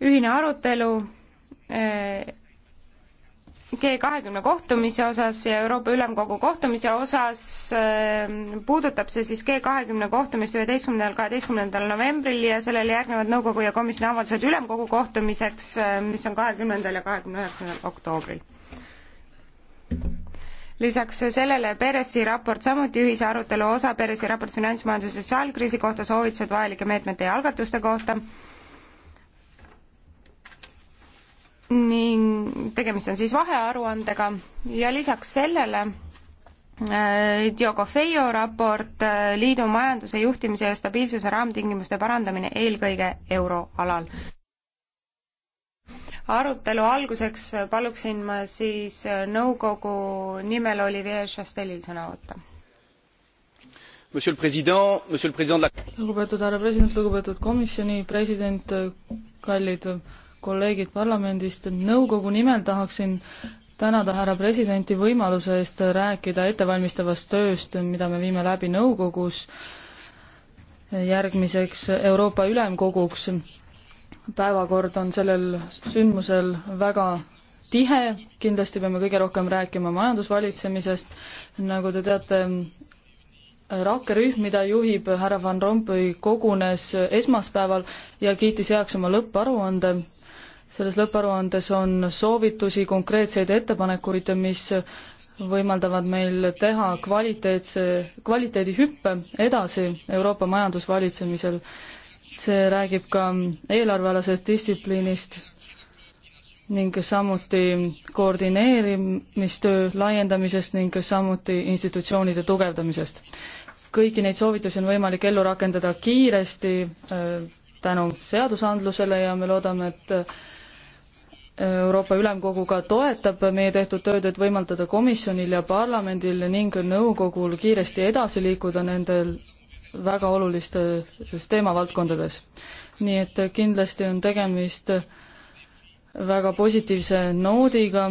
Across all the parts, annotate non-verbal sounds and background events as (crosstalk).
ühine arutelu eh, G kahekümne kohtumise osas ja Euroopa Ülemkogu kohtumise osas eh, puudutab see siis G kahekümne kohtumist üheteistkümnendal, kaheteistkümnendal novembril ja sellele järgnevad nõukogu ja komisjoni avaldused ülemkogu kohtumiseks, eh, mis on kahekümnendal ja kahekümne üheksandal oktoobril. lisaks sellele Peresi raport samuti ühise arutelu osa, Peresi raport finantsmajanduse sotsiaalkriisi kohta, soovitused vajalike meetmete ja algatuste kohta ning tegemist on siis vahearuandega ja lisaks sellele äh, Diogo Feio raport äh, Liidu majanduse juhtimise ja stabiilsuse raamtingimuste parandamine eelkõige euroalal. arutelu alguseks paluksin ma siis äh, nõukogu nimel Olivier Chastelil sõna võtta. lugupeetud härra president, lugupeetud komisjoni president, kallid kolleegid parlamendist, nõukogu nimel tahaksin tänada härra presidenti võimaluse eest rääkida ettevalmistavast tööst, mida me viime läbi nõukogus järgmiseks Euroopa Ülemkoguks. päevakord on sellel sündmusel väga tihe, kindlasti peame kõige rohkem rääkima majandusvalitsemisest, nagu te teate, rakkerühm, mida juhib härra Van Rompuy, kogunes esmaspäeval ja kiitis heaks oma lõpparuande selles lõpparuandes on soovitusi, konkreetseid ettepanekuid, mis võimaldavad meil teha kvaliteetse, kvaliteedihüppe edasi Euroopa majandusvalitsemisel. see räägib ka eelarvealasest distsipliinist ning samuti koordineerimistöö laiendamisest ning samuti institutsioonide tugevdamisest. kõiki neid soovitusi on võimalik ellu rakendada kiiresti äh, tänu seadusandlusele ja me loodame, et Euroopa Ülemkoguga toetab meie tehtud tööd, et võimaldada komisjonil ja parlamendil ning nõukogul kiiresti edasi liikuda nendel väga olulistes teemavaldkondades. nii et kindlasti on tegemist väga positiivse noodiga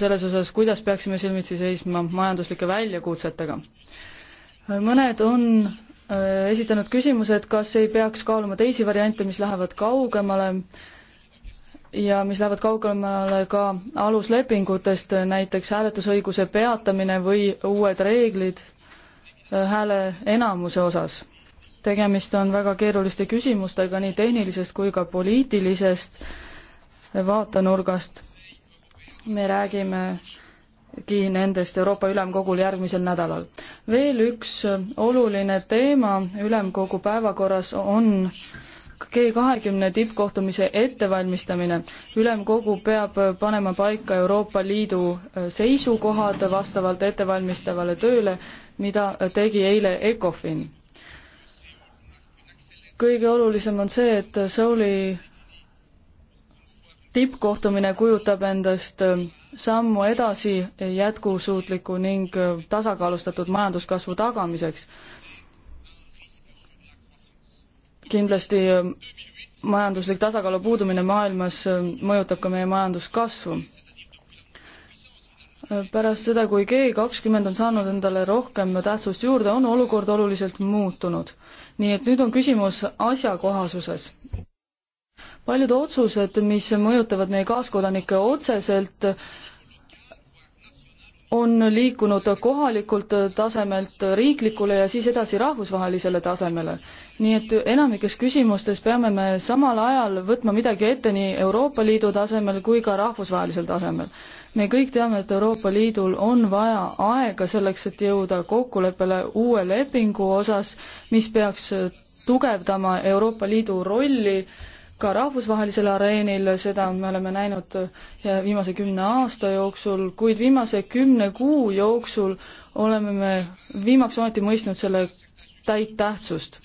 selles osas, kuidas peaksime silmitsi seisma majanduslike väljakutsetega. mõned on äh, esitanud küsimuse, et kas ei peaks kaaluma teisi variante, mis lähevad kaugemale äh, ja mis lähevad kaugemale ka aluslepingutest, näiteks hääletusõiguse peatamine või uued reeglid äh, hääle enamuse osas. tegemist on väga keeruliste küsimustega nii tehnilisest kui ka poliitilisest vaatenurgast. me räägimegi nendest Euroopa Ülemkogul järgmisel nädalal. veel üks äh, oluline teema Ülemkogu päevakorras on äh, G kahekümne tippkohtumise ettevalmistamine. ülemkogu peab panema paika Euroopa Liidu äh, seisukohad vastavalt ettevalmistavale tööle, mida äh, tegi eile ECOFIN. kõige olulisem on see, et Souli tippkohtumine kujutab endast äh, sammu edasi jätkusuutliku ning tasakaalustatud majanduskasvu tagamiseks kindlasti äh, majanduslik tasakaalu puudumine maailmas äh, mõjutab ka meie majanduskasvu. Äh, pärast seda, kui G kakskümmend on saanud endale rohkem tähtsust juurde, on olukord oluliselt muutunud. nii et nüüd on küsimus asjakohasuses. paljud otsused, mis mõjutavad meie kaaskodanikke otseselt, on liikunud kohalikult tasemelt riiklikule ja siis edasi rahvusvahelisele tasemele nii et enamikes küsimustes peame me samal ajal võtma midagi ette nii Euroopa Liidu tasemel kui ka rahvusvahelisel tasemel. me kõik teame, et Euroopa Liidul on vaja aega selleks, et jõuda kokkuleppele uue lepingu osas, mis peaks tugevdama Euroopa Liidu rolli ka rahvusvahelisel areenil, seda me oleme näinud viimase kümne aasta jooksul, kuid viimase kümne kuu jooksul oleme me viimaks ometi mõistnud selle täit tähtsust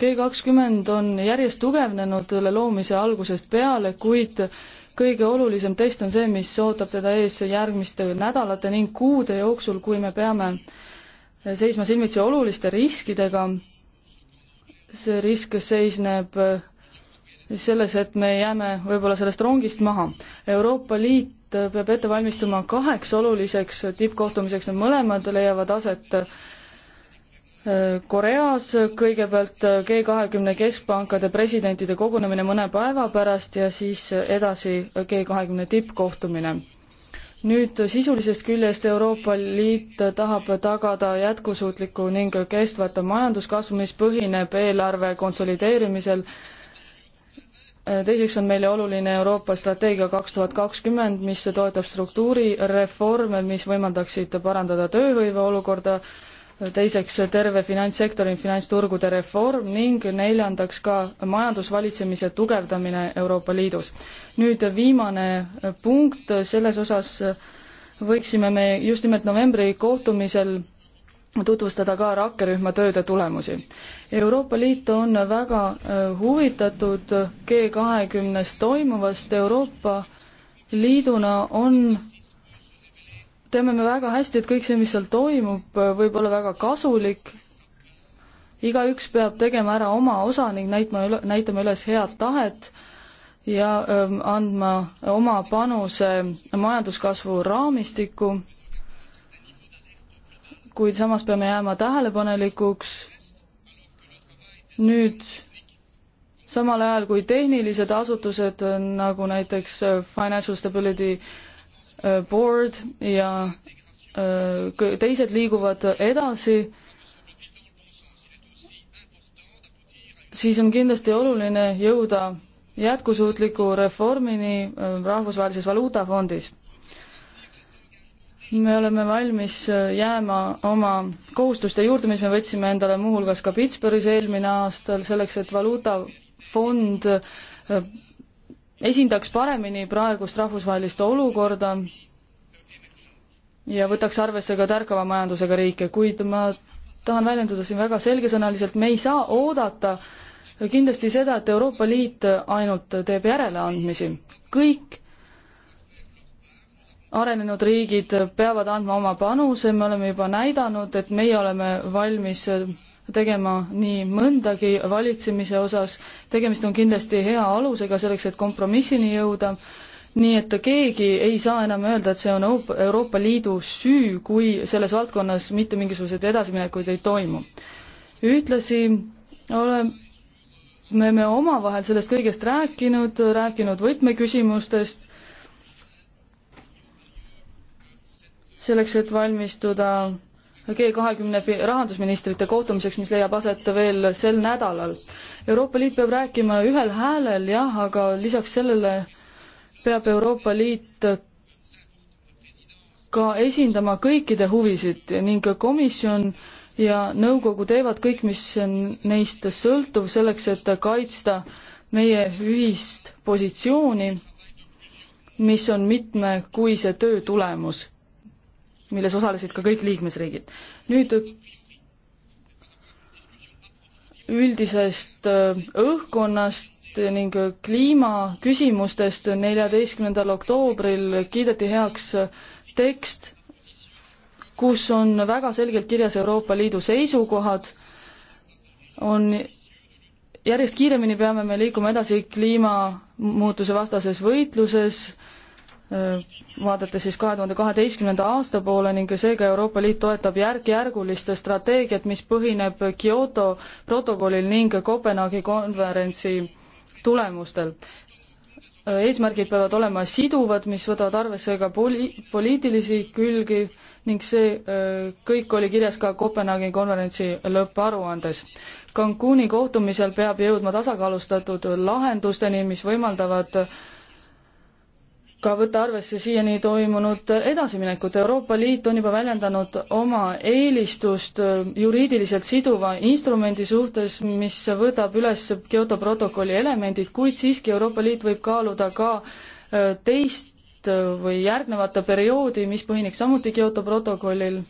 G kakskümmend on järjest tugevnenud selle loomise algusest peale, kuid kõige olulisem test on see, mis ootab teda ees järgmiste nädalate ning kuude jooksul, kui me peame seisma silmitsi oluliste riskidega. see risk seisneb selles, et me jääme võib-olla sellest rongist maha. Euroopa Liit peab ette valmistuma kaheks oluliseks tippkohtumiseks, need mõlemad leiavad aset Koreas kõigepealt G kahekümne keskpankade presidentide kogunemine mõne päeva pärast ja siis edasi G kahekümne tippkohtumine. nüüd sisulisest küljest Euroopa Liit tahab tagada jätkusuutliku ning kestvata majanduskasvu, mis põhineb eelarve konsolideerimisel. teiseks on meile oluline Euroopa strateegia kaks tuhat kakskümmend, mis toetab struktuurireforme, mis võimaldaksid parandada tööhõive olukorda teiseks terve finantssektori finantsturgude reform ning neljandaks ka majandusvalitsemise tugevdamine Euroopa Liidus. nüüd viimane punkt, selles osas võiksime me just nimelt novembri kohtumisel tutvustada ka rakkerühma tööde tulemusi. Euroopa Liit on väga äh, huvitatud G kahekümnes toimuvast, Euroopa Liiduna on teame me väga hästi, et kõik see, mis seal toimub, võib olla väga kasulik. igaüks peab tegema ära oma osa ning näitma, näitama üles head tahet ja öö, ähm, andma oma panuse majanduskasvu raamistikku. kuid samas peame jääma tähelepanelikuks. nüüd samal ajal kui tehnilised asutused nagu näiteks Financial Stability Äh, board ja äh, teised liiguvad edasi, siis on kindlasti oluline jõuda jätkusuutliku reformini äh, Rahvusvahelises Valuutafondis. me oleme valmis jääma oma kohustuste juurde, mis me võtsime endale muuhulgas ka Pittsburghis eelmine aastal, selleks et valuutafond esindaks paremini praegust rahvusvahelist olukorda ja võtaks arvesse ka tärkava majandusega riike, kuid ma tahan väljenduda siin väga selgesõnaliselt, me ei saa oodata kindlasti seda, et Euroopa Liit ainult teeb järeleandmisi. kõik arenenud riigid peavad andma oma panuse, me oleme juba näidanud, et meie oleme valmis tegema nii mõndagi valitsemise osas, tegemist on kindlasti hea alusega selleks, et kompromissini jõuda, nii et keegi ei saa enam öelda, et see on Euroopa Liidu süü, kui selles valdkonnas mitte mingisuguseid edasiminekuid ei toimu. ühtlasi oleme me omavahel sellest kõigest rääkinud, rääkinud võtmeküsimustest, selleks, et valmistuda G kahekümne rahandusministrite kohtumiseks, mis leiab aset veel sel nädalal. Euroopa Liit peab rääkima ühel häälel jah, aga lisaks sellele peab Euroopa Liit ka esindama kõikide huvisid ning komisjon ja nõukogu teevad kõik, mis on neist sõltuv, selleks et kaitsta meie ühist positsiooni, mis on mitmekuise töö tulemus milles osalesid ka kõik liikmesriigid. nüüd üldisest äh, õhkkonnast ning kliimaküsimustest neljateistkümnendal oktoobril kiideti heaks tekst, kus on väga selgelt kirjas Euroopa Liidu seisukohad, on järjest kiiremini peame me liikuma edasi kliimamuutuse vastases võitluses Äh, vaadata siis kahe tuhande kaheteistkümnenda aasta poole ning seega Euroopa Liit toetab järk-järguliste strateegiat, mis põhineb Kyoto protokollil ning Kopenhaagi konverentsi tulemustel. Äh, eesmärgid peavad olema siduvad, mis võtavad arvesse ka poli-, poliitilisi külgi ning see äh, kõik oli kirjas ka Kopenhaagi konverentsi lõpparuandes. Cancuni kohtumisel peab jõudma tasakaalustatud lahendusteni, mis võimaldavad ka võtta arvesse siiani toimunud edasiminekut. Euroopa Liit on juba väljendanud oma eelistust juriidiliselt siduva instrumendi suhtes, mis võtab üles Kyoto protokolli elemendid, kuid siiski Euroopa Liit võib kaaluda ka äh, teist või järgnevate perioodi, mis põhineks samuti Kyoto protokollil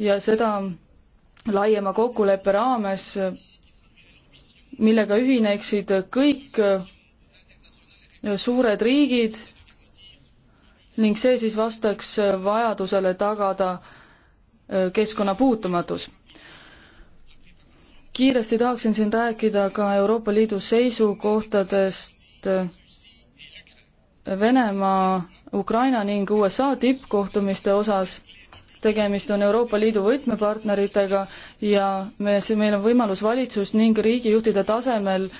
ja seda laiema kokkuleppe raames, millega ühineksid kõik suured riigid ning see siis vastaks vajadusele tagada äh, keskkonna puutumatus. kiiresti tahaksin siin rääkida ka Euroopa Liidu seisukohtadest äh, Venemaa, Ukraina ning USA tippkohtumiste osas tegemist on Euroopa Liidu võtmepartneritega ja me, meil on võimalus valitsus ning riigijuhtide tasemel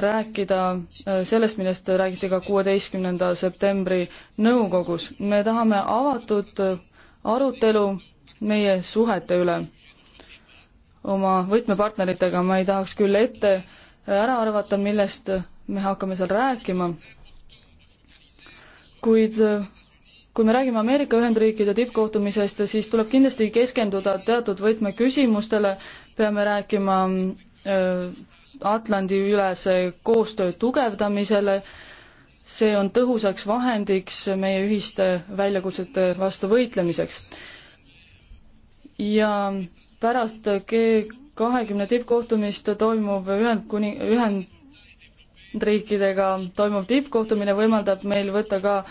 rääkida äh, sellest, millest räägiti ka kuueteistkümnenda septembri nõukogus. me tahame avatud äh, arutelu meie suhete üle oma võtmepartneritega, ma ei tahaks küll ette äh, ära arvata, millest me hakkame seal rääkima, kuid kui me räägime Ameerika Ühendriikide tippkohtumisest, siis tuleb kindlasti keskenduda teatud võtmeküsimustele, peame rääkima Atlandi-ülese koostöö tugevdamisele. see on tõhusaks vahendiks meie ühiste väljakutsete vastu võitlemiseks. ja pärast G kahekümne tippkohtumist toimuv Ühendkuni-, Ühendriikidega toimuv tippkohtumine võimaldab meil võtta ka äh,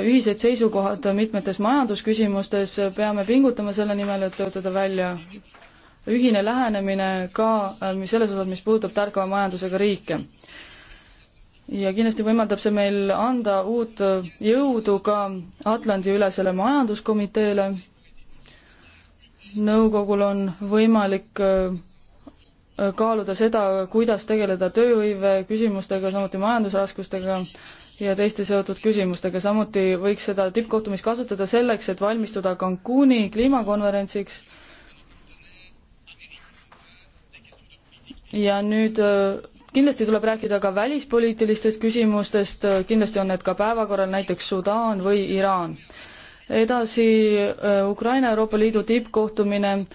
ühised seisukohad mitmetes majandusküsimustes, peame pingutama selle nimel, et töötada välja ühine lähenemine ka äh, selles osas, mis puudutab tarkava majandusega riike. ja kindlasti võimaldab see meil anda uut jõudu ka Atlandi-ülesele majanduskomiteele, nõukogul on võimalik äh, kaaluda seda, kuidas tegeleda tööhõive küsimustega, samuti majandusraskustega ja teiste seotud küsimustega, samuti võiks seda tippkohtumist kasutada selleks, et valmistuda Cancuni kliimakonverentsiks ja nüüd äh, kindlasti tuleb rääkida ka välispoliitilistest küsimustest, äh, kindlasti on need ka päevakorral, näiteks Sudaan või Iraan. edasi äh, Ukraina Euroopa Liidu tippkohtumine,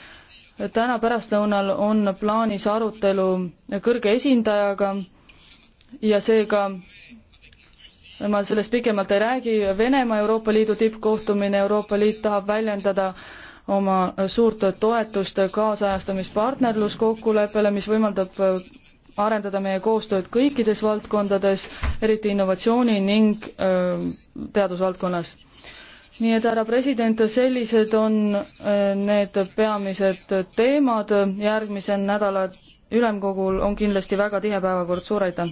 täna pärastlõunal on plaanis arutelu kõrge esindajaga ja seega ma sellest pikemalt ei räägi, Venemaa Euroopa Liidu tippkohtumine, Euroopa Liit tahab väljendada äh, oma suurt toetust kaasajastamispartnerluskokkuleppele, mis võimaldab äh, arendada meie koostööd kõikides valdkondades, eriti innovatsiooni ning öö, äh, teadusvaldkonnas. nii et, härra president, sellised on öö, äh, need peamised teemad, järgmisel nädalal ülemkogul on kindlasti väga tihe päevakord, suur aitäh!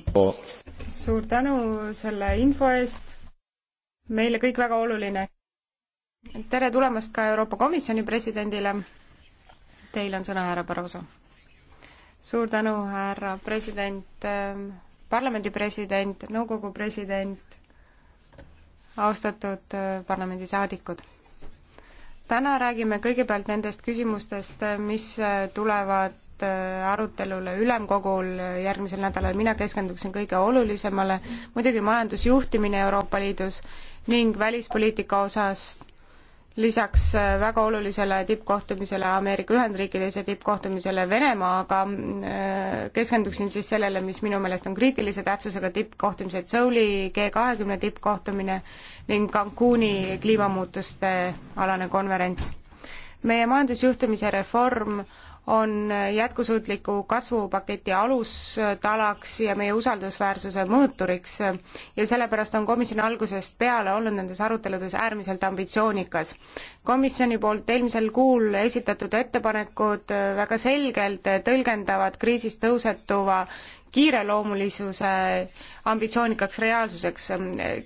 suur tänu selle info eest, meile kõik väga oluline tere tulemast ka Euroopa Komisjoni presidendile. Teil on sõna, härra Barroso. suur tänu, härra president, ähm, parlamendi president, nõukogu president, austatud äh, parlamendisaadikud. täna räägime kõigepealt nendest küsimustest, äh, mis äh, tulevad arutelule ülemkogul järgmisel nädalal, mina keskenduksin kõige olulisemale, muidugi majandusjuhtimine Euroopa Liidus ning välispoliitika osas lisaks äh, väga olulisele tippkohtumisele Ameerika Ühendriikides ja tippkohtumisele Venemaaga äh, keskenduksin siis sellele, mis minu meelest on kriitilise tähtsusega tippkohtumised, Seouli G kahekümne tippkohtumine ning Cancuni kliimamuutuste alane konverents. meie majandusjuhtimise reform äh, on jätkusuutliku kasvupaketi alustalaks ja meie usaldusväärsuse mõõturiks ja sellepärast on komisjon algusest peale olnud nendes aruteludes äärmiselt ambitsioonikas. komisjoni poolt eelmisel kuul esitatud ettepanekud väga selgelt tõlgendavad kriisist tõusetuva kiireloomulisuse ambitsioonikaks reaalsuseks.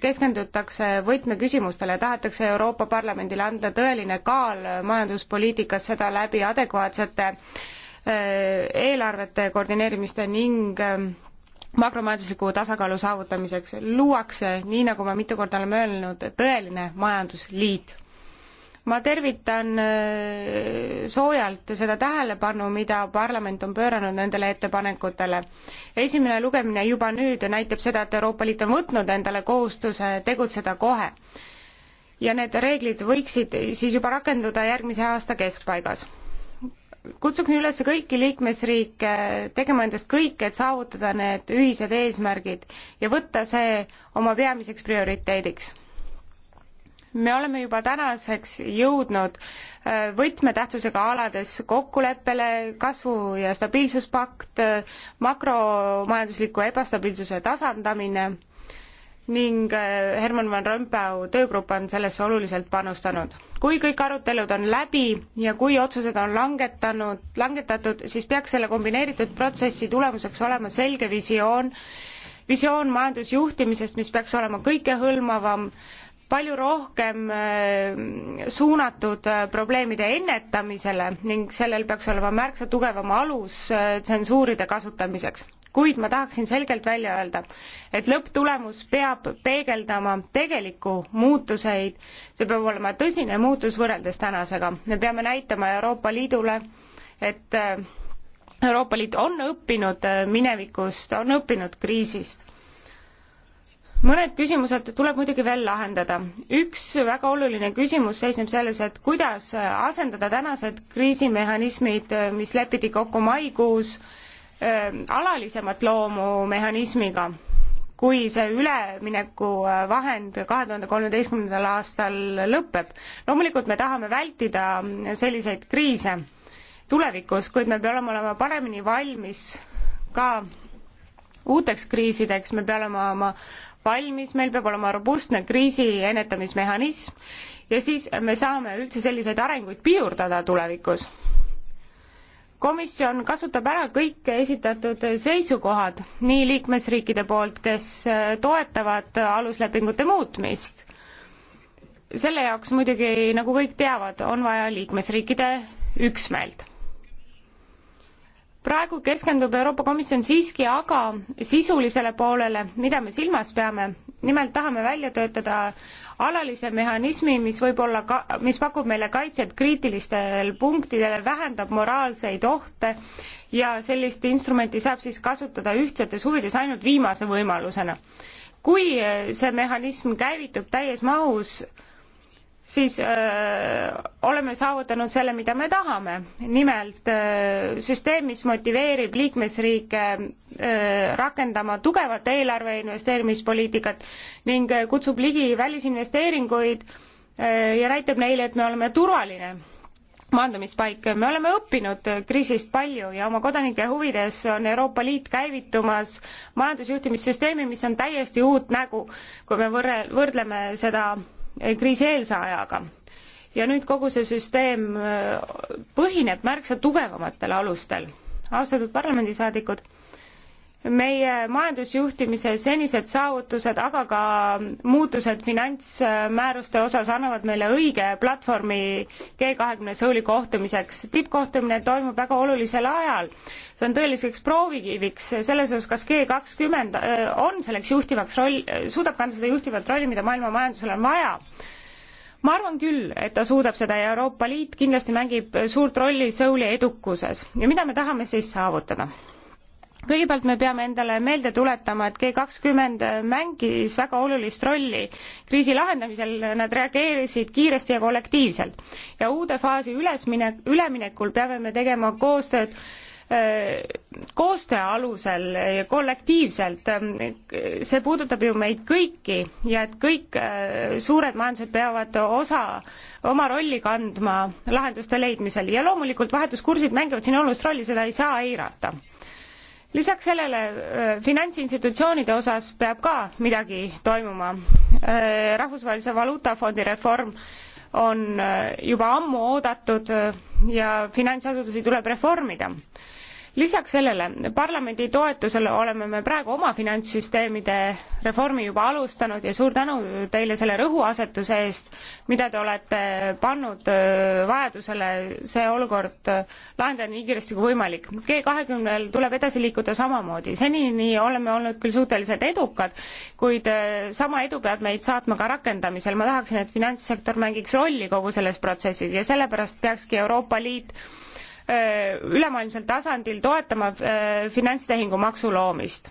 keskendutakse võtmeküsimustele, tahetakse Euroopa Parlamendile anda tõeline kaal majanduspoliitikas, seda läbi adekvaatsete äh, eelarvete koordineerimiste ning äh, makromajandusliku tasakaalu saavutamiseks luuakse, nii nagu ma mitu korda olen öelnud, tõeline majandusliit ma tervitan äh, soojalt seda tähelepanu, mida parlament on pööranud nendele ettepanekutele. esimene lugemine juba nüüd näitab seda, et Euroopa Liit on võtnud endale kohustuse tegutseda kohe. ja need reeglid võiksid siis juba rakenduda järgmise aasta keskpaigas. kutsuksin üles kõiki liikmesriike tegema endast kõik, et saavutada need ühised eesmärgid ja võtta see oma peamiseks prioriteediks me oleme juba tänaseks jõudnud äh, võtmetähtsusega alades kokkuleppele, kasvu- ja stabiilsuspakt, äh, makromajandusliku ebastabiilsuse tasandamine ning äh, Herman Van Rompuy töögrupp on sellesse oluliselt panustanud. kui kõik arutelud on läbi ja kui otsused on langetanud, langetatud, siis peaks selle kombineeritud protsessi tulemuseks olema selge visioon, visioon majandusjuhtimisest, mis peaks olema kõikehõlmavam, palju rohkem äh, suunatud äh, probleemide ennetamisele ning sellel peaks olema märksa tugevam alus äh, tsensuuride kasutamiseks kuid ma tahaksin selgelt välja öelda, et lõpptulemus peab peegeldama tegelikku muutuseid, see peab olema tõsine muutus võrreldes tänasega. me peame näitama Euroopa Liidule, et Euroopa Liit on õppinud minevikust, on õppinud kriisist mõned küsimused tuleb muidugi veel lahendada. üks väga oluline küsimus seisneb selles, et kuidas asendada tänased kriisimehhanismid, mis lepiti kokku maikuus, ähm, alalisemat loomu mehhanismiga, kui see üleminekuvahend äh, kahe tuhande kolmeteistkümnendal aastal lõpeb. loomulikult me tahame vältida selliseid kriise tulevikus, kuid me peame olema paremini valmis ka uuteks kriisideks, me peame olema oma valmis, meil peab olema robustne kriisi ennetamismehhanism ja siis me saame üldse selliseid arenguid piirdada tulevikus. komisjon kasutab ära kõik esitatud seisukohad nii liikmesriikide poolt, kes toetavad aluslepingute muutmist, selle jaoks muidugi, nagu kõik teavad, on vaja liikmesriikide üksmeelt praegu keskendub Euroopa Komisjon siiski aga sisulisele poolele, mida me silmas peame. nimelt tahame välja töötada alalise mehhanismi, mis võib olla ka, mis pakub meile kaitset kriitilistel punktidel, vähendab moraalseid ohte ja sellist instrumenti saab siis kasutada ühtsetes huvides ainult viimase võimalusena. kui see mehhanism käivitub täies mahus, siis öö, äh, oleme saavutanud selle, mida me tahame. nimelt öö, äh, süsteem, mis motiveerib liikmesriike öö, äh, rakendama tugevat eelarve investeerimispoliitikat ning öö, kutsub ligi välisinvesteeringuid öö, ja näitab neile, et me oleme turvaline maandumispaik. me oleme õppinud kriisist palju ja oma kodanike huvides on Euroopa Liit käivitumas majandusjuhtimissüsteemi, mis on täiesti uut nägu, kui me võrre-, võrdleme seda Eh, kriisieelse ajaga. ja nüüd kogu see süsteem eh, põhineb märksa tugevamatel alustel. austatud parlamendisaadikud meie majandusjuhtimise senised saavutused, aga ka muutused finantsmääruste osas annavad meile õige platvormi G20 Seuli kohtumiseks. tippkohtumine toimub väga olulisel ajal. see on tõeliseks proovikiviks selles osas, kas G20 äh, on selleks juhtivaks roll, äh, suudab kanda seda juhtivat rolli, mida maailma majandusel on vaja ma arvan küll, et ta suudab seda ja Euroopa Liit kindlasti mängib suurt rolli Seuli edukuses ja mida me tahame siis saavutada kõigepealt me peame endale meelde tuletama, et G kakskümmend mängis väga olulist rolli kriisi lahendamisel, nad reageerisid kiiresti ja kollektiivselt. ja uude faasi ülesminek, üleminekul peame me tegema koostööd äh, koostöö alusel ja kollektiivselt, see puudutab ju meid kõiki ja et kõik äh, suured majandused peavad osa, oma rolli kandma lahenduste leidmisel ja loomulikult vahetuskursid mängivad siin olulist rolli, seda ei saa eirata lisaks sellele finantsinstitutsioonide osas peab ka midagi toimuma. rahvusvahelise valuutafondi reform on juba ammu oodatud ja finantsasutusi tuleb reformida lisaks sellele parlamendi toetusel oleme me praegu oma finantssüsteemide reformi juba alustanud ja suur tänu teile selle rõhuasetuse eest, mida te olete pannud äh, vajadusele see olukord äh, lahendada nii kiiresti kui võimalik. G kahekümnel tuleb edasi liikuda samamoodi, senini oleme olnud küll suhteliselt edukad, kuid äh, sama edu peab meid saatma ka rakendamisel, ma tahaksin, et finantssektor mängiks rolli kogu selles protsessis ja sellepärast peakski Euroopa Liit Äh, ülemaailmsel tasandil toetama äh, finantstehingu maksu loomist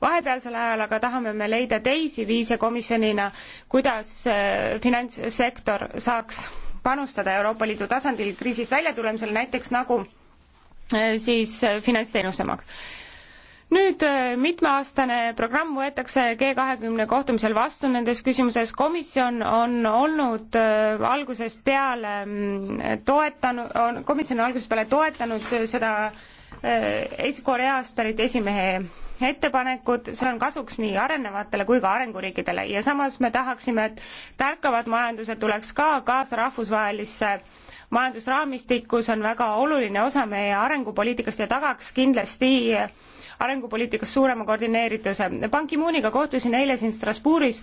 vahepealsel ajal aga tahame me leida teisi viise komisjonina kuidas äh, finantssektor saaks panustada euroopa liidu tasandil kriisist väljatulemisel näiteks nagu siis finantsteenuse maks nüüd äh, mitmeaastane programm võetakse G kahekümne kohtumisel vastu nendes küsimuses, komisjon on olnud äh, algusest peale mm, toetanud, on komisjon on algusest peale toetanud äh, seda Koreastarid esimehe ettepanekud, see on kasuks nii arenevatele kui ka arenguriikidele ja samas me tahaksime, et tärkavad majandused tuleks ka kaasa rahvusvahelisse majandusraamistikku, see on väga oluline osa meie arengupoliitikast ja tagaks kindlasti äh, arengupoliitikas suurema koordineerituse. Ban Ki-mooniga kohtusin eile siin Strasbourgis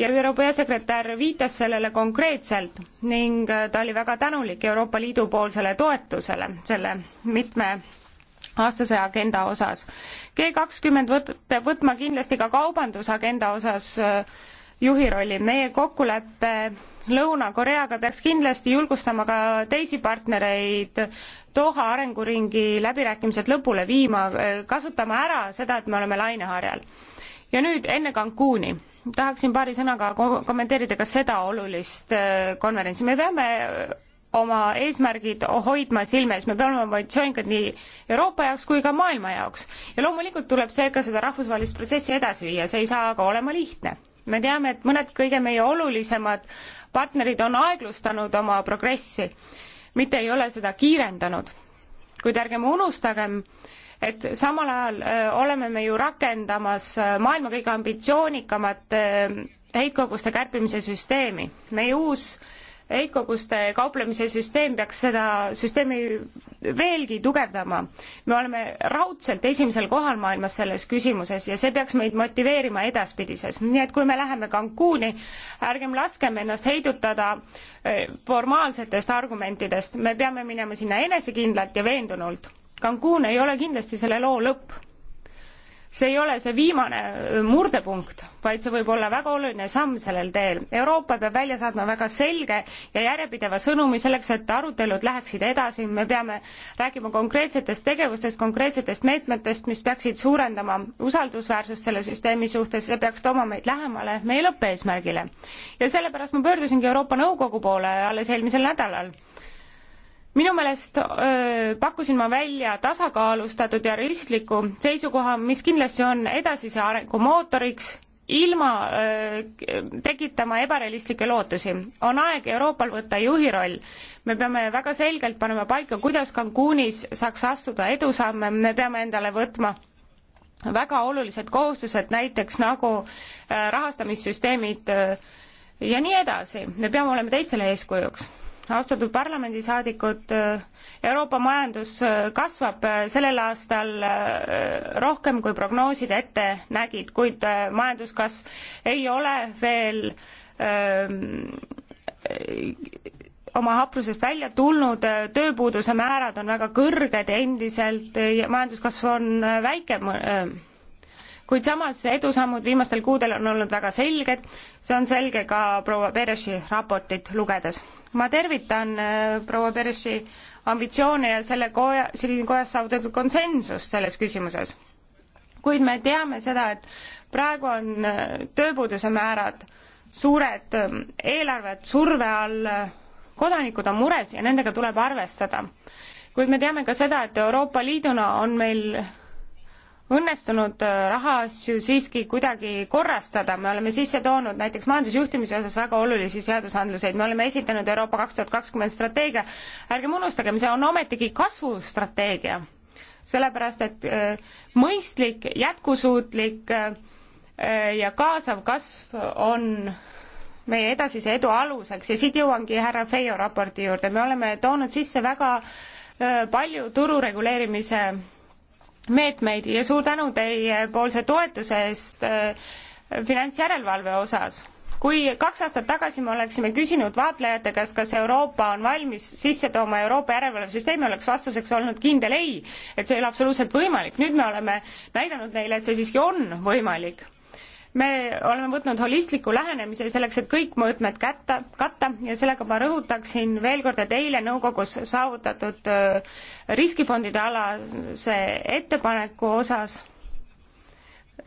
ja ÜRO peasekretär viitas sellele konkreetselt ning äh, ta oli väga tänulik Euroopa Liidu poolsele toetusele selle mitme aastase agenda osas. G kakskümmend võt-, peab võtma kindlasti ka kaubandusagenda osas äh, juhi rolli. meie kokkulepe Lõuna-Koreaga peaks kindlasti julgustama ka teisi partnereid Doha arenguringi läbirääkimised lõpule viima, kasutama ära seda, et me oleme laineharjal. ja nüüd enne Cancuni tahaksin paari sõnaga kommenteerida ka seda olulist äh, konverentsi. me peame oma eesmärgid hoidma silme ees, me peame olema ambitsioonikad nii Euroopa jaoks kui ka maailma jaoks. ja loomulikult tuleb seega seda rahvusvahelist protsessi edasi viia, see ei saa aga olema lihtne me teame, et mõned kõige meie olulisemad partnerid on aeglustanud oma progressi, mitte ei ole seda kiirendanud. kuid ärgem unustagem, et samal ajal äh, oleme me ju rakendamas äh, maailma kõige ambitsioonikamat äh, heitkoguste kärpimise süsteemi. meie uus heitkoguste kauplemise süsteem peaks seda süsteemi veelgi tugevdama. me oleme raudselt esimesel kohal maailmas selles küsimuses ja see peaks meid motiveerima edaspidises, nii et kui me läheme Cancuni, ärgem laskem ennast heidutada eh, formaalsetest argumentidest, me peame minema sinna enesekindlalt ja veendunult. Cancun ei ole kindlasti selle loo lõpp see ei ole see viimane äh, murdepunkt, vaid see võib olla väga oluline samm sellel teel. Euroopa peab välja saatma väga selge ja järjepideva sõnumi selleks, et arutelud läheksid edasi, me peame rääkima konkreetsetest tegevustest, konkreetsetest meetmetest, mis peaksid suurendama usaldusväärsust selle süsteemi suhtes, see peaks tooma meid lähemale meie lõppeesmärgile. ja sellepärast ma pöördusingi Euroopa Nõukogu poole alles eelmisel nädalal minu meelest öö, pakkusin ma välja tasakaalustatud ja realistliku seisukoha, mis kindlasti on edasise arengu mootoriks, ilma öö, tekitama ebarealistlikke lootusi. on aeg Euroopal võtta juhi roll. me peame väga selgelt panema paika, kuidas Cancunis saaks astuda edusamme, me peame endale võtma väga olulised kohustused, näiteks nagu öö, rahastamissüsteemid öö, ja nii edasi. me peame olema teistele eeskujuks austatud parlamendisaadikud, Euroopa majandus äh, kasvab äh, sellel aastal äh, rohkem, kui prognoosid ette nägid, kuid majanduskasv ei ole veel öö, ähm, oma haprusest välja tulnud, tööpuuduse määrad on väga kõrged endiselt ja majanduskasv on väike kuid samas edusammud viimastel kuudel on olnud väga selged, see on selge ka proua Peresi raportit lugedes ma tervitan äh, proua Persi ambitsioone ja selle koja, siin kojas saavutatud konsensust selles küsimuses. kuid me teame seda, et praegu on äh, tööpuuduse määrad suured, ähm, eelarved surve all, äh, kodanikud on mures ja nendega tuleb arvestada. kuid me teame ka seda, et Euroopa Liiduna on meil õnnestunud äh, rahaasju siiski kuidagi korrastada, me oleme sisse toonud näiteks majandusjuhtimise osas väga olulisi seadusandluseid, me oleme esitanud Euroopa kaks tuhat kakskümmend strateegia, ärgem unustagem, see on ometigi kasvustrateegia. sellepärast, et äh, mõistlik, jätkusuutlik äh, ja kaasav kasv on meie edasise edu aluseks ja siit jõuangi härra Feio raporti juurde, me oleme toonud sisse väga palju turu reguleerimise meetmeid ja suur tänu teiepoolse toetuse eest äh, finantsjärelevalve osas. kui kaks aastat tagasi me oleksime küsinud vaatlejate käest, kas Euroopa on valmis sisse tooma Euroopa järelevalvesüsteemi, oleks vastuseks olnud kindel ei, et see ei ole absoluutselt võimalik. nüüd me oleme näidanud neile, et see siiski on võimalik me oleme võtnud holistliku lähenemise selleks, et kõik mõõtmed kätte, katta ja sellega ma rõhutaksin veel kord, et eile nõukogus saavutatud äh, riskifondide alase ettepaneku osas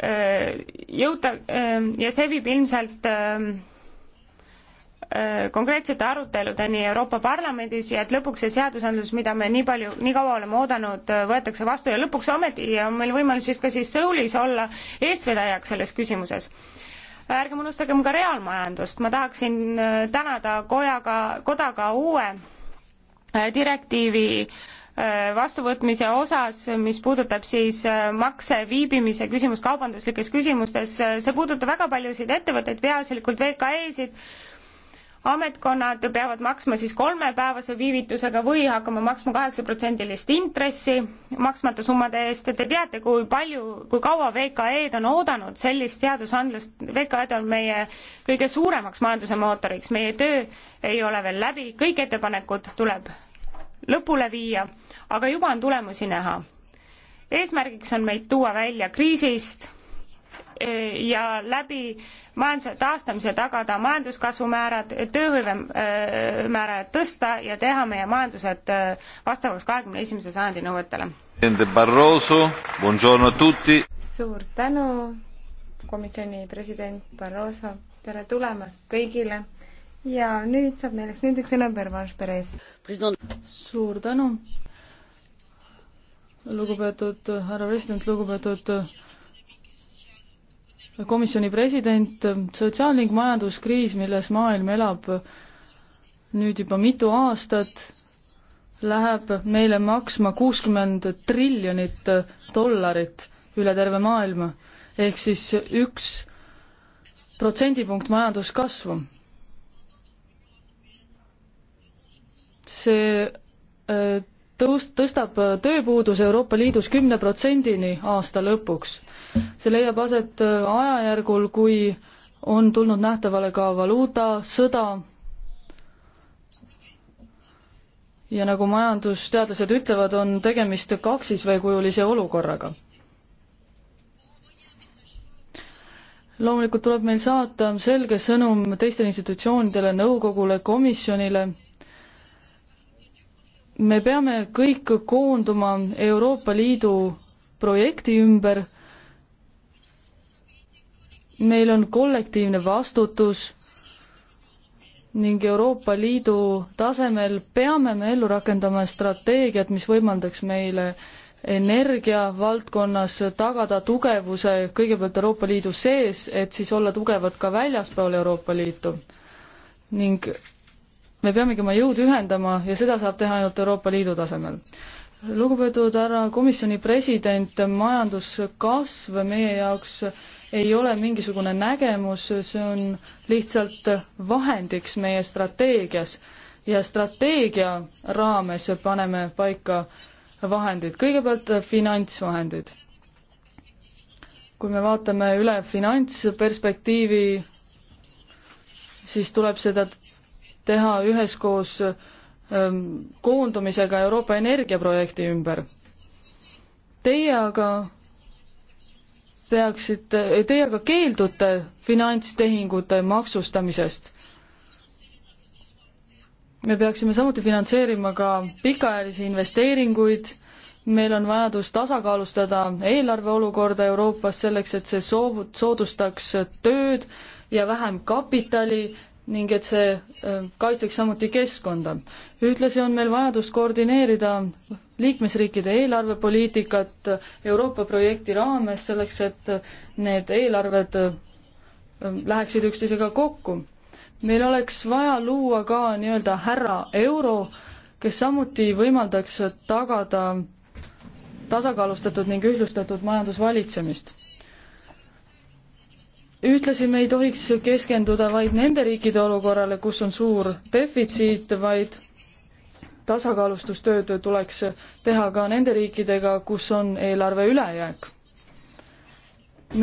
äh, jõuta äh, ja see viib ilmselt Äh, konkreetsete aruteludeni Euroopa Parlamendis ja et lõpuks see seadusandlus, mida me nii palju, nii kaua oleme oodanud, äh, võetakse vastu ja lõpuks ometi on meil võimalus siis ka siis Soulis olla eestvedajaks selles küsimuses ärgem unustagem ka reaalmajandust, ma tahaksin äh, tänada kojaga, kodaga uue direktiivi vastuvõtmise osas, mis puudutab siis makse viibimise küsimust kaubanduslikes küsimustes, see puudutab väga paljusid ettevõtteid, peaasjalikult VKE-sid, ametkonnad peavad maksma siis kolmepäevase viivitusega või hakkama maksma kaheksaprotsendilist intressi maksmata summade eest ja te teate, kui palju, kui kaua VKE-d on oodanud sellist seadusandlust, VKE-d on meie kõige suuremaks majanduse mootoriks, meie töö ei ole veel läbi, kõik ettepanekud tuleb lõpule viia, aga juba on tulemusi näha. eesmärgiks on meid tuua välja kriisist ja läbi majanduse taastamise tagada majanduskasvu määrad, tööhõive äh, määra tõsta ja teha meie majandused äh, vastavaks kahekümne esimese sajandi nõuetele. suur tänu, komisjoni president Barroso, tere tulemast kõigile ja nüüd saab neljaks minutiks sõna Pervanš Perez. suur tänu, lugupeetud härra president, lugupeetud komisjoni president, sotsiaal- ning majanduskriis, milles maailm elab nüüd juba mitu aastat, läheb meile maksma kuuskümmend triljonit dollarit üle terve maailma, ehk siis üks protsendipunkt majanduskasvu. see äh, tõus-, tõstab tööpuudus Euroopa Liidus kümne protsendini aasta lõpuks see leiab aset äh, ajajärgul, kui on tulnud nähtavale ka valuuta, sõda ja nagu majandusteadlased ütlevad, on tegemist kaksisveekujulise olukorraga. loomulikult tuleb meil saata selge sõnum teistele institutsioonidele, nõukogule, komisjonile, me peame kõik koonduma Euroopa Liidu projekti ümber meil on kollektiivne vastutus ning Euroopa Liidu tasemel peame me ellu rakendama strateegiat, mis võimaldaks meile energia valdkonnas tagada tugevuse kõigepealt Euroopa Liidu sees, et siis olla tugevad ka väljaspool Euroopa Liitu. ning me peamegi oma jõud ühendama ja seda saab teha ainult Euroopa Liidu tasemel lugupeetud härra komisjoni president, majanduskasv meie jaoks ei ole mingisugune nägemus, see on lihtsalt vahendiks meie strateegias ja strateegia raames paneme paika vahendid, kõigepealt finantsvahendid. kui me vaatame üle finantsperspektiivi, siis tuleb seda teha üheskoos äh, Ähm, koondumisega Euroopa energiaprojekti ümber. Teie aga peaksite, teie aga keeldute finantstehingute maksustamisest. me peaksime samuti finantseerima ka pikaajalisi investeeringuid, meil on vajadus tasakaalustada eelarve olukorda Euroopas selleks, et see soov-, soodustaks tööd ja vähem kapitali ning et see äh, kaitseks samuti keskkonda. ühtlasi on meil vajadus koordineerida liikmesriikide eelarvepoliitikat Euroopa projekti raames, selleks et need eelarved äh, läheksid üksteisega kokku. meil oleks vaja luua ka nii-öelda härra euro, kes samuti võimaldaks tagada tasakaalustatud ning ühtlustatud majandusvalitsemist ühtlasi me ei tohiks keskenduda vaid nende riikide olukorrale, kus on suur defitsiit, vaid tasakaalustustööd tuleks teha ka nende riikidega, kus on eelarve ülejääk.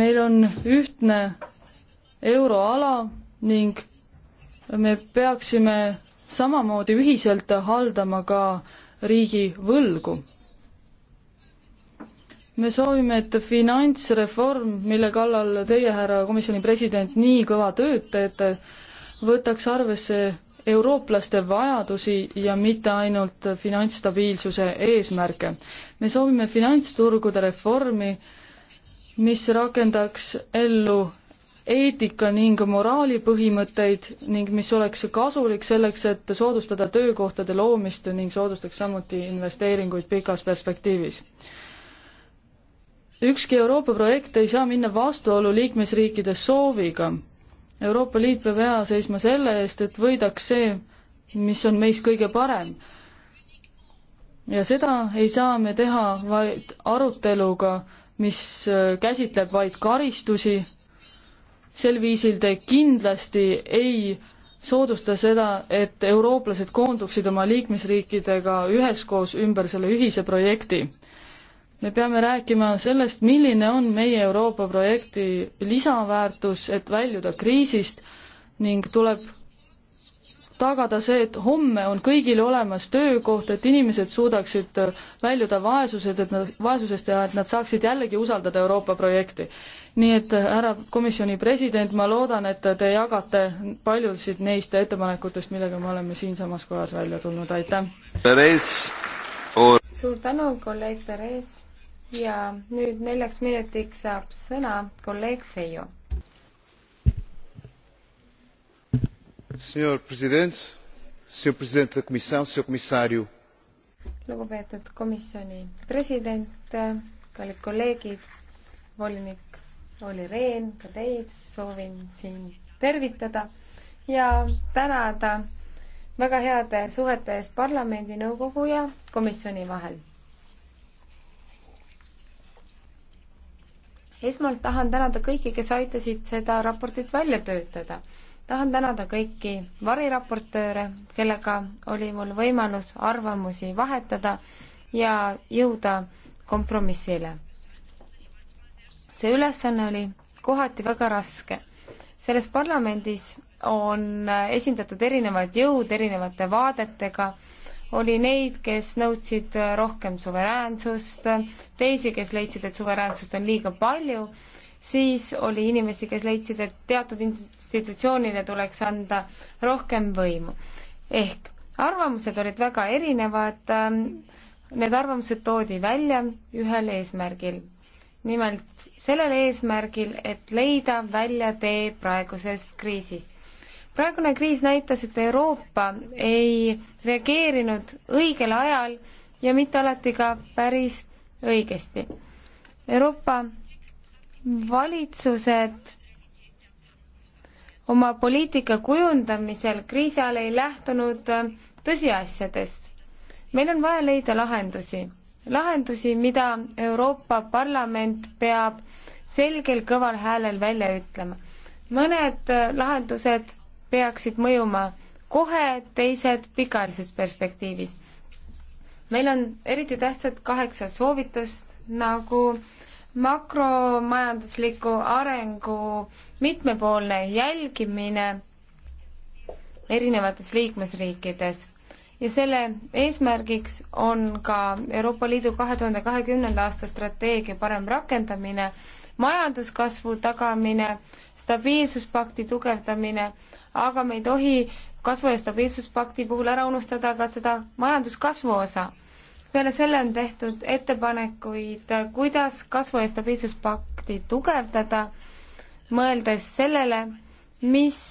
meil on ühtne euroala ning me peaksime samamoodi ühiselt haldama ka riigi võlgu me soovime, et finantsreform, mille kallal teie, härra komisjoni president, nii kõva tööd teete, võtaks arvesse eurooplaste vajadusi ja mitte ainult finantsstabiilsuse eesmärke. me soovime finantsturgude reformi, mis rakendaks ellu eetika ning moraali põhimõtteid ning mis oleks kasulik selleks, et soodustada töökohtade loomist ning soodustaks samuti investeeringuid pikas perspektiivis ükski Euroopa projekt ei saa minna vastuollu liikmesriikide sooviga. Euroopa Liit peab hea seisma selle eest, et võidaks see, mis on meis kõige parem. ja seda ei saa me teha vaid aruteluga, mis äh, käsitleb vaid karistusi, sel viisil te kindlasti ei soodusta seda, et eurooplased koonduksid oma liikmesriikidega üheskoos ümber selle ühise projekti me peame rääkima sellest, milline on meie Euroopa projekti lisaväärtus, et väljuda kriisist ning tuleb tagada see, et homme on kõigil olemas töökoht, et inimesed suudaksid väljuda vaesused, et nad, vaesusest ja et nad saaksid jällegi usaldada Euroopa projekti. nii et härra komisjoni president, ma loodan, et te jagate paljusid neist ettepanekutest, millega me oleme siinsamas kohas välja tulnud, aitäh! suur tänu, kolleeg Perez! ja nüüd neljaks minutiks saab sõna kolleeg Feio. Senhor presidente, senhor presidente da comissão, senhor comissário. lugupeetud komisjoni president, kallid kolleegid, volinik Olli Rehn, ka teid soovin siin tervitada ja tänada väga heade suhete eest parlamendi, nõukogu ja komisjoni vahel esmalt tahan tänada kõiki, kes aitasid seda raportit välja töötada. tahan tänada kõiki variraportööre, kellega oli mul võimalus arvamusi vahetada ja jõuda kompromissile. see ülesanne oli kohati väga raske. selles parlamendis on esindatud erinevad jõud erinevate vaadetega oli neid, kes nõudsid äh, rohkem suveräänsust, teisi, kes leidsid, et suveräänsust on liiga palju, siis oli inimesi, kes leidsid, et teatud institutsioonile tuleks anda rohkem võimu. ehk arvamused olid väga erinevad, ähm, need arvamused toodi välja ühel eesmärgil. nimelt sellel eesmärgil, et leida välja tee praegusest kriisist praegune kriis näitas, et Euroopa ei reageerinud õigel ajal ja mitte alati ka päris õigesti. Euroopa valitsused oma poliitika kujundamisel kriisi ajal ei lähtunud äh, tõsiasjadest. meil on vaja leida lahendusi, lahendusi, mida Euroopa Parlament peab selgel kõval häälel välja ütlema. mõned äh, lahendused peaksid mõjuma kohe, teised pikaajalises perspektiivis. meil on eriti tähtsad kaheksa soovitust nagu makromajandusliku arengu mitmepoolne jälgimine erinevates liikmesriikides ja selle eesmärgiks on ka Euroopa Liidu kahe tuhande kahekümnenda aasta strateegia parem rakendamine, majanduskasvu tagamine, stabiilsuspakti tugevdamine, aga me ei tohi kasvu- ja stabiilsuspakti puhul ära unustada ka seda majanduskasvu osa. peale selle on tehtud ettepanekuid, kuidas kasvu- ja stabiilsuspakti tugevdada, mõeldes sellele, mis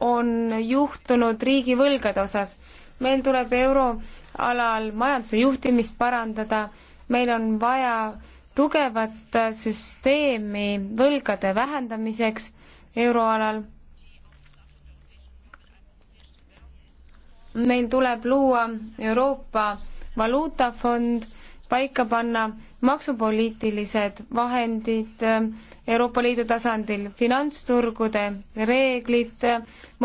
on juhtunud riigivõlgade osas meil tuleb euroalal majanduse juhtimist parandada, meil on vaja tugevat süsteemi võlgade vähendamiseks euroalal. meil tuleb luua Euroopa valuutafond, paika panna maksupoliitilised vahendid äh, Euroopa Liidu tasandil, finantsturgude reeglid, äh,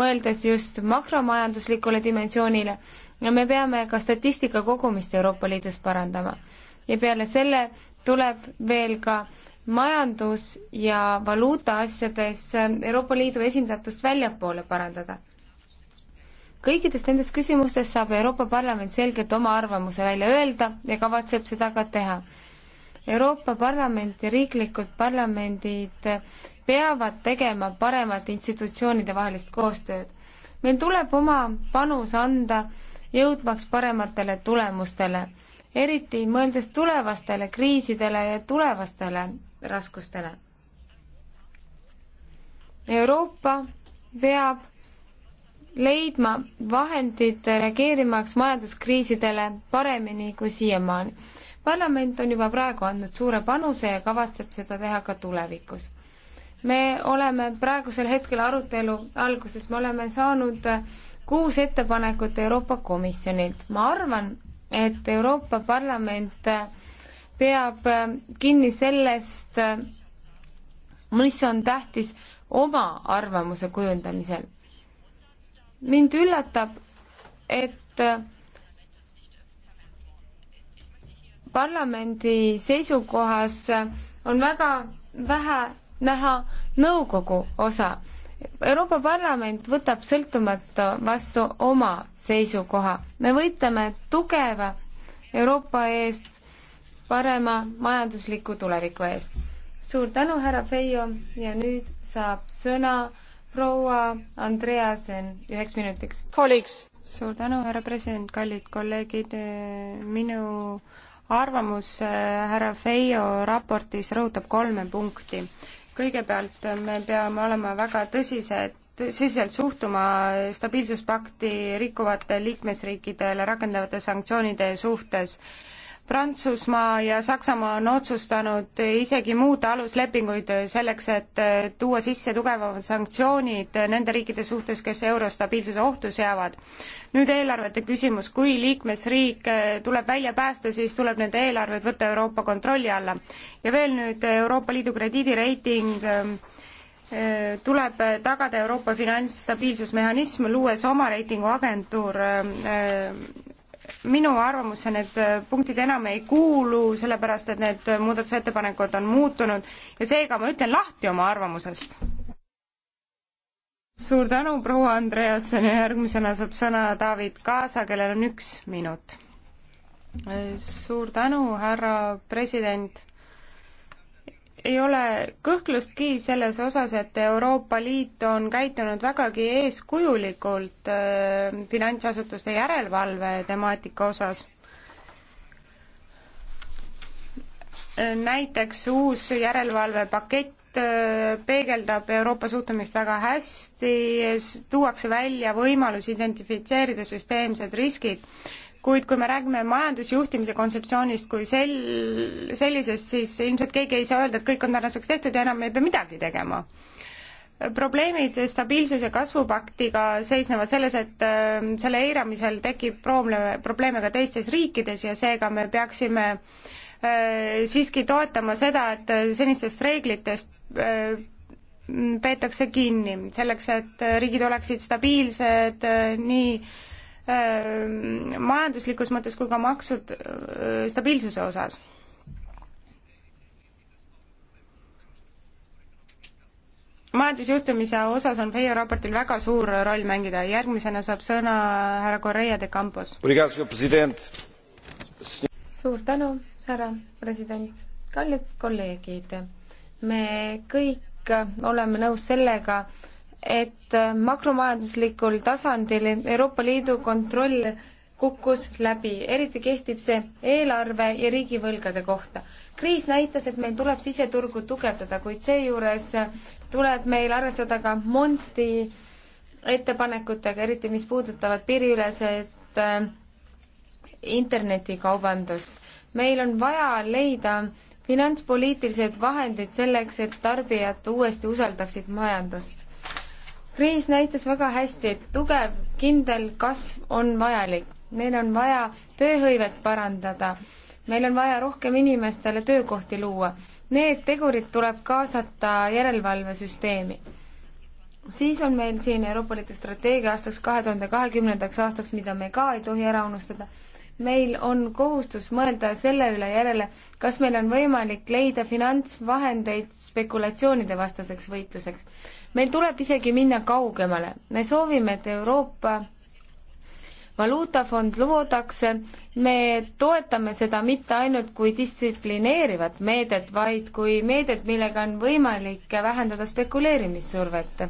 mõeldes just makromajanduslikule dimensioonile ja me peame ka statistika kogumist Euroopa Liidus parandama. ja peale selle tuleb veel ka majandus- ja valuutaasjades äh, Euroopa Liidu esindatust väljapoole parandada. kõikides nendes küsimustes saab Euroopa Parlament selgelt oma arvamuse välja öelda ja kavatseb seda ka teha Euroopa Parlament ja riiklikud parlamendid peavad tegema paremat institutsioonide vahelist koostööd. meil tuleb oma panus anda, jõudmaks parematele tulemustele, eriti mõeldes tulevastele kriisidele ja tulevastele raskustele. Euroopa peab leidma vahendid reageerimaks majanduskriisidele paremini kui siiamaani parlament on juba praegu andnud suure panuse ja kavatseb seda teha ka tulevikus. me oleme praegusel hetkel arutelu alguses, me oleme saanud kuus ettepanekut Euroopa Komisjonilt. ma arvan, et Euroopa Parlament peab kinni sellest, mis on tähtis oma arvamuse kujundamisel. mind üllatab, et parlamendi seisukohas on väga vähe näha nõukogu osa. Euroopa Parlament võtab sõltumata vastu oma seisukoha. me võitleme tugeva Euroopa eest, parema majandusliku tuleviku eest. suur tänu, härra Feio ja nüüd saab sõna proua Andreasen üheks minutiks. suur tänu, härra president, kallid kolleegid, minu arvamus äh, härra Feio raportis rõhutab kolme punkti. kõigepealt äh, me peame olema väga tõsised tõsiselt suhtuma stabiilsuspakti rikkuvate liikmesriikidele rakendavate sanktsioonide suhtes Prantsusmaa ja Saksamaa on otsustanud isegi muuta aluslepinguid selleks, et eh, tuua sisse tugevamad sanktsioonid nende riikide suhtes, kes euro stabiilsuse ohtu seavad. nüüd eelarvete küsimus, kui liikmesriik eh, tuleb välja päästa, siis tuleb nende eelarved võtta Euroopa kontrolli alla. ja veel nüüd Euroopa Liidu krediidireiting eh, tuleb tagada Euroopa finantsstabiilsusmehhanism, luues oma reitinguagentuur minu arvamusse need äh, punktid enam ei kuulu, sellepärast et need äh, muudatusettepanekud on muutunud ja seega ma ütlen lahti oma arvamusest. suur tänu, proua Andreasen ja järgmisena saab sõna David Kaasa, kellel on üks minut. Äh, suur tänu, härra president ei ole kõhklustki selles osas, et Euroopa Liit on käitunud vägagi eeskujulikult äh, finantsasutuste järelevalve temaatika osas. näiteks uus järelevalvepakett äh, peegeldab Euroopa suhtumist väga hästi, tuuakse välja võimalus identifitseerida süsteemsed riskid kuid kui me räägime majandusjuhtimise kontseptsioonist kui sel-, sellisest, siis ilmselt keegi ei saa öelda, et kõik on tänaseks tehtud ja enam ei pea midagi tegema. probleemid stabiilsus- ja kasvupaktiga seisnevad selles, et äh, selle eiramisel tekib probleeme, probleeme ka teistes riikides ja seega me peaksime äh, siiski toetama seda, et senistest reeglitest äh, peetakse kinni, selleks et riigid oleksid stabiilsed nii Ehm, majanduslikus mõttes kui ka maksud äh, stabiilsuse osas. majandusjuhtimise osas on FEIO raportil väga suur roll mängida, järgmisena saab sõna härra Correia de Campos. suur tänu, härra president, kallid kolleegid, me kõik oleme nõus sellega, et makromajanduslikul tasandil Euroopa Liidu kontroll kukkus läbi, eriti kehtib see eelarve ja riigivõlgade kohta. kriis näitas, et meil tuleb siseturgu tugevdada, kuid seejuures tuleb meil arvestada ka Monti ettepanekutega, eriti mis puudutavad piiriüleset äh, internetikaubandust. meil on vaja leida finantspoliitilised vahendid selleks, et tarbijad uuesti usaldaksid majandust kriis näitas väga hästi, et tugev, kindel kasv on vajalik. meil on vaja tööhõivet parandada, meil on vaja rohkem inimestele töökohti luua. Need tegurid tuleb kaasata järelevalvesüsteemi. siis on meil siin Euroopa Liidu strateegia aastaks kahe tuhande kahekümnendaks aastaks, mida me ka ei tohi ära unustada meil on kohustus mõelda selle üle järele, kas meil on võimalik leida finantsvahendeid spekulatsioonide vastaseks võitluseks. meil tuleb isegi minna kaugemale, me soovime, et Euroopa valuutafond loodakse, me toetame seda mitte ainult kui distsiplineerivat meedet, vaid kui meedet, millega on võimalik vähendada spekuleerimissurvet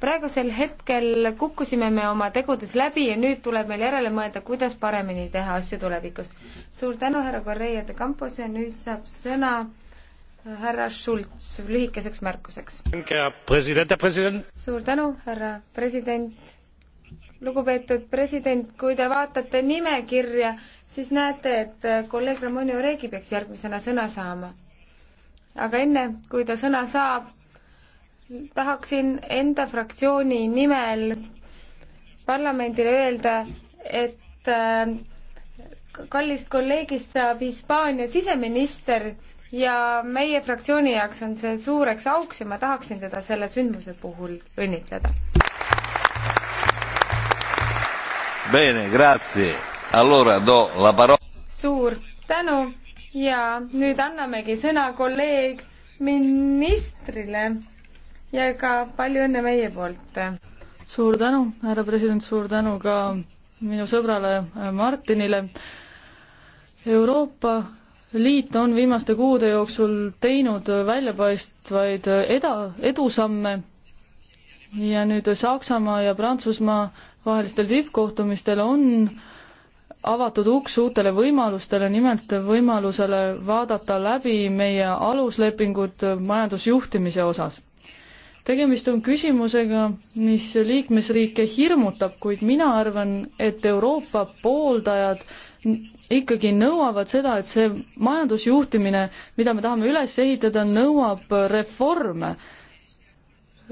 praegusel hetkel kukkusime me oma tegudes läbi ja nüüd tuleb meil järele mõelda, kuidas paremini teha asju tulevikus. suur tänu, härra Correia de Campos ja nüüd saab sõna härra Schulz lühikeseks märkuseks. suur tänu, härra president lugupeetud president, kui te vaatate nimekirja, siis näete, et kolleeg Ramon Oregi peaks järgmisena sõna saama. aga enne, kui ta sõna saab, tahaksin enda fraktsiooni nimel parlamendile öelda, et äh, kallist kolleegist saab Hispaania siseminister ja meie fraktsiooni jaoks on see suureks auks ja ma tahaksin teda selle sündmuse puhul õnnitleda. suur tänu ja nüüd annamegi sõna kolleeg ministrile ja ka palju õnne meie poolt. suur tänu, härra president, suur tänu ka minu sõbrale äh, Martinile. Euroopa Liit on viimaste kuude jooksul teinud väljapaistvaid äh, eda, edusamme ja nüüd Saksamaa ja Prantsusmaa vahelistel tippkohtumistel on avatud uks uutele võimalustele, nimelt võimalusele vaadata läbi meie aluslepingud majandusjuhtimise osas tegemist on küsimusega, mis liikmesriike hirmutab, kuid mina arvan, et Euroopa pooldajad ikkagi nõuavad seda, et see majandusjuhtimine, mida me tahame üles ehitada, nõuab reforme.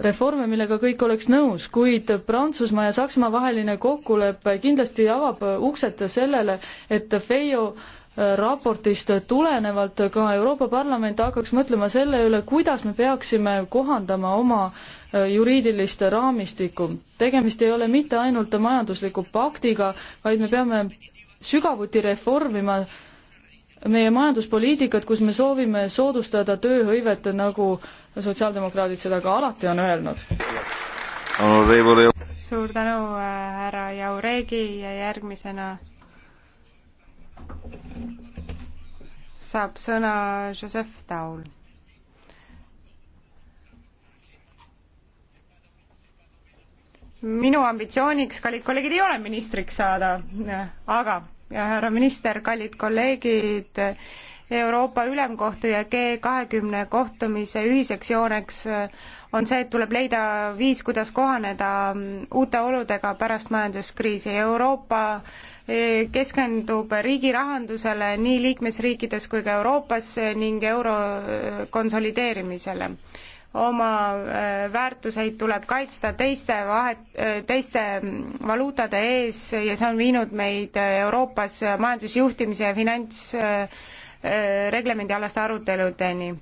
reforme, millega kõik oleks nõus, kuid Prantsusmaa ja Saksamaa vaheline kokkulepe kindlasti avab uksed sellele, et Feio äh, raportist tulenevalt ka Euroopa Parlament hakkaks mõtlema selle üle, kuidas me peaksime kohandama oma äh, juriidilist raamistikku. tegemist ei ole mitte ainult majandusliku paktiga, vaid me peame sügavuti reformima meie majanduspoliitikat, kus me soovime soodustada tööhõivet, nagu sotsiaaldemokraadid seda ka alati on öelnud. suur tänu, äh, härra Jauregi ja järgmisena saab sõna Joseph Taul. minu ambitsiooniks, kallid kolleegid, ei ole ministriks saada, aga härra minister, kallid kolleegid, Euroopa Ülemkohtu ja G kahekümne kohtumise ühiseks jooneks on see, et tuleb leida viis, kuidas kohaneda uute oludega pärast majanduskriisi. Euroopa eh, keskendub riigi rahandusele nii liikmesriikides kui ka Euroopas ning euro eh, konsolideerimisele oma eh, väärtuseid tuleb kaitsta teiste vahet, teiste valuutade ees ja see on viinud meid Euroopas majandusjuhtimise ja finantsreglemendi alaste aruteludeni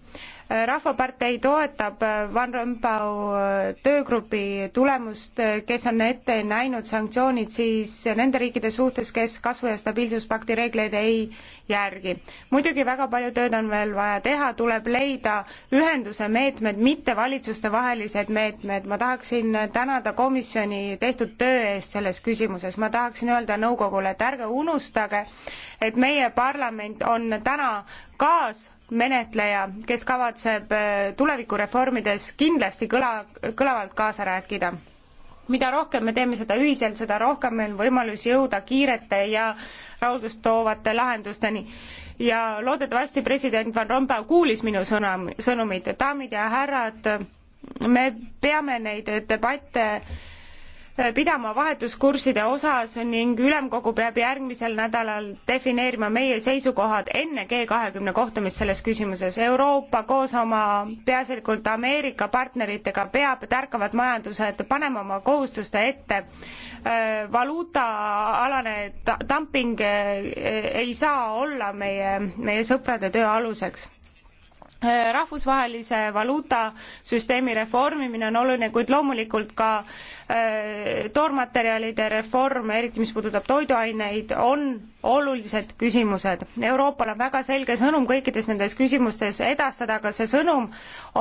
rahvapartei toetab äh, Van Rompuy äh, töögrupi tulemust, äh, kes on ette näinud sanktsioonid siis nende riikide suhtes, kes kasvu- ja stabiilsuspakti reegleid ei järgi. muidugi väga palju tööd on veel vaja teha, tuleb leida ühenduse meetmed, mitte valitsustevahelised meetmed. ma tahaksin tänada komisjoni tehtud töö eest selles küsimuses, ma tahaksin öelda nõukogule, et ärge unustage, et meie parlament on täna kaasmenetleja, kes kavatseb äh, tulevikureformides kindlasti kõla, kõlavalt kaasa rääkida. mida rohkem me teeme seda ühiselt, seda rohkem meil võimalus jõuda kiirete ja rahuldust toovate lahendusteni. ja loodetavasti president Van Rompuy kuulis minu sõna, sõnumit, daamid ja härrad, me peame neid debatte pidama vahetuskursside osas ning ülemkogu peab järgmisel nädalal defineerima meie seisukohad enne G kahekümne kohtumist selles küsimuses. Euroopa koos oma peaasjalikult Ameerika partneritega peab tärkavad majandused panema oma kohustuste ette. Äh, valuutaalane dumping äh, ei saa olla meie, meie sõprade töö aluseks Äh, rahvusvahelise valuutasüsteemi reformimine on oluline, kuid loomulikult ka äh, toormaterjalide reform, eriti mis puudutab toiduaineid, on olulised küsimused. Euroopal on väga selge sõnum kõikides nendes küsimustes edastada, aga see sõnum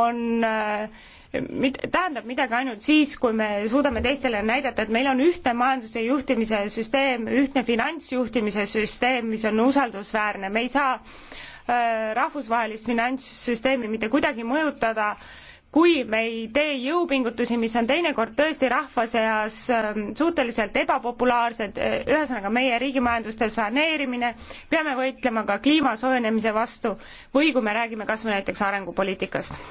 on äh, mit-, tähendab midagi ainult siis, kui me suudame teistele näidata, et meil on ühtne majanduse juhtimise süsteem, ühtne finantsjuhtimise süsteem, mis on usaldusväärne, me ei saa Äh, rahvusvahelist finantssüsteemi mitte kuidagi mõjutada, kui me ei tee jõupingutusi, mis on teinekord tõesti rahva seas ähm, suhteliselt ebapopulaarsed, äh, ühesõnaga meie riigi majanduste saneerimine, peame võitlema ka kliima soojenemise vastu või kui me räägime kas või näiteks arengupoliitikast.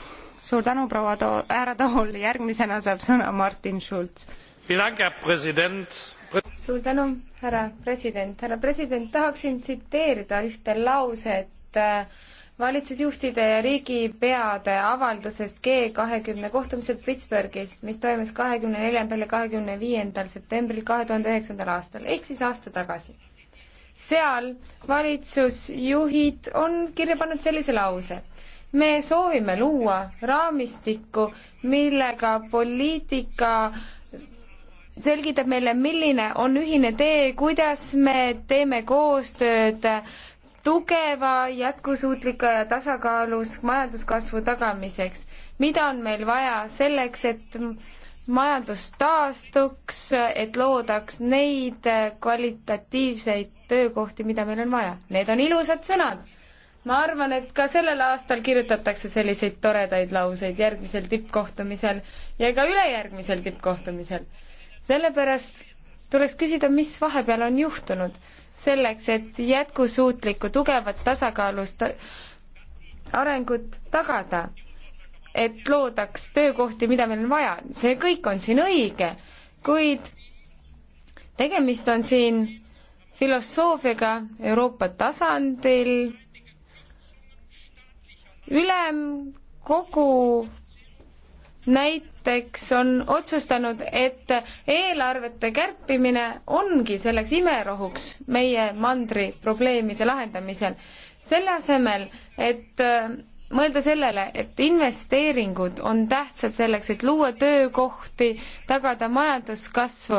suur tänu, proua Tool, härra Tool, järgmisena saab sõna Martin Schulz. suur tänu, härra president. härra president, tahaksin tsiteerida ühte lauset Äh, valitsusjuhtide ja riigipeade avaldusest G kahekümne kohtumiselt Pittsburghist, mis toimus kahekümne neljandal ja kahekümne viiendal septembril kahe tuhande üheksandal aastal ehk siis aasta tagasi. seal valitsusjuhid on kirja pannud sellise lause. me soovime luua raamistikku, millega poliitika selgitab meile, milline on ühine tee, kuidas me teeme koostööd tugeva, jätkusuutliku ja tasakaalus majanduskasvu tagamiseks. mida on meil vaja selleks, et majandus taastuks, et loodaks neid kvalitatiivseid töökohti, mida meil on vaja. Need on ilusad sõnad. ma arvan, et ka sellel aastal kirjutatakse selliseid toredaid lauseid järgmisel tippkohtumisel ja ka ülejärgmisel tippkohtumisel. sellepärast tuleks küsida, mis vahepeal on juhtunud selleks, et jätkusuutlikku tugevat tasakaalust arengut tagada, et loodaks töökohti, mida meil on vaja, see kõik on siin õige, kuid tegemist on siin filosoofiaga Euroopa tasandil, ülemkogu näiteks on otsustanud, et eelarvete kärpimine ongi selleks imerohuks meie mandri probleemide lahendamisel. selle asemel, et äh, mõelda sellele, et investeeringud on tähtsad selleks, et luua töökohti, tagada majanduskasvu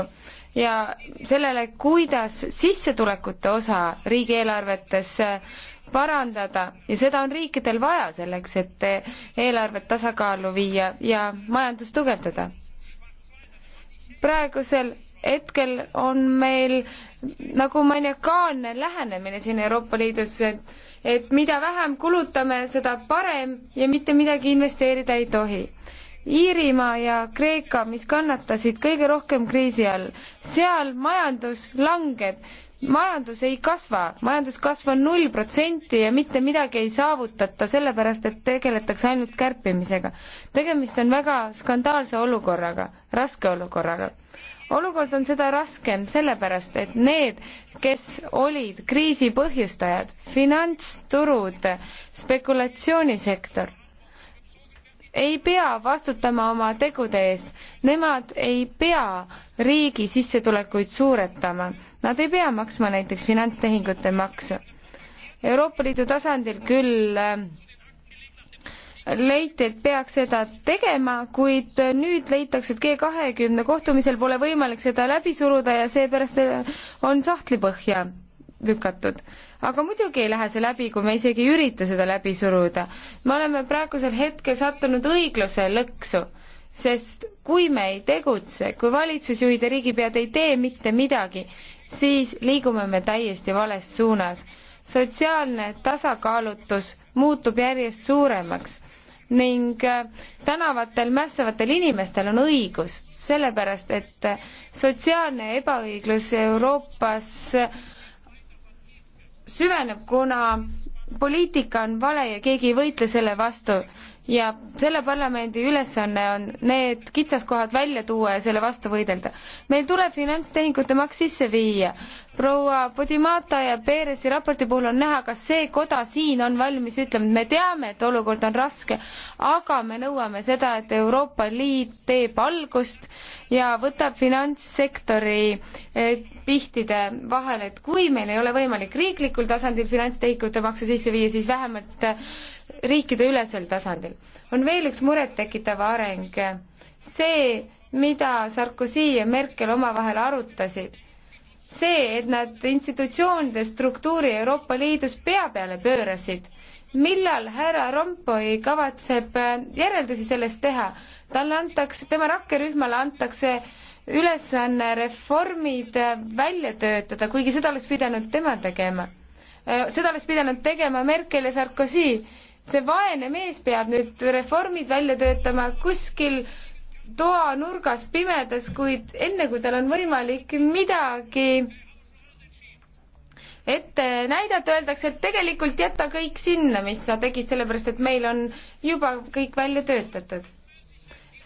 ja sellele, kuidas sissetulekute osa riigieelarvetes äh, parandada ja seda on riikidel vaja selleks, et eelarvet tasakaalu viia ja majandust tugevdada. praegusel hetkel on meil nagu maniakaalne lähenemine siin Euroopa Liidus, et, et mida vähem kulutame, seda parem ja mitte midagi investeerida ei tohi. Iirimaa ja Kreeka, mis kannatasid kõige rohkem kriisi all, seal majandus langeb majandus ei kasva, majanduskasv on null protsenti ja mitte midagi ei saavutata, sellepärast et tegeletakse ainult kärpimisega. tegemist on väga skandaalse olukorraga, raske olukorraga. olukord on seda raskem sellepärast, et need, kes olid kriisi põhjustajad, finantsturud, spekulatsioonisektor, ei pea vastutama oma tegude eest, nemad ei pea riigi sissetulekuid suuretama. Nad ei pea maksma näiteks finantstehingute maksu. Euroopa Liidu tasandil küll äh, leiti, et peaks seda tegema, kuid nüüd leitakse, et G kahekümne kohtumisel pole võimalik seda läbi suruda ja seepärast äh, on sahtli põhja lükatud. aga muidugi ei lähe see läbi, kui me isegi ei ürita seda läbi suruda. me oleme praegusel hetkel sattunud õigluse lõksu sest kui me ei tegutse, kui valitsusjuhid ja riigipead ei tee mitte midagi, siis liigume me täiesti vales suunas. sotsiaalne tasakaalutus muutub järjest suuremaks ning äh, tänavatel mässavatel inimestel on õigus, sellepärast et äh, sotsiaalne ebaõiglus Euroopas äh, süveneb, kuna poliitika on vale ja keegi ei võitle selle vastu ja selle parlamendi ülesanne on need kitsaskohad välja tuua ja selle vastu võidelda. meil tuleb finantstehingute maks sisse viia proua Podimata ja Peresi raporti puhul on näha, kas see koda siin on valmis ütlema, et me teame, et olukord on raske, aga me nõuame seda, et Euroopa Liit teeb algust ja võtab finantssektori eh, pihtide vahele, et kui meil ei ole võimalik riiklikul tasandil finantstehingute maksu sisse viia, siis vähemalt eh, riikideülesel tasandil. on veel üks murettekitav areng, see, mida Sarkozy ja Merkel omavahel arutasid see, et nad institutsioonide struktuuri Euroopa Liidus pea peale pöörasid. millal härra Rompuy kavatseb äh, järeldusi sellest teha? talle antakse, tema rakkerühmale antakse ülesanne reformid äh, välja töötada, kuigi seda oleks pidanud tema tegema. Äh, seda oleks pidanud tegema Merkel ja Sarkozy. see vaene mees peab nüüd reformid välja töötama kuskil toanurgas pimedas, kuid enne kui tal on võimalik midagi ette näidata, öeldakse, et tegelikult jäta kõik sinna, mis sa tegid, sellepärast et meil on juba kõik välja töötatud.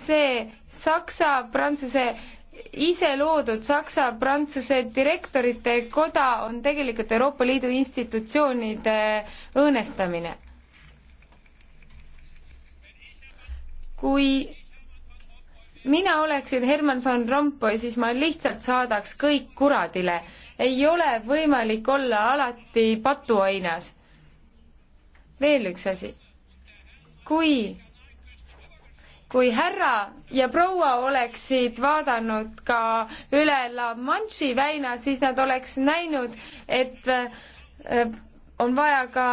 see Saksa-Prantsuse ise loodud Saksa-Prantsuse direktorite koda on tegelikult Euroopa Liidu institutsioonide õõnestamine. kui mina oleksin Herman van Rompuy, siis ma lihtsalt saadaks kõik kuradile. ei ole võimalik olla alati patuoinas. veel üks asi. kui, kui härra ja proua oleksid vaadanud ka üle La Manche'i väina, siis nad oleks näinud, et äh, on vaja ka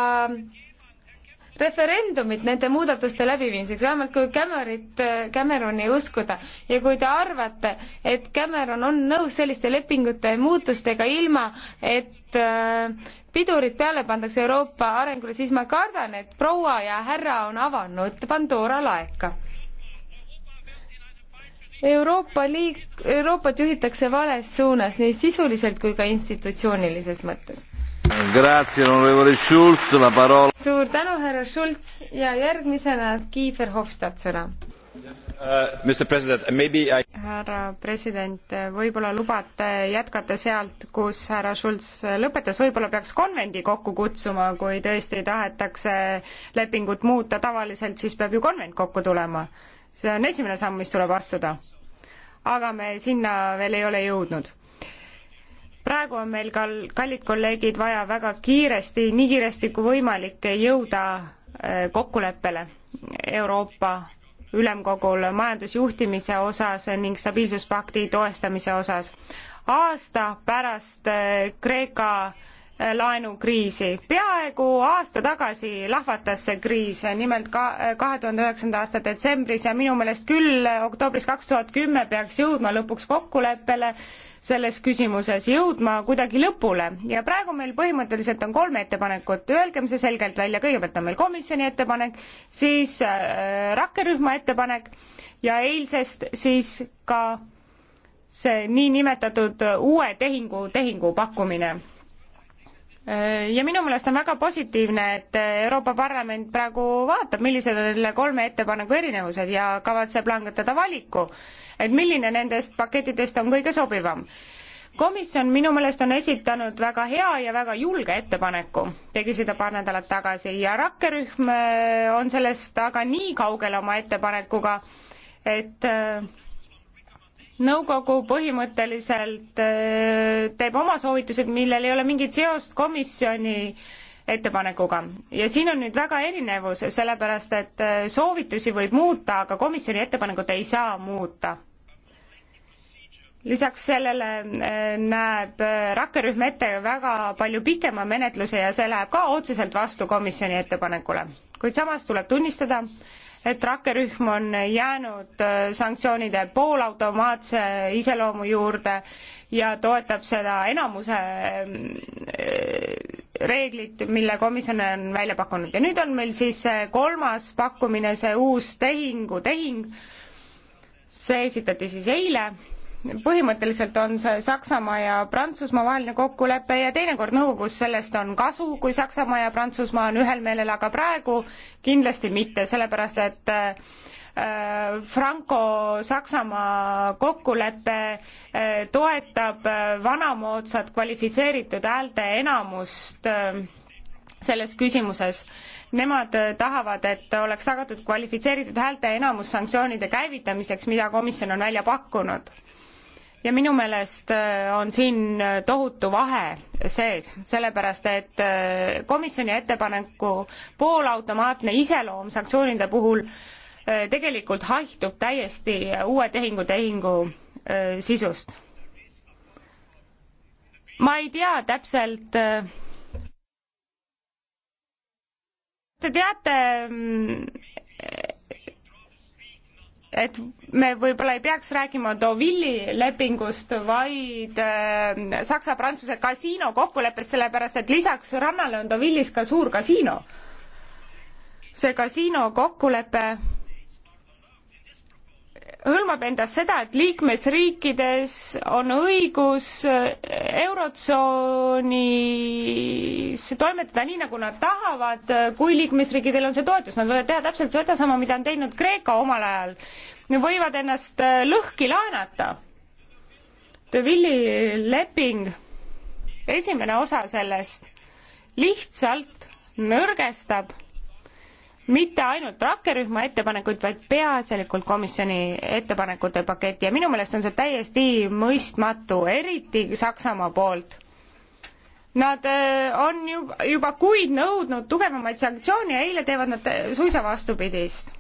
referendumit nende muudatuste läbiviimiseks, vähemalt kui Cameronit, Cameroni uskuda. ja kui te arvate, et Cameron on nõus selliste lepingute muutustega ilma, et äh, pidurid peale pandakse Euroopa arengule, siis ma kardan, et proua ja härra on avanud Pandora laeka. Euroopa liik-, Euroopat juhitakse vales suunas nii sisuliselt kui ka institutsioonilises mõttes suur tänu, härra Schulz ja järgmisena Kiefer Hofstad sõna. Uh, härra president, võib-olla lubate jätkata sealt, kus härra Schulz lõpetas, võib-olla peaks konvendi kokku kutsuma, kui tõesti tahetakse lepingut muuta, tavaliselt siis peab ju konvent kokku tulema. see on esimene samm, mis tuleb astuda. aga me sinna veel ei ole jõudnud praegu on meil kal-, kallid kolleegid, vaja väga kiiresti, nii kiiresti kui võimalik jõuda äh, kokkuleppele Euroopa Ülemkogul majandusjuhtimise osas ning stabiilsuspakti toestamise osas. aasta pärast äh, Kreeka äh, laenukriisi. peaaegu aasta tagasi lahvatas see kriis, nimelt ka kahe tuhande üheksanda aasta detsembris ja minu meelest küll oktoobris kaks tuhat kümme peaks jõudma lõpuks kokkuleppele selles küsimuses jõudma kuidagi lõpule ja praegu meil põhimõtteliselt on kolm ettepanekut, öelgem see selgelt välja, kõigepealt on meil komisjoni ettepanek, siis äh, rakkerühma ettepanek ja eilsest siis ka see niinimetatud uue tehingu, tehingu pakkumine ja minu meelest on väga positiivne, et Euroopa Parlament praegu vaatab, millised on selle kolme ettepaneku erinevused ja kavatseb langetada valiku, et milline nendest pakettidest on kõige sobivam. komisjon minu meelest on esitanud väga hea ja väga julge ettepaneku, tegi seda paar nädalat tagasi ja rakkerühm äh, on sellest aga nii kaugel oma ettepanekuga, et äh, nõukogu põhimõtteliselt äh, teeb oma soovitused, millel ei ole mingit seost komisjoni ettepanekuga ja siin on nüüd väga erinevus, sellepärast et äh, soovitusi võib muuta, aga komisjoni ettepanekut ei saa muuta. lisaks sellele äh, näeb rakkerühm ette väga palju pikema menetluse ja see läheb ka otseselt vastu komisjoni ettepanekule, kuid samas tuleb tunnistada, et rakkerühm on jäänud äh, sanktsioonide poolautomaatse iseloomu juurde ja toetab seda enamuse ähm, äh, reeglit, mille komisjon on välja pakkunud ja nüüd on meil siis kolmas pakkumine, see uus tehingutehing, see esitati siis eile põhimõtteliselt on see Saksamaa ja Prantsusmaa vaheline kokkulepe ja teinekord nõukogus sellest on kasu, kui Saksamaa ja Prantsusmaa on ühel meelel, aga praegu kindlasti mitte, sellepärast et äh, Franco-Saksamaa kokkulepe äh, toetab äh, vanamoodsat kvalifitseeritud häälte enamust selles küsimuses. Nemad tahavad, et oleks tagatud kvalifitseeritud häälte enamus sanktsioonide käivitamiseks, mida komisjon on välja pakkunud ja minu meelest äh, on siin äh, tohutu vahe sees, sellepärast et äh, komisjoni ettepaneku poolautomaatne iseloom sanktsioonide puhul tegelikult haihtub täiesti uue tehingutehingu sisust. ma ei tea täpselt te teate, mm, et me võib-olla ei peaks rääkima Deauville'i lepingust, vaid äh, Saksa-Prantsuse kasiino kokkuleppest, sellepärast et lisaks rannale on Deauville'is ka suur kasiino. see kasiino kokkulepe hõlmab endas seda, et liikmesriikides on õigus äh, Eurotsooni siis toimetada nii, nagu nad tahavad, kui liikmesriikidel on see toetus, nad võivad teha täpselt sedasama, mida on teinud Kreeka omal ajal. võivad ennast äh, lõhki laenata. De Villi leping, esimene osa sellest, lihtsalt nõrgestab mitte ainult rakkerühma ettepanekuid, vaid peaasjalikult komisjoni ettepanekute paketti ja minu meelest on see täiesti mõistmatu, eriti Saksamaa poolt. Nad eh, on juba, juba kuid nõudnud tugevamaid sanktsioone ja eile teevad nad eh, suisa vastupidist.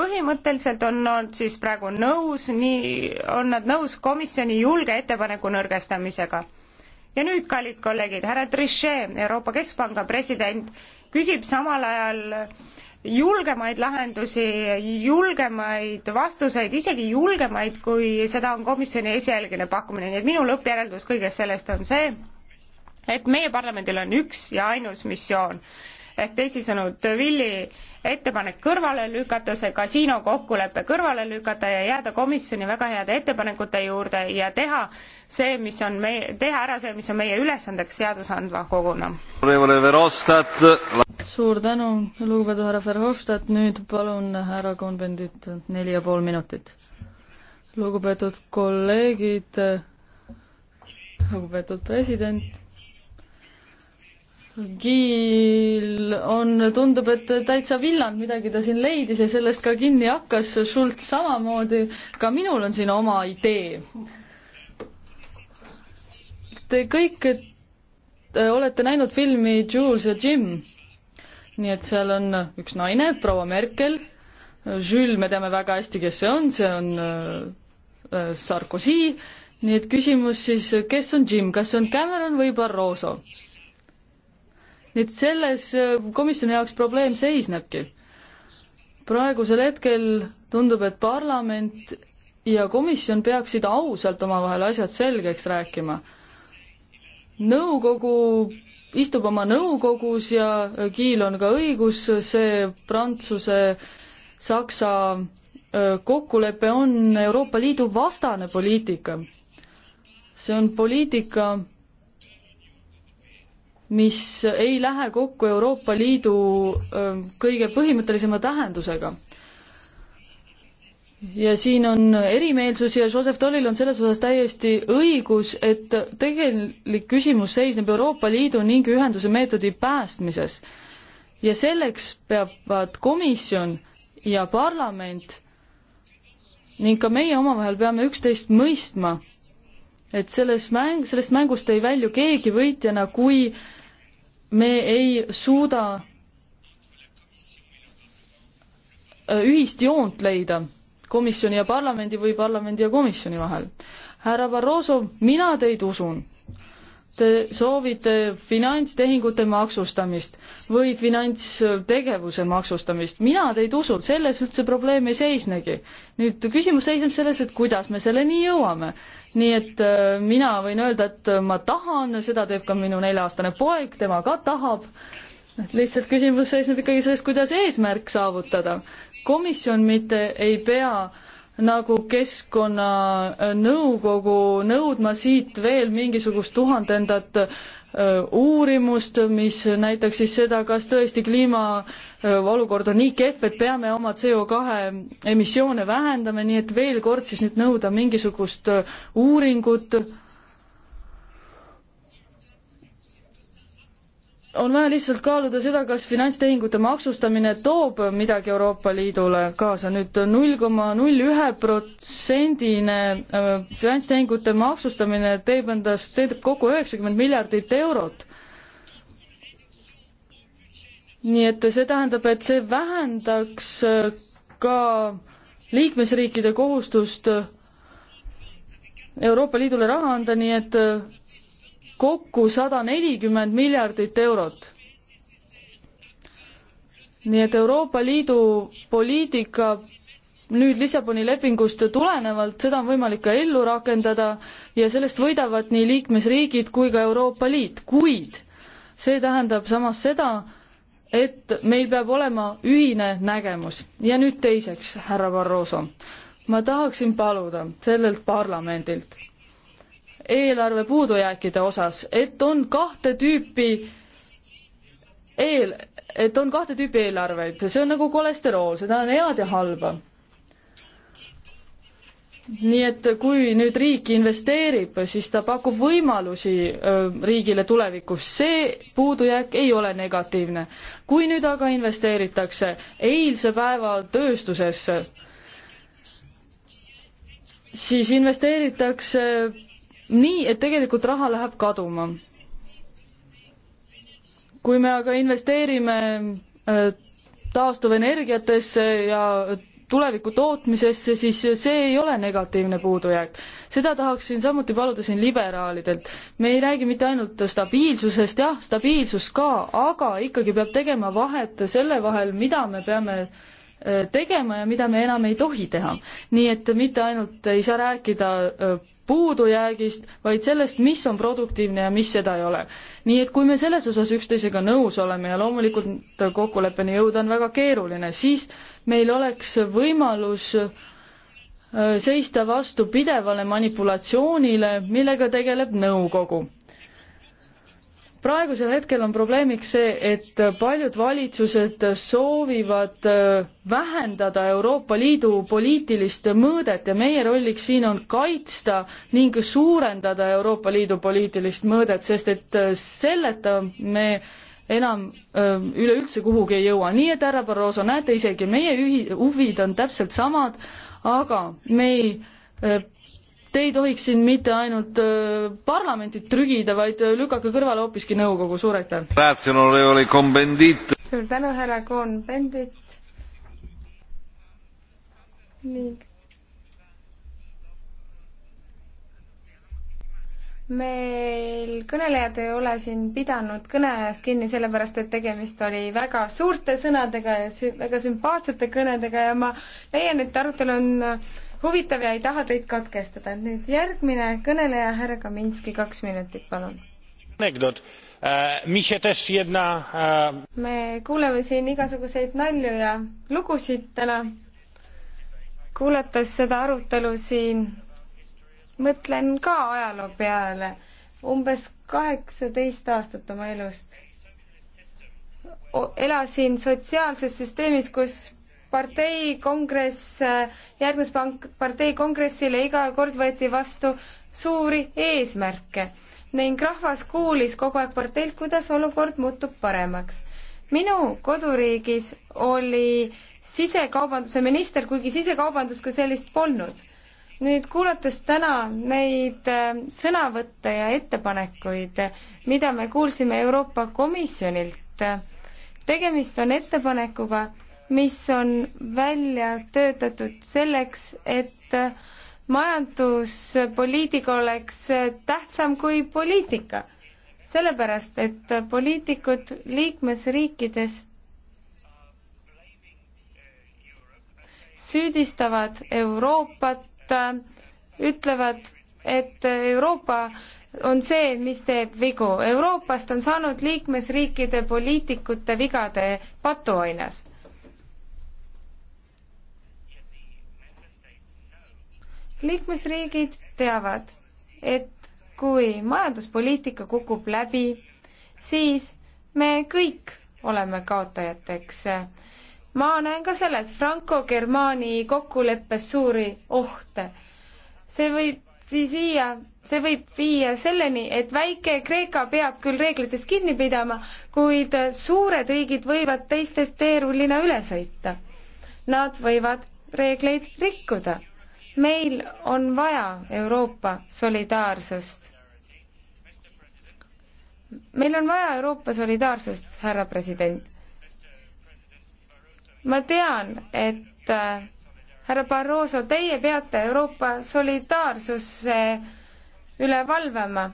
põhimõtteliselt on nad siis praegu nõus, nii on nad nõus komisjoni julge ettepaneku nõrgestamisega. ja nüüd, kallid kolleegid, härra Trichet, Euroopa Keskpanga president, küsib samal ajal julgemaid lahendusi, julgemaid vastuseid, isegi julgemaid, kui seda on komisjoni esialgne pakkumine, nii et minu lõppjäreldus kõigest sellest on see, et meie parlamendil on üks ja ainus missioon ehk teisisõnu De Villi ettepanek kõrvale lükata, see kasiino kokkulepe kõrvale lükata ja jääda komisjoni väga heade ettepanekute juurde ja teha see, mis on meie, teha ära see, mis on meie ülesandeks seadusandva koguna. suur tänu, lugupeetud härra Verhofstadt, nüüd palun härra konvendit neli ja pool minutit. lugupeetud kolleegid, lugupeetud president Giil on, tundub, et täitsa villand, midagi ta siin leidis ja sellest ka kinni hakkas, Schultz samamoodi, ka minul on siin oma idee. Te kõik te äh, olete näinud filmi Jules ja Jim. nii et seal on üks naine, proua Merkel, Jules, me teame väga hästi, kes see on, see on äh, äh Sarkozy, nii et küsimus siis, kes on Jim, kas see on Cameron või Barroso? nüüd selles äh, komisjoni jaoks probleem seisnebki. praegusel hetkel tundub, et parlament ja komisjon peaksid ausalt omavahel asjad selgeks rääkima. nõukogu istub oma nõukogus ja Kiil on ka õigus, see Prantsuse, Saksa äh, kokkulepe on Euroopa Liidu vastane poliitika. see on poliitika, mis ei lähe kokku Euroopa Liidu kõige põhimõttelisema tähendusega. ja siin on erimeelsusi ja Joseph Tollil on selles osas täiesti õigus, et tegelik küsimus seisneb Euroopa Liidu ning ühenduse meetodi päästmises. ja selleks peavad komisjon ja parlament ning ka meie omavahel peame üksteist mõistma, et selles mäng, sellest mängust ei välju keegi võitjana, kui äh, me ei suuda äh, ühist joont leida komisjoni ja parlamendi või parlamendi ja komisjoni vahel. härra Barroso, mina teid usun. Te soovite finantstehingute maksustamist või finantstegevuse maksustamist. mina teid usun, selles üldse probleem ei seisnegi. nüüd küsimus seisneb selles, et kuidas me selleni jõuame nii et äh, mina võin öelda, et äh, ma tahan, seda teeb ka minu nelja-aastane poeg, tema ka tahab. lihtsalt küsimus seisneb ikkagi selles, kuidas eesmärk saavutada. komisjon mitte ei pea nagu keskkonnanõukogu äh, nõudma siit veel mingisugust tuhandendat uurimust, mis näitaks siis seda, kas tõesti kliima olukord on nii kehv, et peame oma CO kahe emissioone vähendama, nii et veel kord siis nüüd nõuda mingisugust uuringut. on vaja lihtsalt kaaluda seda, kas finantstehingute maksustamine toob midagi Euroopa Liidule kaasa nüüd. nüüd null koma null ühe protsendine finantstehingute maksustamine teeb endast, teeb kokku üheksakümmend miljardit eurot nii et see tähendab, et see vähendaks äh, ka liikmesriikide kohustust äh, Euroopa Liidule raha anda, nii et äh, kokku sada nelikümmend miljardit eurot. nii et Euroopa Liidu poliitika nüüd Lissaboni lepingust tulenevalt, seda on võimalik ka ellu rakendada ja sellest võidavad nii liikmesriigid kui ka Euroopa Liit, kuid see tähendab samas seda, et meil peab olema ühine nägemus. ja nüüd teiseks, härra Barroso, ma tahaksin paluda sellelt parlamendilt eelarve puudujääkide osas, et on kahte tüüpi eel, et on kahte tüüpi eelarveid, see on nagu kolesterool, seda on head ja halba nii et kui nüüd riik investeerib, siis ta pakub võimalusi riigile tulevikus, see puudujääk ei ole negatiivne. kui nüüd aga investeeritakse eilse päeva tööstusesse, siis investeeritakse nii, et tegelikult raha läheb kaduma. kui me aga investeerime taastuvenergiatesse ja tuleviku tootmisesse, siis see ei ole negatiivne puudujääk. seda tahaksin samuti paluda siin liberaalidelt. me ei räägi mitte ainult stabiilsusest, jah, stabiilsus ka, aga ikkagi peab tegema vahet selle vahel, mida me peame äh, tegema ja mida me enam ei tohi teha. nii et mitte ainult ei saa rääkida äh, puudujäägist, vaid sellest, mis on produktiivne ja mis seda ei ole. nii et kui me selles osas üksteisega nõus oleme ja loomulikult kokkuleppeni jõuda on väga keeruline, siis meil oleks võimalus äh, seista vastu pidevale manipulatsioonile, millega tegeleb nõukogu. praegusel hetkel on probleemiks see, et paljud valitsused soovivad äh, vähendada Euroopa Liidu poliitilist mõõdet ja meie rolliks siin on kaitsta ning suurendada Euroopa Liidu poliitilist mõõdet, sest et äh, selleta me enam üleüldse kuhugi ei jõua, nii et härra Barroso, näete isegi, meie ühi-, huvid on täpselt samad, aga me ei, te ei tohiks siin mitte ainult parlamenti trügida, vaid lükake kõrvale hoopiski nõukogu, suur aitäh! suur tänu, härra Kohn-Bendit ning meil kõnelejad ei ole siin pidanud kõneajast kinni, sellepärast et tegemist oli väga suurte sõnadega ja sü väga sümpaatsete kõnedega ja ma leian, et arutelu on huvitav ja ei taha teid katkestada. nüüd järgmine kõneleja, härra Kaminski, kaks minutit, palun. Äh, äh, me kuuleme siin igasuguseid nalju ja lugusid täna, kuulates seda arutelu siin mõtlen ka ajaloo peale. umbes kaheksateist aastat oma elust elasin sotsiaalses süsteemis, kus partei kongress, järgnes pank, partei kongressile iga kord võeti vastu suuri eesmärke ning rahvas kuulis kogu aeg parteilt, kuidas olukord muutub paremaks. minu koduriigis oli sisekaubanduse minister, kuigi sisekaubandust kui sellist polnud nüüd kuulates täna neid äh, sõnavõtte ja ettepanekuid, mida me kuulsime Euroopa Komisjonilt, tegemist on ettepanekuga, mis on välja töötatud selleks, et majanduspoliitika oleks tähtsam kui poliitika. sellepärast, et poliitikud liikmesriikides süüdistavad Euroopat poolt äh, ütlevad, et Euroopa on see, mis teeb vigu. Euroopast on saanud liikmesriikide poliitikute vigade patuoinas. liikmesriigid teavad, et kui majanduspoliitika kukub läbi, siis me kõik oleme kaotajateks ma näen ka selles Franco-Germaani kokkuleppes suuri ohte. see võib viia, see võib viia selleni, et väike Kreeka peab küll reeglitest kinni pidama, kuid suured riigid võivad teistest teerullina üle sõita. Nad võivad reegleid rikkuda. meil on vaja Euroopa solidaarsust. meil on vaja Euroopa solidaarsust, härra president ma tean, et äh, härra Barroso, teie peate Euroopa solidaarsuse üle valvama.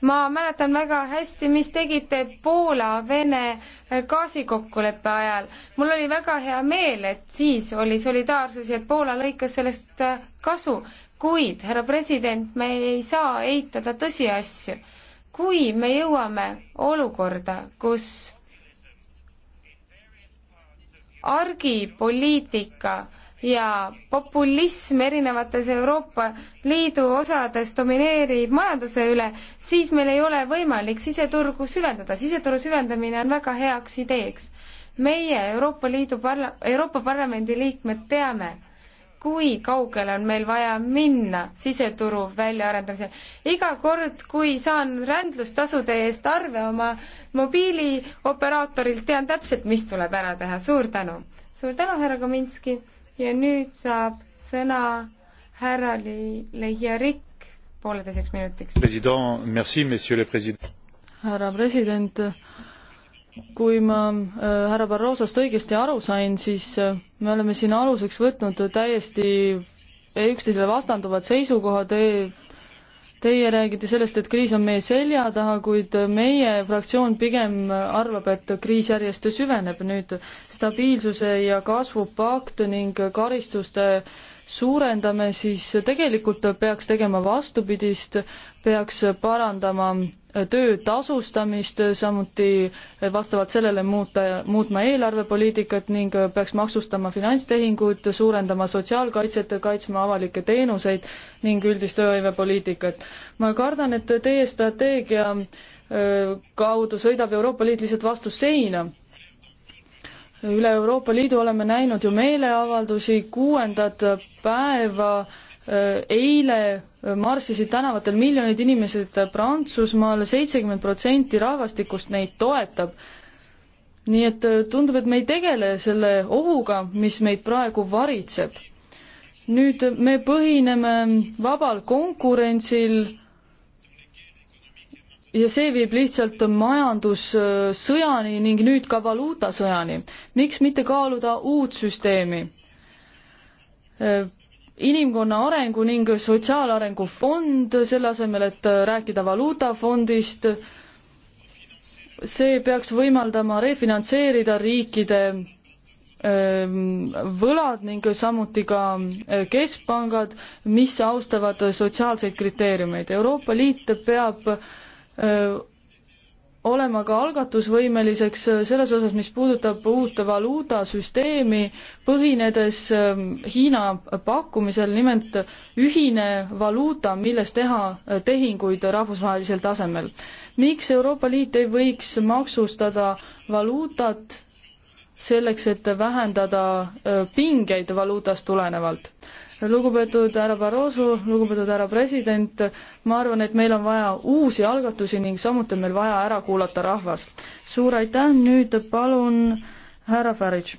ma mäletan väga hästi, mis tegite Poola-Vene gaasikokkuleppe ajal. mul oli väga hea meel, et siis oli solidaarsus ja et Poola lõikas sellest äh, kasu, kuid härra president, me ei saa eitada tõsiasju. kui me jõuame olukorda, kus argipoliitika ja populism erinevates Euroopa Liidu osades domineerib majanduse üle, siis meil ei ole võimalik siseturgu süvendada. siseturu süvendamine on väga heaks ideeks. meie Euroopa Liidu parla-, Euroopa Parlamendi liikmed teame, kui kaugele on meil vaja minna siseturu väljaarendamisel. iga kord, kui saan rändlustasude eest arve oma mobiilioperaatorilt, tean täpselt, mis tuleb ära teha. suur tänu! suur tänu, härra Kaminski ja nüüd saab sõna härra Lehiarik pooleteiseks minutiks. härra president, härra president kui ma äh, härra Barrosost õigesti aru sain, siis äh, me oleme siin aluseks võtnud täiesti üksteisele vastanduvad seisukohad, Teie räägite sellest, et kriis on meie selja taha, kuid meie fraktsioon pigem arvab, et kriis järjest süveneb nüüd. stabiilsuse ja kasvupakt ning karistuste suurendame, siis tegelikult peaks tegema vastupidist, peaks parandama töö tasustamist, samuti vastavalt sellele muuta, muutma eelarvepoliitikat ning peaks maksustama finantstehingud, suurendama sotsiaalkaitset, kaitsma avalikke teenuseid ning üldist tööhõivepoliitikat. ma kardan, et teie strateegia kaudu sõidab Euroopa Liit lihtsalt vastu seina. üle Euroopa Liidu oleme näinud ju meeleavaldusi, kuuendat päeva eile marssisid tänavatel miljonid inimesed Prantsusmaal, seitsekümmend protsenti rahvastikust neid toetab. nii et äh, tundub, et me ei tegele selle ohuga, mis meid praegu varitseb. nüüd äh, me põhineme vabal konkurentsil ja see viib lihtsalt majandussõjani äh, ning nüüd ka valuutasõjani. miks mitte kaaluda uut süsteemi? inimkonna arengu ning sotsiaalarengu fond, selle asemel, et rääkida valuutafondist, see peaks võimaldama refinantseerida riikide ähm, võlad ning samuti ka äh, keskpangad, mis austavad sotsiaalseid kriteeriumeid. Euroopa Liit peab äh, olema ka algatusvõimeliseks äh, selles osas, mis puudutab uut valuutasüsteemi, põhinedes ähm, Hiina pakkumisel nimelt ühine valuuta, milles teha äh, tehinguid rahvusvahelisel tasemel. miks Euroopa Liit ei võiks maksustada valuutat selleks, et vähendada pingeid valuutast tulenevalt. lugupeetud härra Barroso, lugupeetud härra president, ma arvan, et meil on vaja uusi algatusi ning samuti on meil vaja ära kuulata rahvas. suur aitäh, nüüd palun härra Farage.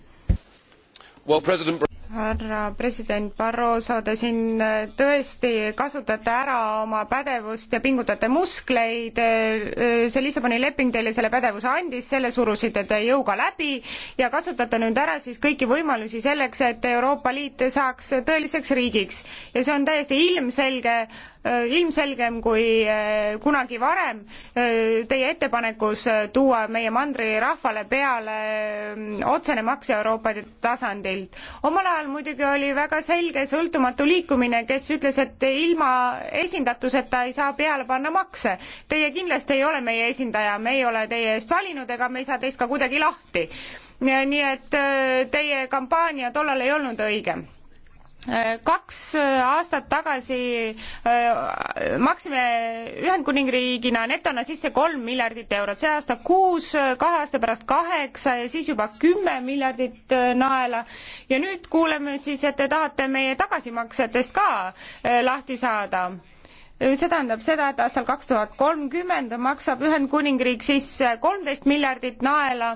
Well, president härra president Barroso, te siin tõesti kasutate ära oma pädevust ja pingutate muskleid, see Lissaboni leping teile selle pädevuse andis, selle surusite te jõuga läbi ja kasutate nüüd ära siis kõiki võimalusi selleks, et Euroopa Liit saaks tõeliseks riigiks. ja see on täiesti ilmselge, ilmselgem kui eh, kunagi varem eh, teie ettepanekus tuua meie mandrirahvale peale eh, otsene maks Euroopa tasandilt. omal ajal ajal muidugi oli väga selge sõltumatu liikumine, kes ütles, et ilma esindatuseta ei saa peale panna makse. Teie kindlasti ei ole meie esindaja, me ei ole teie eest valinud ega me ei saa teist ka kuidagi lahti. nii et äh, teie kampaania tollal ei olnud õige kaks äh, aastat tagasi äh, maksime Ühendkuningriigina netona sisse kolm miljardit eurot, see aasta kuus, äh, kahe aasta pärast kaheksa ja siis juba kümme miljardit naela. ja nüüd kuuleme siis, et te tahate meie tagasimaksetest ka lahti saada see tähendab seda, et aastal kaks tuhat kolmkümmend maksab Ühendkuningriik siis kolmteist miljardit naela,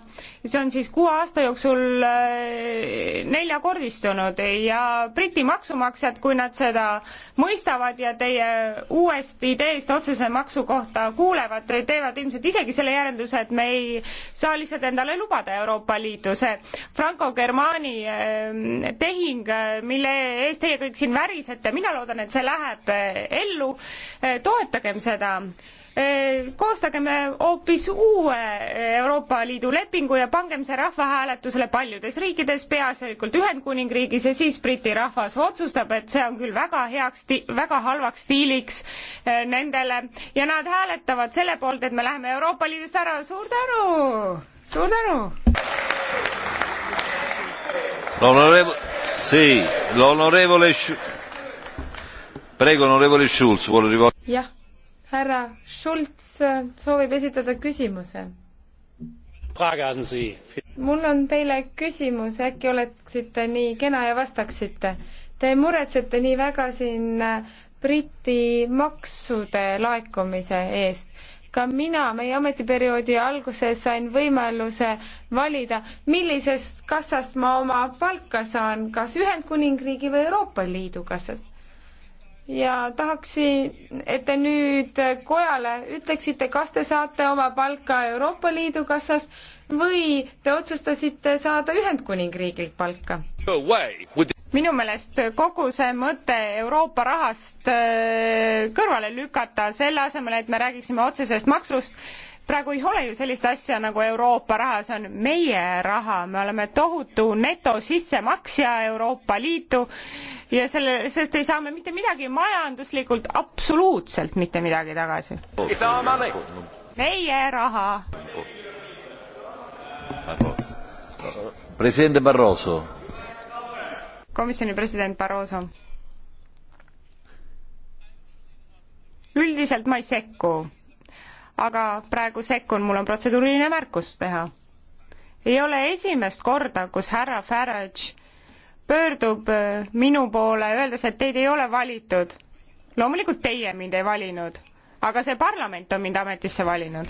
see on siis kuue aasta jooksul äh, neljakordistunud ja Briti maksumaksjad, kui nad seda mõistavad ja teie uuest ideest otsese maksu kohta kuulevad, teevad ilmselt isegi selle järelduse, et me ei saa lihtsalt endale lubada Euroopa Liitu, see Franco-Germani äh, tehing, äh, mille eest teie kõik siin värisete, mina loodan, et see läheb ellu Eh, toetagem seda eh, koostagem eh, hoopis uue Euroopa Liidu lepingu ja pangem see rahvahääletusele paljudes riikides, peaasjalikult Ühendkuningriigis ja siis Briti rahvas otsustab, et see on küll väga heaks, väga halvaks stiiliks nendele ja nad hääletavad selle poolt, et me läheme Euroopa Liidust ära. suur tänu, suur tänu. L'onorevole, sì, l'onorevole jah, härra Schulz äh, soovib esitada küsimuse. mul on teile küsimus, äkki oleksite nii kena ja vastaksite. Te muretsete nii väga siin äh, Briti maksude laekumise eest ka mina meie ametiperioodi alguses sain võimaluse valida, millisest kassast ma oma palka saan, kas Ühendkuningriigi või Euroopa Liidu kassast ja tahaksin, et te nüüd kojale ütleksite, kas te saate oma palka Euroopa Liidu kassast või te otsustasite saada Ühendkuningriigilt palka? minu meelest kogu see mõte Euroopa rahast äh, kõrvale lükata, selle asemel, et me räägiksime otsesest maksust, praegu ei ole ju sellist asja nagu Euroopa raha, see on meie raha, me oleme tohutu netosissemaksja Euroopa Liitu ja selle, sellest ei saa me mitte midagi majanduslikult, absoluutselt mitte midagi tagasi. meie raha. president Barroso. komisjoni president Barroso. üldiselt ma ei sekku aga praegu sekkun, mul on protseduuriline märkus teha. ei ole esimest korda, kus härra Farage pöördub äh, minu poole, öeldes, et teid ei ole valitud. loomulikult teie mind ei valinud, aga see parlament on mind ametisse valinud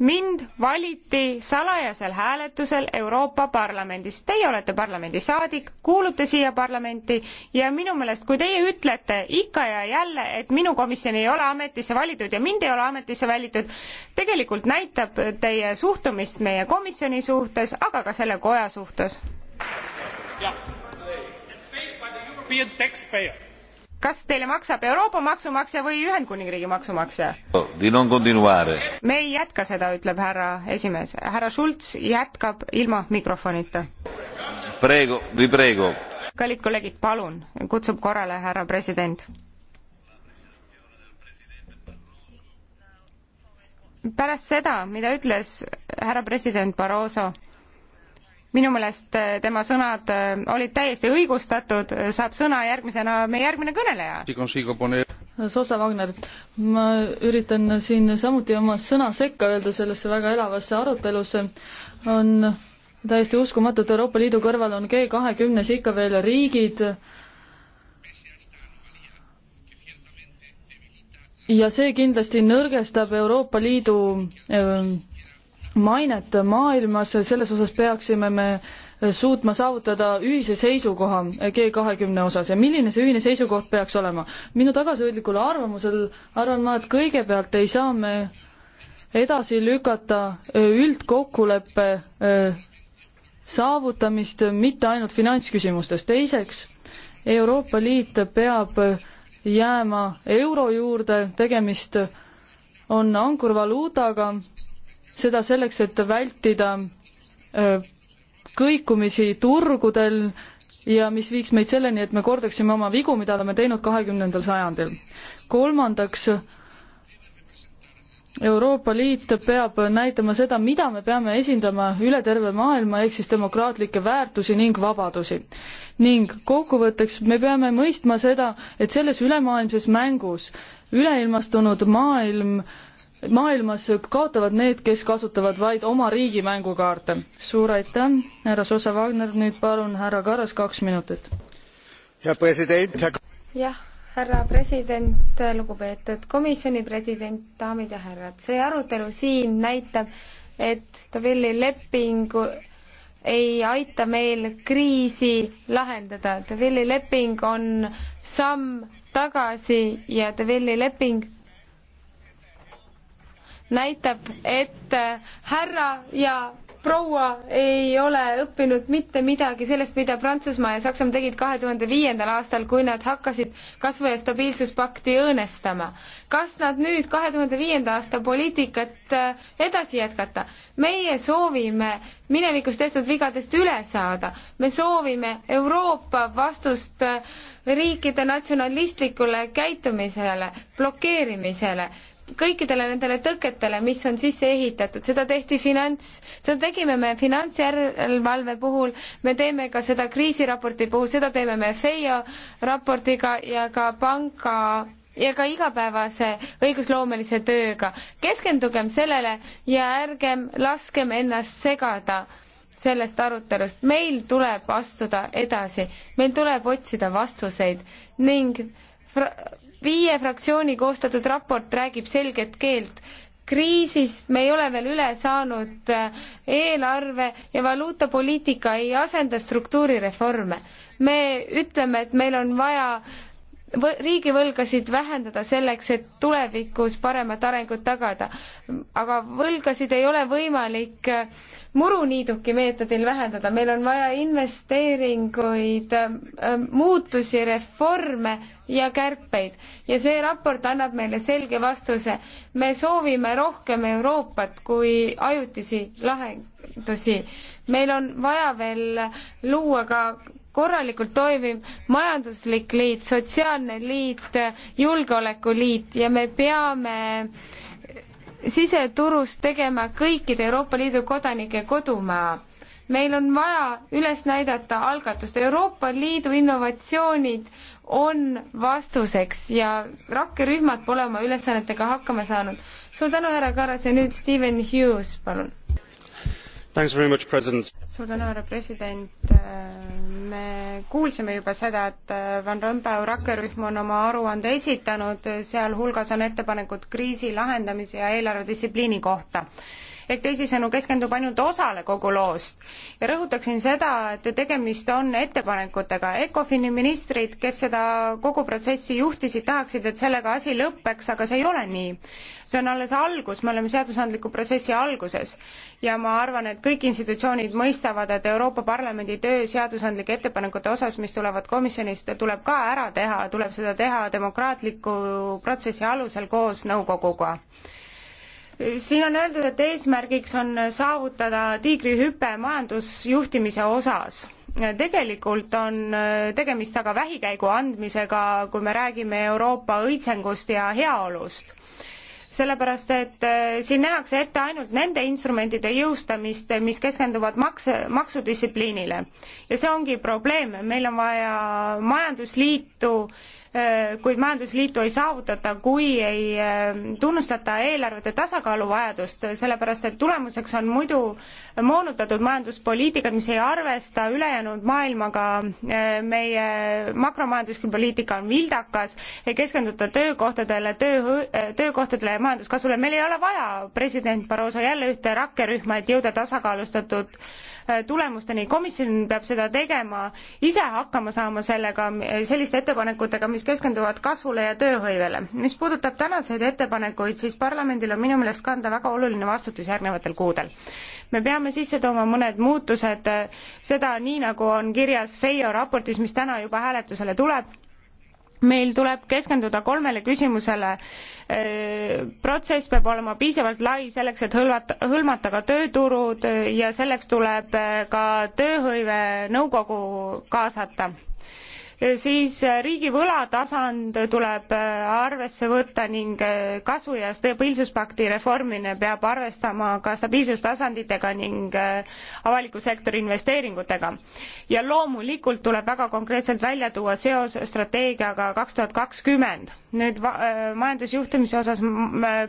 mind valiti salajasel hääletusel Euroopa Parlamendis. Teie olete parlamendisaadik, kuulute siia parlamenti ja minu meelest, kui teie ütlete ikka ja jälle, et minu komisjoni ei ole ametisse valitud ja mind ei ole ametisse valitud, tegelikult näitab teie suhtumist meie komisjoni suhtes, aga ka selle koja suhtes. jah, kas teile maksab Euroopa maksumaksja või Ühendkuningriigi maksumaksja? me ei jätka seda, ütleb härra esimees. härra Schulz jätkab ilma mikrofonita. Prego, vi prego. kallid kolleegid, palun, kutsub korrale härra president. pärast seda, mida ütles härra president Barroso minu meelest äh, tema sõnad äh, olid täiesti õigustatud, äh, saab sõna järgmisena meie järgmine kõneleja. Sosa Wagner, ma üritan siin samuti oma sõna sekka öelda sellesse väga elavasse arutelusse, on täiesti uskumatu, et Euroopa Liidu kõrval on G kahekümnes ikka veel riigid, ja see kindlasti nõrgestab Euroopa Liidu ähm, mainet maailmas, selles osas peaksime me suutma saavutada ühise seisukoha G kahekümne osas ja milline see ühine seisukoht peaks olema? minu tagasihoidlikul arvamusel arvan ma, et kõigepealt ei saa me edasi lükata üldkokkuleppe äh, saavutamist mitte ainult finantsküsimustes, teiseks Euroopa Liit peab jääma euro juurde, tegemist on ankurvaluutaga, seda selleks, et vältida kõikumisi turgudel ja mis viiks meid selleni, et me kordaksime oma vigu, mida oleme teinud kahekümnendal sajandil. kolmandaks, Euroopa Liit peab näitama seda, mida me peame esindama üle terve maailma, ehk siis demokraatlikke väärtusi ning vabadusi. ning kokkuvõtteks me peame mõistma seda, et selles ülemaailmses mängus üleilmastunud maailm äh, maailmas kaotavad need, kes kasutavad vaid oma riigi mängukaarte. suur aitäh, härra Sosa Wagner, nüüd palun härra Karas, kaks minutit. jah, härra president, lugupeetud komisjoni president, daamid ja härrad, see arutelu siin näitab, et Tavilli lepingu ei aita meil kriisi lahendada. Tavilli leping on samm tagasi ja Tavilli leping näitab, et äh, härra ja proua ei ole õppinud mitte midagi sellest, mida Prantsusmaa ja Saksamaa tegid kahe tuhande viiendal aastal, kui nad hakkasid kasvu- ja stabiilsuspakti õõnestama. kas nad nüüd kahe tuhande viienda aasta poliitikat äh, edasi jätkata? meie soovime minevikus tehtud vigadest üle saada, me soovime Euroopa vastust äh, riikide natsionalistlikule käitumisele, blokeerimisele kõikidele nendele tõketele, mis on sisse ehitatud, seda tehti finants, seda tegime me finantsjärelevalve puhul, me teeme ka seda kriisiraporti puhul, seda teeme me FEIO raportiga ja ka panga ja ka igapäevase õigusloomelise tööga. keskendugem sellele ja ärgem laskem ennast segada sellest arutelust. meil tuleb astuda edasi, meil tuleb otsida vastuseid ning fra-, viie fraktsiooni koostatud raport räägib selget keelt kriisist me ei ole veel üle saanud, eelarve ja valuutapoliitika ei asenda struktuurireforme. me ütleme, et meil on vaja riigivõlgasid vähendada selleks, et tulevikus paremat arengut tagada. aga võlgasid ei ole võimalik äh, muruniiduki meetodil vähendada, meil on vaja investeeringuid, äh, äh, muutusi, reforme ja kärpeid. ja see raport annab meile selge vastuse. me soovime rohkem Euroopat kui ajutisi lahendusi. meil on vaja veel luua ka korralikult toimiv majanduslik liit, sotsiaalne liit, julgeolekuliit ja me peame siseturust tegema kõikide Euroopa Liidu kodanike kodumaa. meil on vaja üles näidata algatust, Euroopa Liidu innovatsioonid on vastuseks ja rakkerühmad pole oma ülesannetega hakkama saanud. suur tänu, härra Karas ja nüüd Steven Hughes, palun suur tänu, härra president. me kuulsime juba seda, et Van Rompuy rakkerühm on oma aruande esitanud, sealhulgas on ettepanekud kriisi lahendamise ja eelarvedistsipliini kohta ehk teisisõnu keskendub ainult osale kogu loost. ja rõhutaksin seda, et tegemist on ettepanekutega. ECOFIN-i ministrid, kes seda kogu protsessi juhtisid, tahaksid, et sellega asi lõpeks, aga see ei ole nii. see on alles algus, me oleme seadusandliku protsessi alguses ja ma arvan, et kõik institutsioonid mõistavad, et Euroopa Parlamendi töö seadusandlike ettepanekute osas, mis tulevad komisjonist, tuleb ka ära teha, tuleb seda teha demokraatliku protsessi alusel koos nõukoguga siin on öeldud, et eesmärgiks on saavutada tiigrihüpe majandusjuhtimise osas. tegelikult on äh, tegemist aga vähikäigu andmisega, kui me räägime Euroopa õitsengust ja heaolust sellepärast, et äh, siin nähakse ette ainult nende instrumentide jõustamist, mis keskenduvad makse, maksudistsipliinile. ja see ongi probleem, meil on vaja majandusliitu äh, Äh, kuid majandusliitu ei saavutata, kui ei äh, tunnustata eelarvete tasakaalu vajadust, sellepärast et tulemuseks on muidu moonutatud majanduspoliitikad, mis ei arvesta ülejäänud maailmaga, äh, meie makromajanduslik poliitika on vildakas, ei keskenduta töökohtadele, töö, töökohtadele ja majanduskasvule, meil ei ole vaja, president Barroso, jälle ühte rakkerühma, et jõuda tasakaalustatud Äh, tulemusteni. komisjon peab seda tegema, ise hakkama saama sellega, äh, selliste ettepanekutega, mis keskenduvad kasvule ja tööhõivele. mis puudutab tänaseid ettepanekuid, siis parlamendil on minu meelest kanda väga oluline vastutus järgnevatel kuudel. me peame sisse tooma mõned muutused, äh, seda nii, nagu on kirjas FEIO raportis, mis täna juba hääletusele tuleb, meil tuleb keskenduda kolmele küsimusele. Äh, protsess peab olema piisavalt lai selleks, et hõlvata, hõlmata ka tööturud ja selleks tuleb äh, ka tööhõive nõukogu kaasata siis riigi võlatasand tuleb äh, arvesse võtta ning äh, kasu- ja stabiilsuspakti reformimine peab arvestama ka stabiilsustasanditega ning äh, avaliku sektori investeeringutega. ja loomulikult tuleb väga konkreetselt välja tuua seos strateegiaga kaks tuhat kakskümmend nüüd äh, majandusjuhtimise osas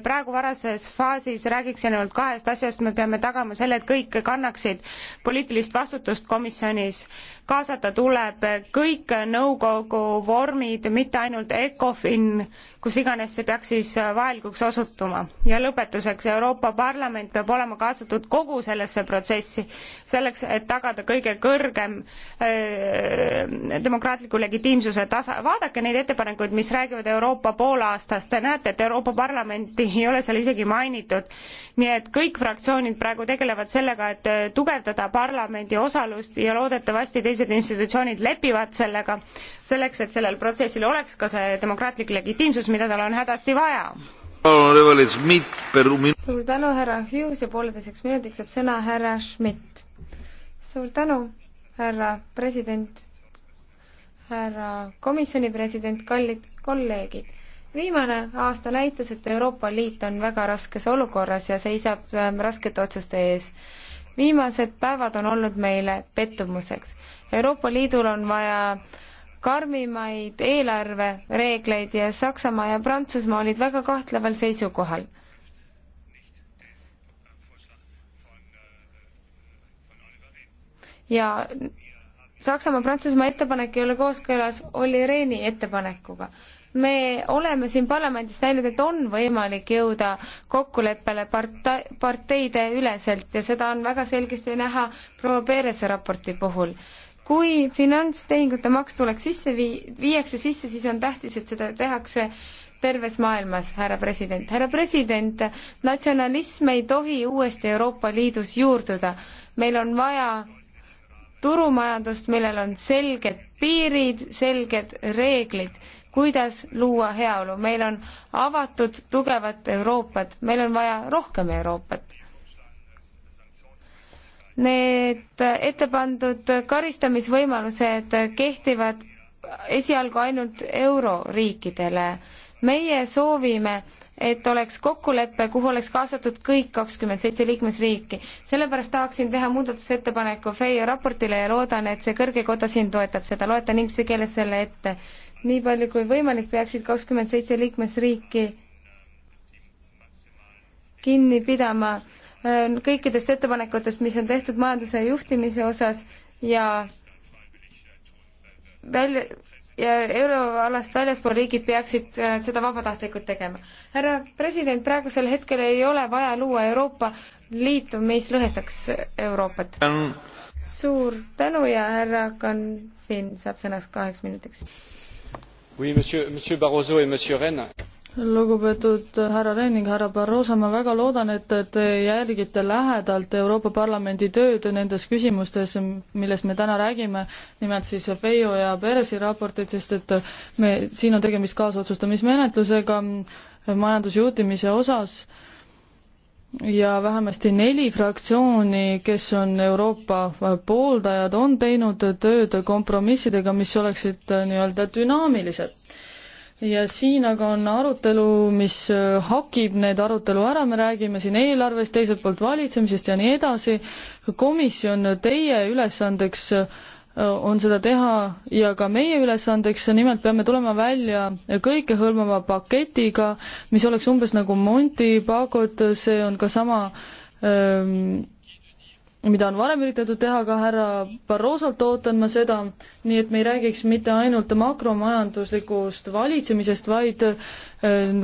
praegu varases faasis räägiks ainult kahest asjast, me peame tagama selle, et kõik kannaksid poliitilist vastutust komisjonis. kaasata tuleb kõik nõukogu vormid, mitte ainult ECOFIN, kus iganes see peaks siis vajalikuks osutuma. ja lõpetuseks, Euroopa Parlament peab olema kaasatud kogu sellesse protsessi, selleks et tagada kõige kõrgem öö, äh, demokraatliku legitiimsuse tasa, vaadake neid ettepanekuid, mis räägivad Euroopa Euroopa poolaastas, te näete, et Euroopa Parlamenti ei ole seal isegi mainitud. nii et kõik fraktsioonid praegu tegelevad sellega, et eh, tugevdada parlamendi osalust ja loodetavasti teised institutsioonid lepivad sellega, selleks et sellel protsessil oleks ka see demokraatlik legitiimsus, mida tal on hädasti vaja suur tänu, härra Hughes ja pooleteiseks minutiks saab sõna härra Schmidt. suur tänu, härra president härra komisjoni president, kallid kolleegid. viimane aasta näitas, et Euroopa Liit on väga raskes olukorras ja seisab ähm, raskete otsuste ees viimased päevad on olnud meile pettumuseks. Euroopa Liidul on vaja karmimaid eelarvereegleid ja Saksamaa ja Prantsusmaa olid väga kahtleval seisukohal. ja Saksamaa-Prantsusmaa ettepanek ei ole kooskõlas Olli Rehni ettepanekuga. me oleme siin parlamendis näinud, et on võimalik jõuda kokkuleppele parta-, parteideüleselt ja seda on väga selgesti näha proua Perese raporti puhul. kui finantstehingute maks tuleks sisse vii-, viiakse sisse, siis on tähtis, et seda tehakse terves maailmas, härra president. härra president, natsionalism ei tohi uuesti Euroopa Liidus juurduda. meil on vaja turumajandust, millel on selged piirid, selged reeglid, kuidas luua heaolu. meil on avatud tugevat Euroopat, meil on vaja rohkem Euroopat. Need ette pandud karistamisvõimalused kehtivad esialgu ainult euroriikidele. meie soovime, et oleks kokkulepe, kuhu oleks kaasatud kõik kakskümmend seitse liikmesriiki. sellepärast tahaksin teha muudatusettepaneku FEIO raportile ja loodan, et see kõrge koda siin toetab seda, loetan inglise keeles selle ette. nii palju kui võimalik, peaksid kakskümmend seitse liikmesriiki kinni pidama äh, kõikidest ettepanekutest, mis on tehtud majanduse juhtimise osas ja välja, ja euroalast väljaspool riigid peaksid äh, seda vabatahtlikult tegema. härra president, praegusel hetkel ei ole vaja luua Euroopa Liitu, mis lõhestaks Euroopat. suur tänu ja härra Canfin saab sõnaks kaheks minutiks. Oui, monsieur, monsieur Barroso et monsieur Rennes lugupeetud härra Renning, härra Barroso, ma väga loodan, et te jälgite lähedalt Euroopa Parlamendi tööd nendes küsimustes, millest me täna räägime, nimelt siis Feio ja Peresi raportid, sest et me, siin on tegemist kaasotsustamismenetlusega majandusjuhtimise osas ja vähemasti neli fraktsiooni, kes on Euroopa pooldajad, on teinud tööd kompromissidega, mis oleksid äh, nii-öelda dünaamilised ja siin aga on arutelu, mis äh, hakib need arutelu ära, me räägime siin eelarvest, teiselt poolt valitsemisest ja nii edasi. komisjon, teie ülesandeks äh, on seda teha ja ka meie ülesandeks, nimelt peame tulema välja kõikehõlmava paketiga, mis oleks umbes nagu Monty Pagot, see on ka sama öö, ähm, mida on varem üritatud teha, ka härra Barrosolt ootan ma seda, nii et me ei räägiks mitte ainult makromajanduslikust valitsemisest, vaid äh,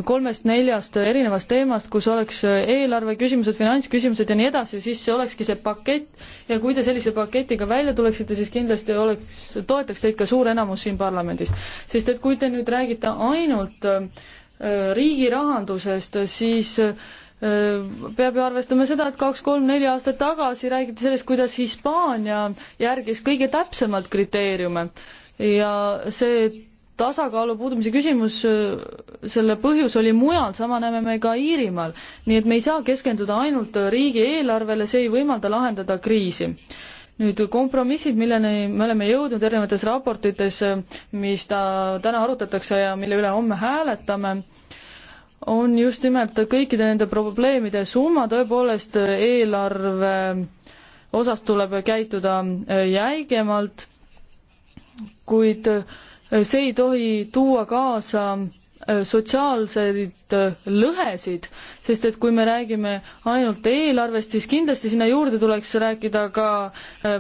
kolmest-neljast erinevast teemast, kus oleks eelarve küsimused, finantsküsimused ja nii edasi, siis see olekski see pakett ja kui te sellise paketiga välja tuleksite, siis kindlasti oleks, toetaks teid ka suur enamus siin parlamendis. sest et kui te nüüd räägite ainult äh, riigi rahandusest, siis äh, peab ju arvestama seda, et kaks-kolm-neli aastat tagasi räägiti sellest, kuidas Hispaania järgis kõige täpsemalt kriteeriume ja see tasakaalu puudumise küsimus, selle põhjus oli mujal, sama näeme me ka Iirimaal. nii et me ei saa keskenduda ainult riigieelarvele, see ei võimalda lahendada kriisi. nüüd kompromissid, milleni me oleme jõudnud erinevates raportites, mis ta täna arutatakse ja mille üle homme hääletame on just nimelt kõikide nende probleemide summa, tõepoolest eelarve osas tuleb käituda äh, jäigemalt, kuid äh, see ei tohi tuua kaasa äh, sotsiaalseid lõhesid, sest et kui me räägime ainult eelarvest, siis kindlasti sinna juurde tuleks rääkida ka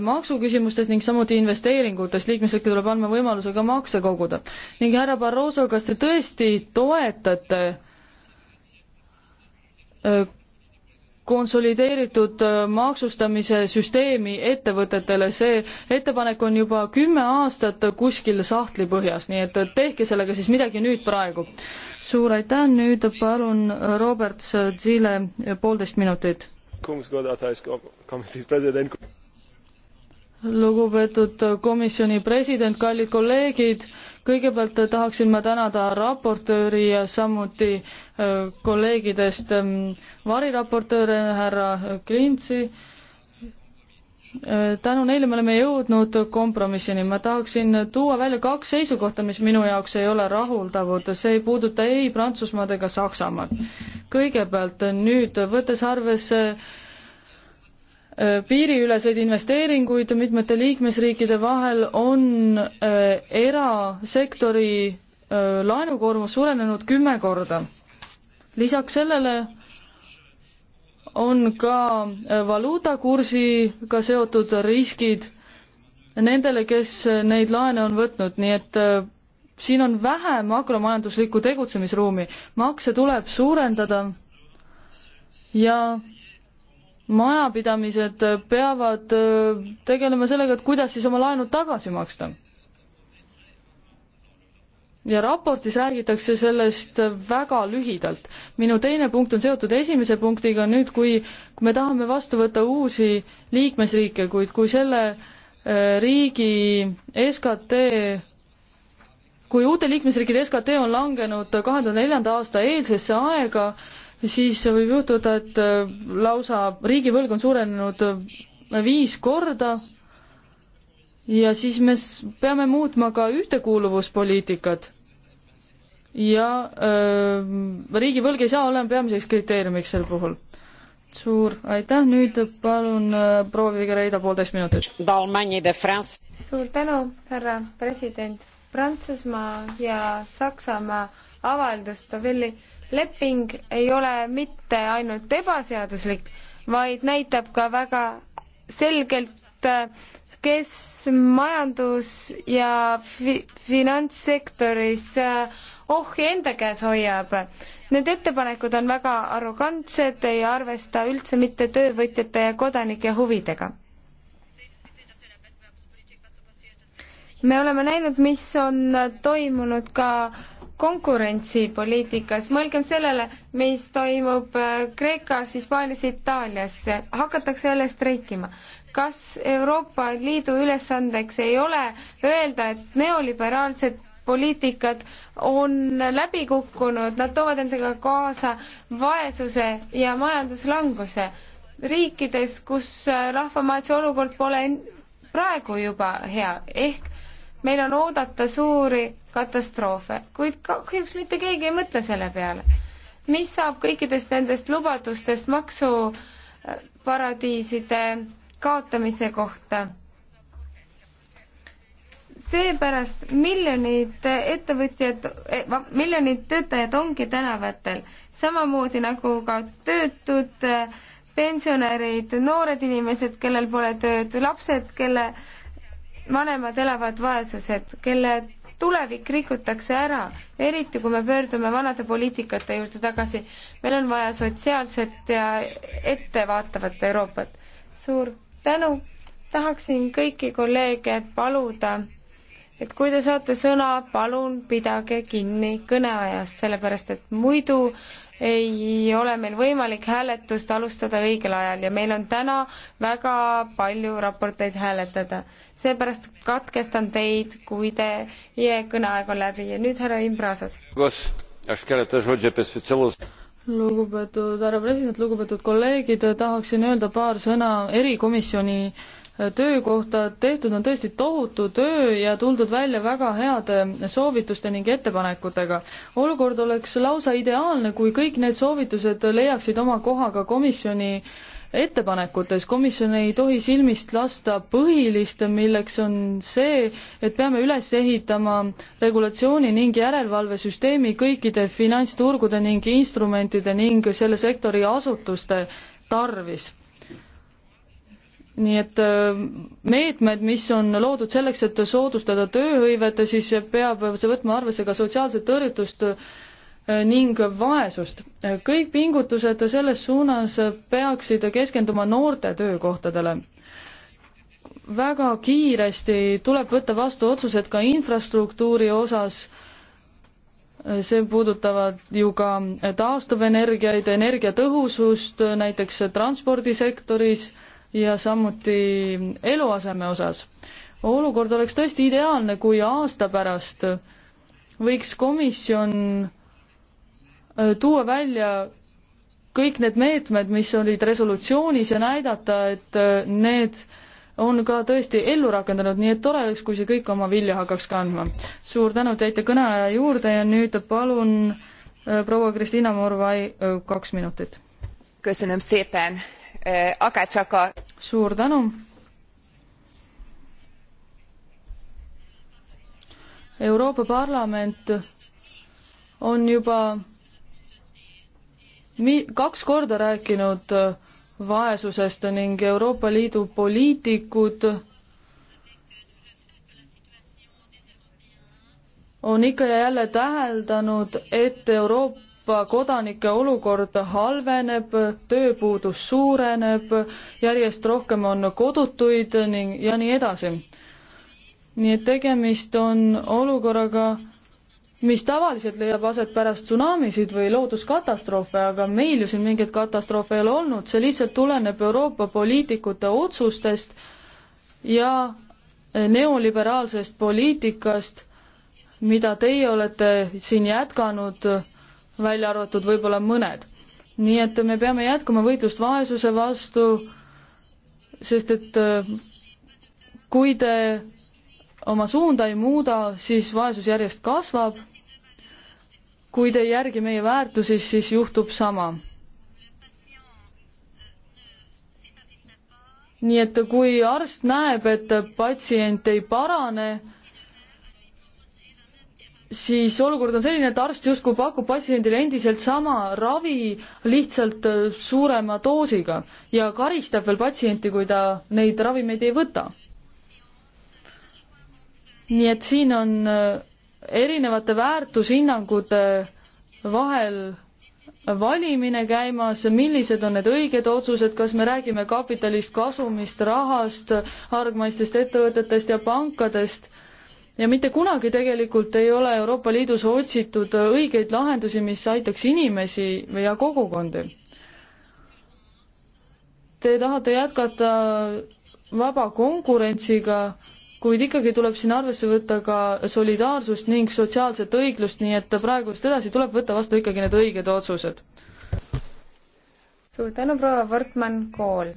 maksuküsimustest ning samuti investeeringutest, liikmesriikidel tuleb andma võimaluse ka makse koguda. ning härra Barroso, kas te tõesti toetate Äh, konsolideeritud äh, maksustamise süsteemi ettevõtetele, see ettepanek on juba kümme aastat kuskil sahtlipõhjas, nii et tehke sellega siis midagi nüüd praegu. suur aitäh, nüüd palun Robert Zile poolteist minutit lugupeetud komisjoni president, kallid kolleegid, kõigepealt tahaksin ma tänada raportööri ja samuti äh, kolleegidest ähm, variraportööre härra Klintsi. Äh, tänu neile me oleme jõudnud kompromissini, ma tahaksin tuua välja kaks seisukohta, mis minu jaoks ei ole rahuldavad, see ei puuduta ei Prantsusmaad ega Saksamaad. kõigepealt nüüd, võttes arvesse Äh, piiriüleseid investeeringuid mitmete liikmesriikide vahel on äh, erasektori äh, laenukoormus suurenenud kümme korda. lisaks sellele on ka valuutakursiga seotud riskid nendele, kes neid laene on võtnud, nii et siin on vähe makromajanduslikku tegutsemisruumi, makse tuleb suurendada ja majapidamised peavad äh, tegelema sellega, et kuidas siis oma laenud tagasi maksta. ja raportis räägitakse sellest väga lühidalt. minu teine punkt on seotud esimese punktiga, nüüd kui me tahame vastu võtta uusi liikmesriike, kuid kui selle äh, riigi SKT kui uute liikmesriikide SKT on langenud kahe tuhande neljanda aasta eelsesse aega, siis võib juhtuda, et äh, lausa riigivõlg on suurenenud äh, viis korda ja siis me peame muutma ka ühtekuuluvuspoliitikat. ja öö, äh, riigivõlg ei saa olema peamiseks kriteeriumiks sel puhul. suur aitäh, nüüd palun proua Vigereida poolteist minutit. suur tänu, härra president. Prantsusmaa ja Saksamaa avaldus Tavelli leping ei ole mitte ainult ebaseaduslik, vaid näitab ka väga selgelt, kes majandus- ja fi-, finantssektoris eh, ohje enda käes hoiab. Need ettepanekud on väga arrogantsed, ei arvesta üldse mitte töövõtjate ja kodanike huvidega. me oleme näinud, mis on toimunud ka äh, konkurentsipoliitikas, mõelgem sellele, mis toimub äh, Kreekas, Hispaanias, Itaalias, hakatakse jälle streikima. kas Euroopa Liidu ülesandeks ei ole öelda, et neoliberaalsed poliitikad on läbi kukkunud, nad toovad endaga kaasa vaesuse ja majanduslanguse riikides, kus äh, rahvamajanduse olukord pole praegu juba hea, ehk meil on oodata suuri katastroofe, kuid kahjuks mitte keegi ei mõtle selle peale. mis saab kõikidest nendest lubadustest maksuparadiiside kaotamise kohta? seepärast miljonid ettevõtjad, miljonid töötajad ongi tänavatel, samamoodi nagu ka töötud pensionärid, noored inimesed, kellel pole tööd, lapsed, kelle äh, vanemad elavad vaesused, kelle tulevik rikutakse ära, eriti kui me pöördume vanade poliitikate juurde tagasi. meil on vaja sotsiaalset ja ettevaatavat Euroopat. suur tänu, tahaksin kõiki kolleege paluda, et kui te saate sõna, palun pidage kinni kõneajast, sellepärast et muidu ei ole meil võimalik hääletust alustada õigel ajal ja meil on täna väga palju raporteid hääletada. seepärast katkestan teid, kui teie kõneaeg on läbi ja nüüd härra Imbrasas. lugupeetud härra president, lugupeetud kolleegid, tahaksin öelda paar sõna erikomisjoni töökohta, tehtud on tõesti tohutu töö ja tuldud välja väga heade soovituste ning ettepanekutega. olukord oleks lausa ideaalne, kui kõik need soovitused leiaksid oma koha ka komisjoni ettepanekutes, komisjon ei tohi silmist lasta põhilist, milleks on see, et peame üles ehitama regulatsiooni ning järelevalvesüsteemi kõikide finantsturgude ning instrumentide ning selle sektori asutuste tarvis nii et äh, meetmed, mis on loodud selleks, et soodustada tööhõivet, siis peab see võtma arvesse ka sotsiaalset tõrjutust äh, ning vaesust. kõik pingutused selles suunas peaksid keskenduma noorte töökohtadele. väga kiiresti tuleb võtta vastu otsused ka infrastruktuuri osas, see puudutavad ju ka taastuvenergiaid, energiatõhusust näiteks transpordisektoris ja samuti eluaseme osas. olukord oleks tõesti ideaalne, kui aasta pärast võiks komisjon äh, tuua välja kõik need meetmed, mis olid resolutsioonis ja näidata, et äh, need on ka tõesti ellu rakendanud, nii et tore oleks, kui see kõik oma vilja hakkaks kandma. suur tänu, te jäite kõneaja juurde ja nüüd palun äh, proua Kristiina Morvai, kaks minutit. köszönöm szépen, akárcsak a... suur tänu. Euroopa Parlament on juba mi-, kaks korda rääkinud vaesusest ning Euroopa Liidu poliitikud on ikka ja jälle täheldanud, et Euroopa Euroopa kodanike olukord halveneb, tööpuudus suureneb, järjest rohkem on kodutuid ning, ja nii edasi. nii et tegemist on olukorraga, mis tavaliselt leiab aset pärast tsunamisid või looduskatastroofe, aga meil ju siin mingeid katastroofe ei ole olnud, see lihtsalt tuleneb Euroopa poliitikute otsustest ja neoliberaalsest poliitikast, mida teie olete siin jätkanud välja arvatud võib-olla mõned. nii et me peame jätkama võitlust vaesuse vastu, sest et äh, kui te oma suunda ei muuda, siis vaesus järjest kasvab. kui te ei järgi meie väärtusi, siis juhtub sama. nii et kui arst näeb, et patsient ei parane, siis olukord on selline, et arst justkui pakub patsiendile endiselt sama ravi lihtsalt äh, suurema doosiga ja karistab veel patsienti, kui ta neid ravimeid ei võta. nii et siin on äh, erinevate väärtushinnangute vahel valimine käimas, millised on need õiged otsused, kas me räägime kapitalist, kasumist, rahast, hargmaistest ettevõtetest ja pankadest ja mitte kunagi tegelikult ei ole Euroopa Liidus otsitud õigeid lahendusi, mis aitaks inimesi ja kogukondi. Te tahate jätkata vaba konkurentsiga, kuid ikkagi tuleb siin arvesse võtta ka solidaarsust ning sotsiaalset õiglust, nii et praegust edasi tuleb võtta vastu ikkagi need õiged otsused. suur tänu, proua Wortmann Kool.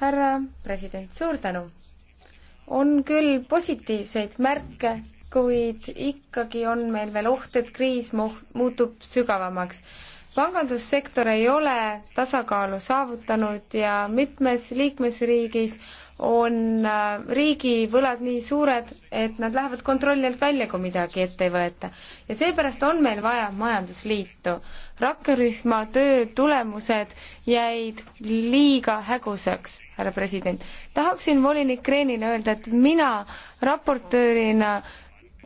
härra president, suur tänu on küll positiivseid märke, kuid ikkagi on meil veel oht, et kriis muutub sügavamaks. pangandussektor ei ole tasakaalu saavutanud ja mitmes liikmesriigis on äh, riigivõlad nii suured, et nad lähevad kontrolli alt välja, kui midagi ette ei võeta. ja seepärast on meil vaja majandusliitu. rakkerühma töö tulemused jäid liiga häguseks härra president. tahaksin volinik Kreenile öelda, et mina raportöörina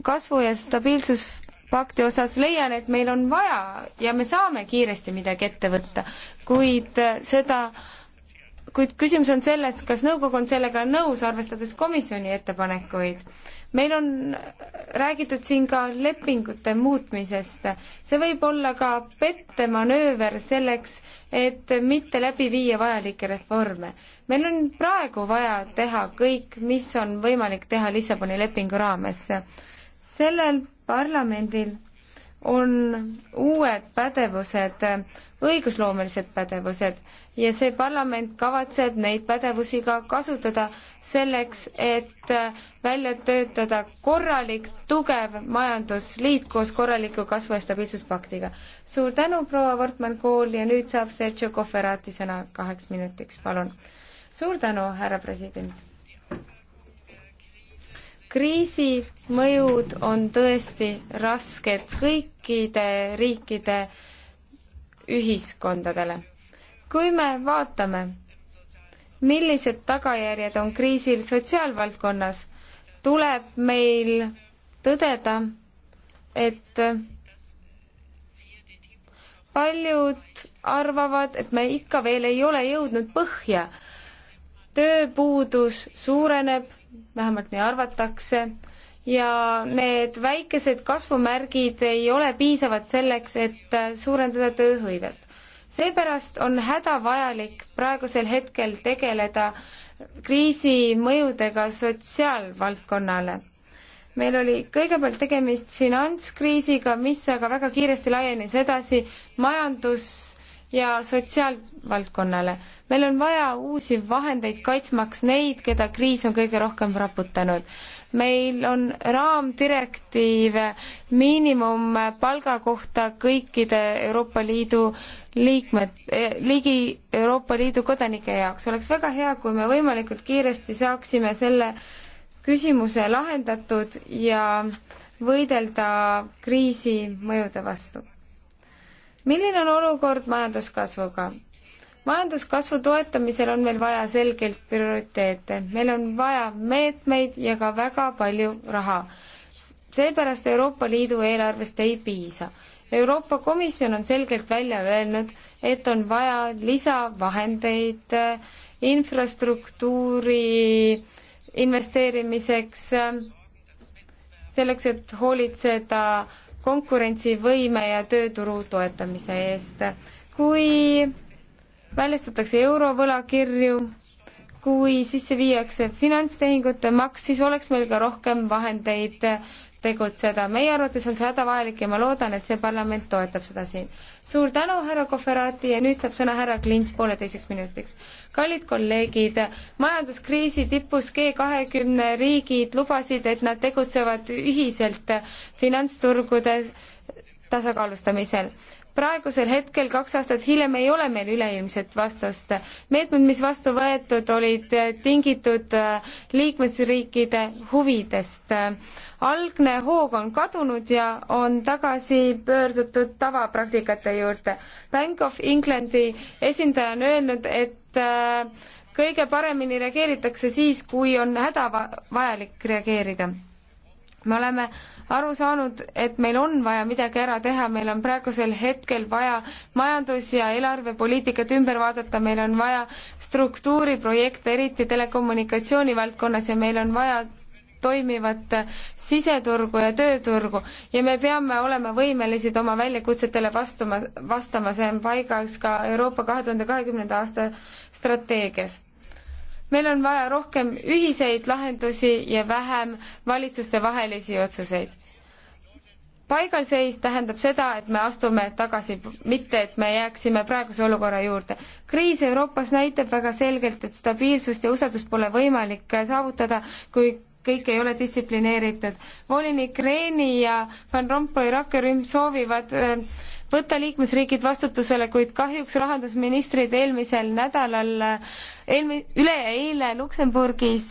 kasvu- ja stabiilsuspakti osas leian, et meil on vaja ja me saame kiiresti midagi ette võtta, kuid seda äh, kuid küsimus on selles, kas nõukogu on sellega nõus, arvestades komisjoni ettepanekuid. meil on räägitud siin ka lepingute muutmisest. see võib olla ka pettemanööver selleks, et mitte läbi viia vajalikke reforme. meil on praegu vaja teha kõik, mis on võimalik teha Lissaboni lepingu raames. sellel parlamendil on uued pädevused, õigusloomelised pädevused ja see parlament kavatseb neid pädevusi ka kasutada selleks, et välja töötada korralik, tugev majandusliit koos korraliku kasvu ja stabiilsuspaktiga. suur tänu, proua Wortmann-Kool ja nüüd saab Sergio Cofferati sõna kaheks minutiks, palun. suur tänu, härra president kriisi mõjud on tõesti rasked kõikide riikide ühiskondadele. kui me vaatame, millised tagajärjed on kriisil sotsiaalvaldkonnas, tuleb meil tõdeda, et paljud arvavad, et me ikka veel ei ole jõudnud põhja. tööpuudus suureneb vähemalt nii arvatakse, ja need väikesed kasvumärgid ei ole piisavad selleks, et suurendada tööhõivet. seepärast on hädavajalik praegusel hetkel tegeleda kriisi mõjudega sotsiaalvaldkonnale. meil oli kõigepealt tegemist finantskriisiga, mis aga väga kiiresti laienes edasi majandus- ja sotsiaalvaldkonnale. meil on vaja uusi vahendeid kaitsmaks neid, keda kriis on kõige rohkem raputanud. meil on raamdirektiiv miinimumpalga kohta kõikide Euroopa Liidu liikmed, eh, ligi Euroopa Liidu kodanike jaoks. oleks väga hea, kui me võimalikult kiiresti saaksime selle küsimuse lahendatud ja võidelda kriisi mõjude vastu milline on olukord majanduskasvuga? majanduskasvu toetamisel on meil vaja selgelt prioriteete, meil on vaja meetmeid ja ka väga palju raha. seepärast Euroopa Liidu eelarvest ei piisa. Euroopa Komisjon on selgelt välja öelnud, et on vaja lisavahendeid eh, infrastruktuuri investeerimiseks, eh, selleks, et hoolitseda konkurentsivõime ja tööturu toetamise eest. kui väljastatakse eurovõlakirju, kui sisse viiakse finantstehingute maks, siis oleks meil ka rohkem vahendeid tegutseda. meie arvates on see hädavajalik ja ma loodan, et see parlament toetab seda siin. suur tänu, härra Kohverati ja nüüd saab sõna härra Klints pooleteiseks minutiks. kallid kolleegid, majanduskriisi tipus G kahekümne riigid lubasid, et nad tegutsevad ühiselt finantsturgude tasakaalustamisel praegusel hetkel, kaks aastat hiljem, ei ole meil üleilmset vastust. meetmed, mis vastu võetud, olid tingitud äh, liikmesriikide huvidest. algne hoog on kadunud ja on tagasi pöördutud tavapraktikate juurde. Bank of Englandi esindaja on öelnud, et äh, kõige paremini reageeritakse siis, kui on hädavajalik reageerida me oleme aru saanud, et meil on vaja midagi ära teha, meil on praegusel hetkel vaja majandus- ja eelarvepoliitikat ümber vaadata, meil on vaja struktuuriprojekte, eriti telekommunikatsiooni valdkonnas ja meil on vaja toimivat siseturgu ja tööturgu ja me peame olema võimelised oma väljakutsetele vastuma, vastama, see on paigas ka Euroopa kahe tuhande kahekümnenda aasta strateegias meil on vaja rohkem ühiseid lahendusi ja vähem valitsustevahelisi otsuseid. paigalseis tähendab seda, et me astume tagasi, mitte et me jääksime praeguse olukorra juurde. kriis Euroopas näitab väga selgelt, et stabiilsust ja usaldust pole võimalik saavutada, kui kõik ei ole distsiplineeritud. volinik Rehni ja Van Rompuy rakkerühm soovivad äh, võtta liikmesriigid vastutusele, kuid kahjuks rahandusministrid eelmisel nädalal, eelmi-, üleeile Luksemburgis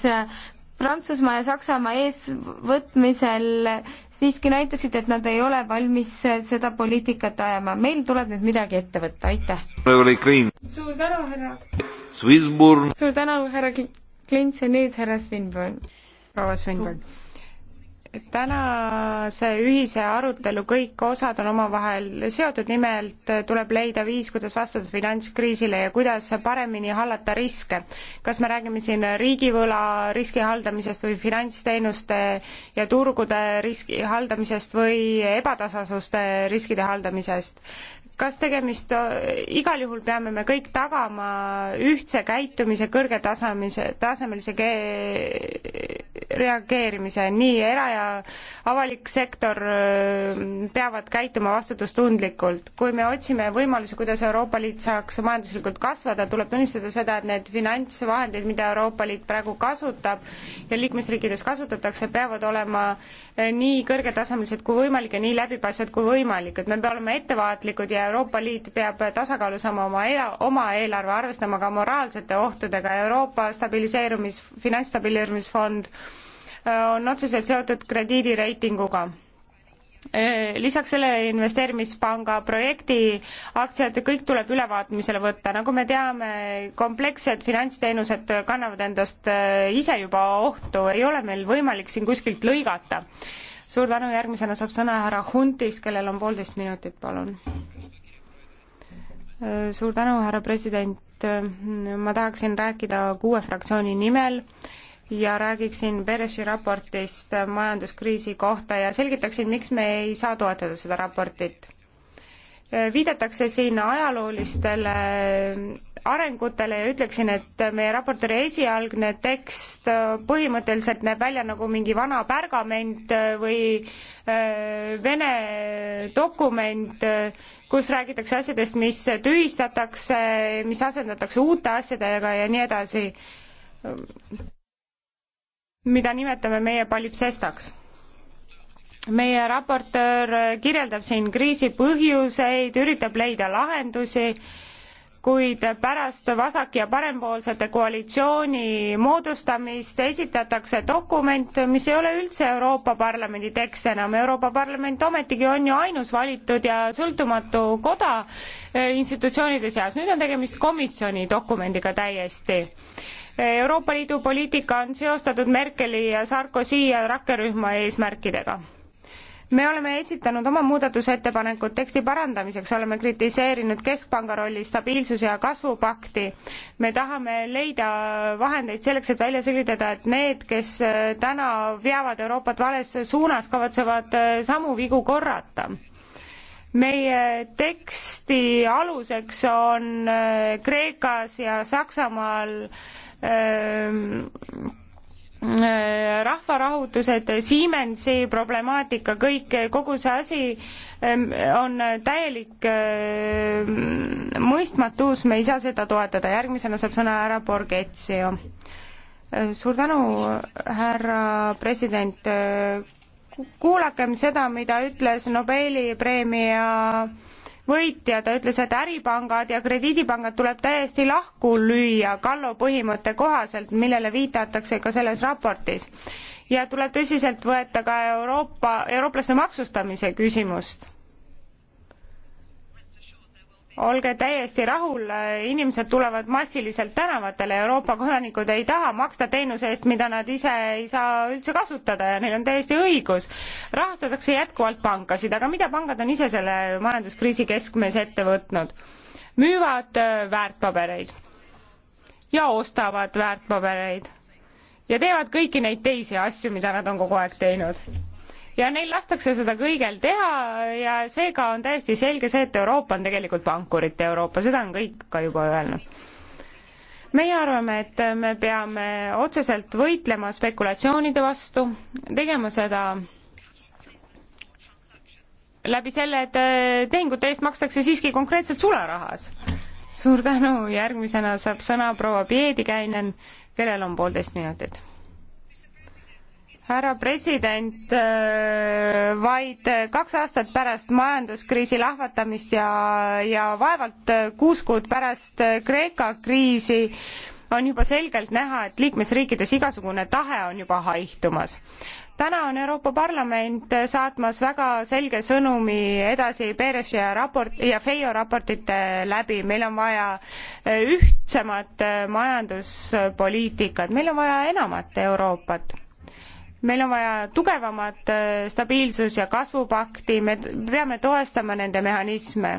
Prantsusmaa ja Saksamaa eesvõtmisel siiski näitasid, et nad ei ole valmis seda poliitikat ajama. meil tuleb nüüd midagi ette võtta, aitäh. suur tänu, härra. suur tänu, härra Klints ja nüüd härra Svinburn, proua Svinburn tänase ühise arutelu kõik osad on omavahel seotud, nimelt tuleb leida viis, kuidas vastata finantskriisile ja kuidas paremini hallata riske. kas me räägime siin riigivõla riski haldamisest või finantsteenuste ja turgude riski haldamisest või ebatasasuste riskide haldamisest? kas tegemist, igal juhul peame me kõik tagama ühtse käitumise kõrgetasemelise, tasemelise reageerimise, nii era- ja avalik sektor peavad käituma vastutustundlikult. kui me otsime võimalusi, kuidas Euroopa Liit saaks majanduslikult kasvada, tuleb tunnistada seda, et need finantsvahendid, mida Euroopa Liit praegu kasutab ja liikmesriikides kasutatakse, peavad olema nii kõrgetasemelised kui võimalik ja nii läbipaistvad kui võimalik, et me peame olema ettevaatlikud ja Euroopa Liit peab tasakaalustama oma ela-, oma eelarve, arvestama ka moraalsete ohtudega, Euroopa stabiliseerumis, finantsstabiliseerumisfond äh, on otseselt seotud krediidireitinguga äh, lisaks sellele investeerimispanga projekti aktsiad, kõik tuleb ülevaatmisele võtta, nagu me teame, komplekssed finantsteenused kannavad endast äh, ise juba ohtu, ei ole meil võimalik siin kuskilt lõigata. suur tänu, järgmisena saab sõna härra Huntis, kellel on poolteist minutit, palun suur tänu, härra president, ma tahaksin rääkida kuue fraktsiooni nimel ja räägiksin Beresi raportist majanduskriisi kohta ja selgitaksin, miks me ei saa toetada seda raportit. viidatakse siin ajaloolistele arengutele ja ütleksin, et meie raportööri esialgne tekst põhimõtteliselt näeb välja nagu mingi vana pärgament või äh, vene dokument, kus räägitakse asjadest, mis tühistatakse, mis asendatakse uute asjadega ja nii edasi, mida nimetame meie palipsestaks meie raportöör kirjeldab siin kriisi põhjuseid, üritab leida lahendusi kuid pärast vasak- ja parempoolsete koalitsiooni moodustamist esitatakse dokument, mis ei ole üldse Euroopa Parlamendi tekst enam. Euroopa Parlament ometigi on ju ainus valitud ja sõltumatu koda eh, institutsioonide seas. nüüd on tegemist komisjoni dokumendiga täiesti. Eh, Euroopa Liidu poliitika on seostatud Merkeli ja Sarkozy ja rakkerühma eesmärkidega me oleme esitanud oma muudatusettepanekud teksti parandamiseks, oleme kritiseerinud Keskpanga rolli stabiilsuse ja kasvupakti. me tahame leida vahendeid selleks, et välja selgitada, et need, kes äh, täna veavad Euroopat vales suunas, kavatsevad äh, samu vigu korrata meie teksti aluseks on äh, Kreekas ja Saksamaal öö, ähm, Äh, rahvarahutused, Siemensi problemaatika, kõik, kogu see asi ähm, on täielik äh, mõistmatus, me ei saa seda toetada, järgmisena saab sõna härra Borghezio. Äh, suur tänu, härra president, kuulakem seda, mida ütles Nobeli preemia võitja, ta ütles, et äripangad ja krediidipangad tuleb täiesti lahku lüüa Kallo põhimõtte kohaselt, millele viidatakse ka selles raportis. ja tuleb tõsiselt võtta ka Euroopa, eurooplaste maksustamise küsimust olge täiesti rahul, inimesed tulevad massiliselt tänavatele, Euroopa kodanikud ei taha maksta teenuse eest, mida nad ise ei saa üldse kasutada ja neil on täiesti õigus. rahastatakse jätkuvalt pankasid, aga mida pangad on ise selle majanduskriisi keskmes ette võtnud? müüvad äh, väärtpabereid ja ostavad väärtpabereid ja teevad kõiki neid teisi asju, mida nad on kogu aeg teinud ja neil lastakse seda kõigel teha ja seega on täiesti selge see, et Euroopa on tegelikult pankurite Euroopa, seda on kõik ka juba öelnud meie arvame, et me peame otseselt võitlema spekulatsioonide vastu, tegema seda läbi selle, et tehingute eest makstakse siiski konkreetselt sularahas. suur tänu, järgmisena saab sõna proua Piedikäinen, kellel on poolteist minutit härra president, äh, vaid kaks aastat pärast majanduskriisi lahvatamist ja, ja vaevalt kuus kuud pärast Kreeka kriisi on juba selgelt näha, et liikmesriikides igasugune tahe on juba haihtumas. täna on Euroopa Parlament saatmas väga selge sõnumi edasi Peres ja raport ja Feio raportite läbi, meil on vaja ühtsemat majanduspoliitikat, meil on vaja enamat Euroopat meil on vaja tugevamat äh, stabiilsus- ja kasvupakti, me peame toestama nende mehhanisme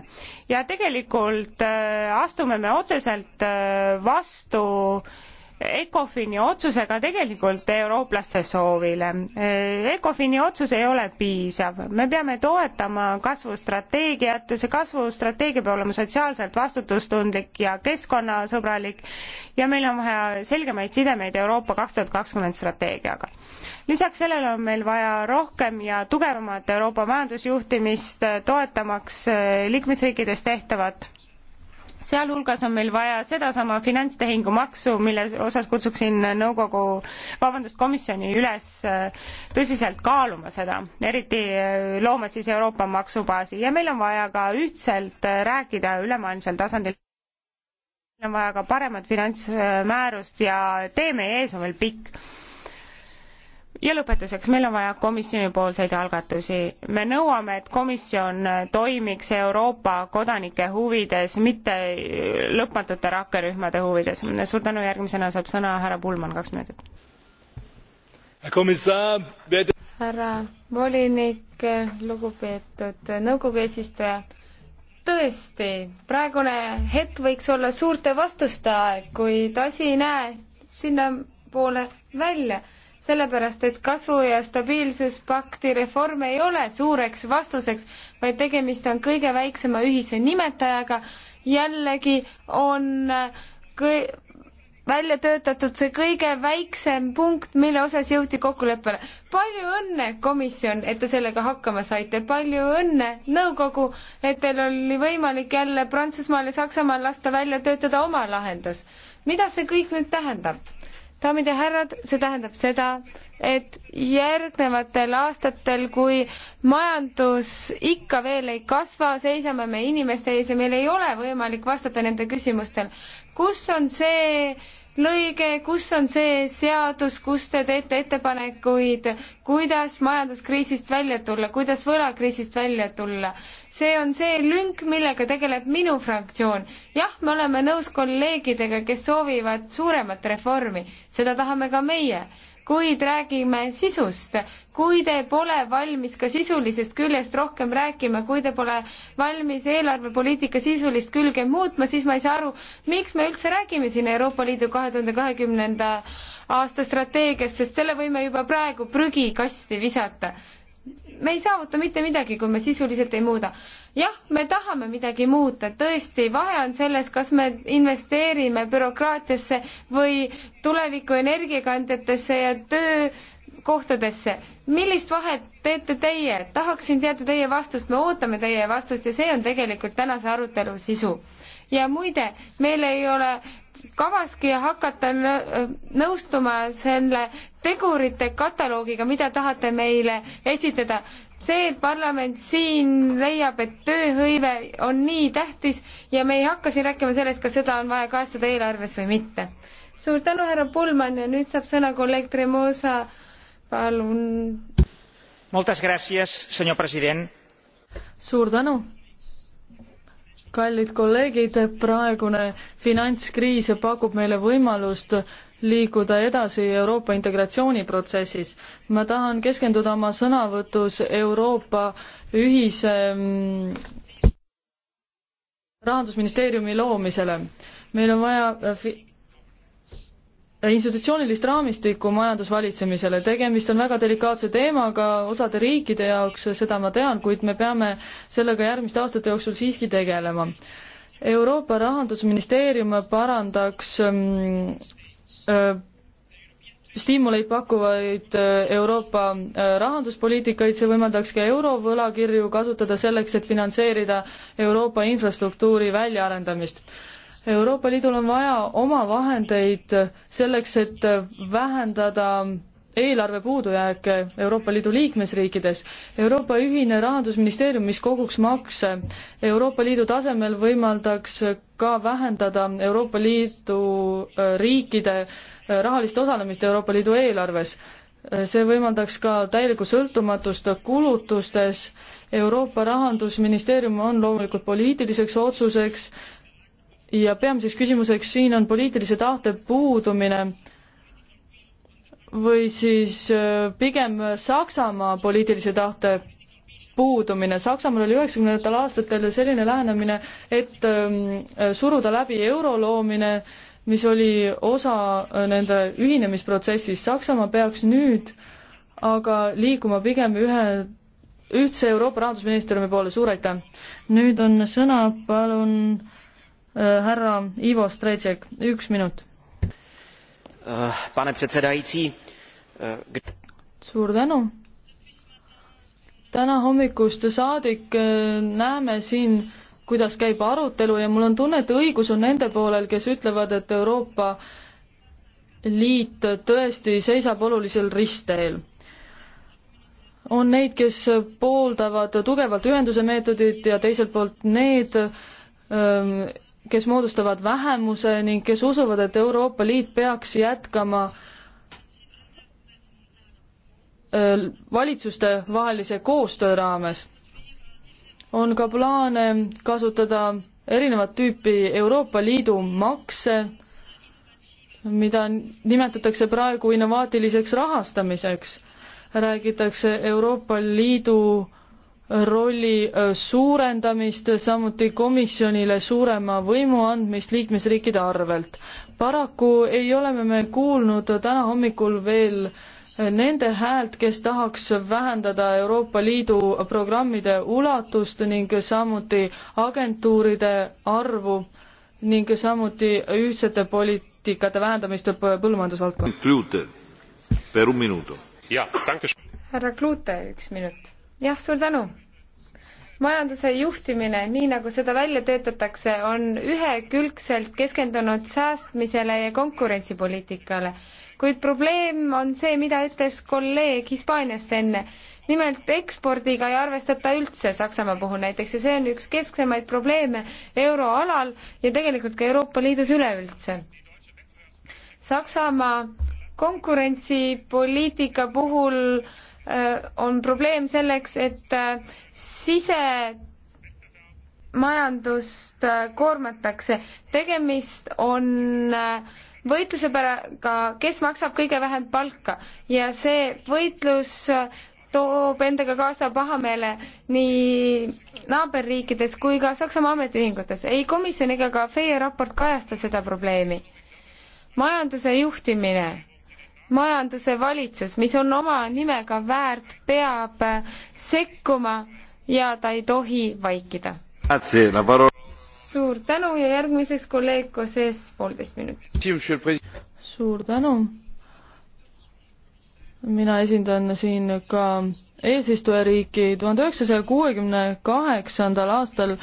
ja tegelikult äh, astume me otseselt äh, vastu äh, ECOFIN-i otsusega tegelikult eurooplaste soovile. ECOFIN-i otsus ei ole piisav, me peame toetama kasvustrateegiat, see kasvustrateegia peab olema sotsiaalselt vastutustundlik ja keskkonnasõbralik ja meil on vaja selgemaid sidemeid Euroopa kaks tuhat kakskümmend strateegiaga. lisaks sellele on meil vaja rohkem ja tugevamat Euroopa majandusjuhtimist, toetamaks liikmesriikides tehtavat sealhulgas on meil vaja sedasama finantstehingumaksu, mille osas kutsuksin nõukogu, vabandust, komisjoni üles äh, tõsiselt kaaluma seda, eriti äh, loomes siis Euroopa maksubaasi ja meil on vaja ka ühtselt äh, rääkida ülemaailmsel tasandil meil on vaja ka paremat finantsmäärust ja tee meie ees on veel pikk ja lõpetuseks, meil on vaja komisjonipoolseid algatusi. me nõuame, et komisjon toimiks Euroopa kodanike huvides, mitte lõpmatute rakkerühmade huvides. suur tänu, järgmisena saab sõna härra Pullmann, kaks minutit. härra volinik, lugupeetud nõukogu eesistuja, tõesti, praegune hetk võiks olla suurte vastuste aeg, kuid asi ei näe sinnapoole välja sellepärast et kasvu- ja stabiilsuspakti reform ei ole suureks vastuseks, vaid tegemist on kõige väiksema ühise nimetajaga. jällegi on kõi-, välja töötatud see kõige väiksem punkt, mille osas jõuti kokkuleppele. palju õnne, komisjon, et te sellega hakkama saite, palju õnne, nõukogu, et teil oli võimalik jälle Prantsusmaal ja Saksamaal lasta välja töötada oma lahendus. mida see kõik nüüd tähendab? daamid ja härrad, see tähendab seda, et järgnevatel aastatel, kui majandus ikka veel ei kasva, seisame me inimeste ees ja meil ei ole võimalik vastata nende küsimustel. kus on see lõige, kus on see seadus, kus te teete ettepanekuid, kuidas majanduskriisist välja tulla, kuidas võlakriisist välja tulla. see on see lünk, millega tegeleb minu fraktsioon. jah, me oleme nõus kolleegidega, kes soovivad suuremat reformi, seda tahame ka meie kuid räägime sisust. kui te pole valmis ka sisulisest küljest rohkem rääkima, kui te pole valmis eelarvepoliitika sisulist külge muutma, siis ma ei saa aru, miks me üldse räägime siin Euroopa Liidu kahe tuhande kahekümnenda aasta strateegiast, sest selle võime juba praegu prügikasti visata me ei saavuta mitte midagi, kui me sisuliselt ei muuda. jah, me tahame midagi muuta, tõesti, vahe on selles, kas me investeerime bürokraatiasse või tuleviku energiakandjatesse ja töökohtadesse. millist vahet teete teie? tahaksin teada teie vastust, me ootame teie vastust ja see on tegelikult tänase arutelu sisu. ja muide, meil ei ole kavaski hakata nõustuma selle tegurite kataloogiga, mida tahate meile esitada? see parlament siin leiab, et tööhõive on nii tähtis ja me ei hakka siin rääkima sellest, kas seda on vaja kajastada eelarves või mitte. suur tänu, härra Pullman ja nüüd saab sõna kolleeg Tremosa, palun. suur tänu kallid kolleegid, praegune finantskriis pakub meile võimalust liikuda edasi Euroopa integratsiooniprotsessis. ma tahan keskenduda oma sõnavõtus Euroopa ühise mm, rahandusministeeriumi loomisele. meil on vaja institutsioonilist raamistikku majandusvalitsemisele, tegemist on väga delikaatse teemaga osade riikide jaoks, seda ma tean, kuid me peame sellega järgmiste aastate jooksul siiski tegelema. Euroopa Rahandusministeerium parandaks öö, mm, äh, stiimuleid pakkuvaid äh, Euroopa äh, rahanduspoliitikaid, see võimaldaks ka eurovõlakirju kasutada selleks, et finantseerida Euroopa infrastruktuuri väljaarendamist. Euroopa Liidul on vaja oma vahendeid selleks, et vähendada eelarve puudujääke Euroopa Liidu liikmesriikides. Euroopa ühine rahandusministeerium, mis koguks makse Euroopa Liidu tasemel, võimaldaks ka vähendada Euroopa Liidu äh, riikide äh, rahalist osalemist Euroopa Liidu eelarves. Äh, see võimaldaks ka täielikku sõltumatust kulutustes. Euroopa Rahandusministeerium on loomulikult poliitiliseks otsuseks, ja peamiseks küsimuseks siin on poliitilise tahte puudumine või siis äh, pigem Saksamaa poliitilise tahte puudumine. Saksamaal oli üheksakümnendatel aastatel selline lähenemine, et ähm, suruda läbi euro loomine, mis oli osa äh, nende ühinemisprotsessist. Saksamaa peaks nüüd aga liikuma pigem ühe ühtse Euroopa rahandusministeeriumi poole, suur aitäh! nüüd on sõna, palun äh, Äh, härra Ivo Strejček, üks minut. Äh, pane predsedaitsi. Äh, suur tänu. täna hommikust saadik näeme siin, kuidas käib arutelu ja mul on tunne, et õigus on nende poolel, kes ütlevad, et Euroopa Liit tõesti seisab olulisel ristteel on neid, kes pooldavad tugevalt ühenduse meetodit ja teiselt poolt need öö, ähm, kes moodustavad vähemuse ning kes usuvad, et Euroopa Liit peaks jätkama valitsuste vahelise koostöö raames. on ka plaane kasutada erinevat tüüpi Euroopa Liidu makse, mida nimetatakse praegu innovaatiliseks rahastamiseks. räägitakse Euroopa Liidu rolli äh, suurendamist, samuti komisjonile suurema võimu andmist liikmesriikide arvelt. paraku ei ole me, me kuulnud täna hommikul veel äh, nende häält, kes tahaks vähendada Euroopa Liidu programmide ulatust ning samuti agentuuride arvu ning samuti ühtsete poliitikate vähendamist põllumajandusvaldkonnas. härra Klute, üks minut jah, suur tänu. majanduse juhtimine, nii nagu seda välja töötatakse, on ühekülgselt keskendunud säästmisele ja konkurentsipoliitikale. kuid probleem on see, mida ütles kolleeg Hispaaniast enne. nimelt ekspordiga ei arvestata üldse Saksamaa puhul näiteks ja see on üks kesksemaid probleeme euroalal ja tegelikult ka Euroopa Liidus üleüldse. Saksamaa konkurentsipoliitika puhul äh, Äh, on probleem selleks, et äh, sisemajandust äh, koormatakse. tegemist on võitluse päraga, kes maksab kõige vähem palka ja see võitlus toob endaga kaasa pahameele nii naaberriikides kui ka Saksamaa ametiühingutes. ei komisjon ega ka FEE raport kajasta seda probleemi. majanduse juhtimine majanduse valitsus, mis on oma nimega väärt, peab äh, sekkuma ja ta ei tohi vaikida. suur tänu ja järgmiseks kolleeg Koses, poolteist minutit. suur tänu. mina esindan siin ka eesistujariiki tuhande üheksasaja kuuekümne kaheksandal aastal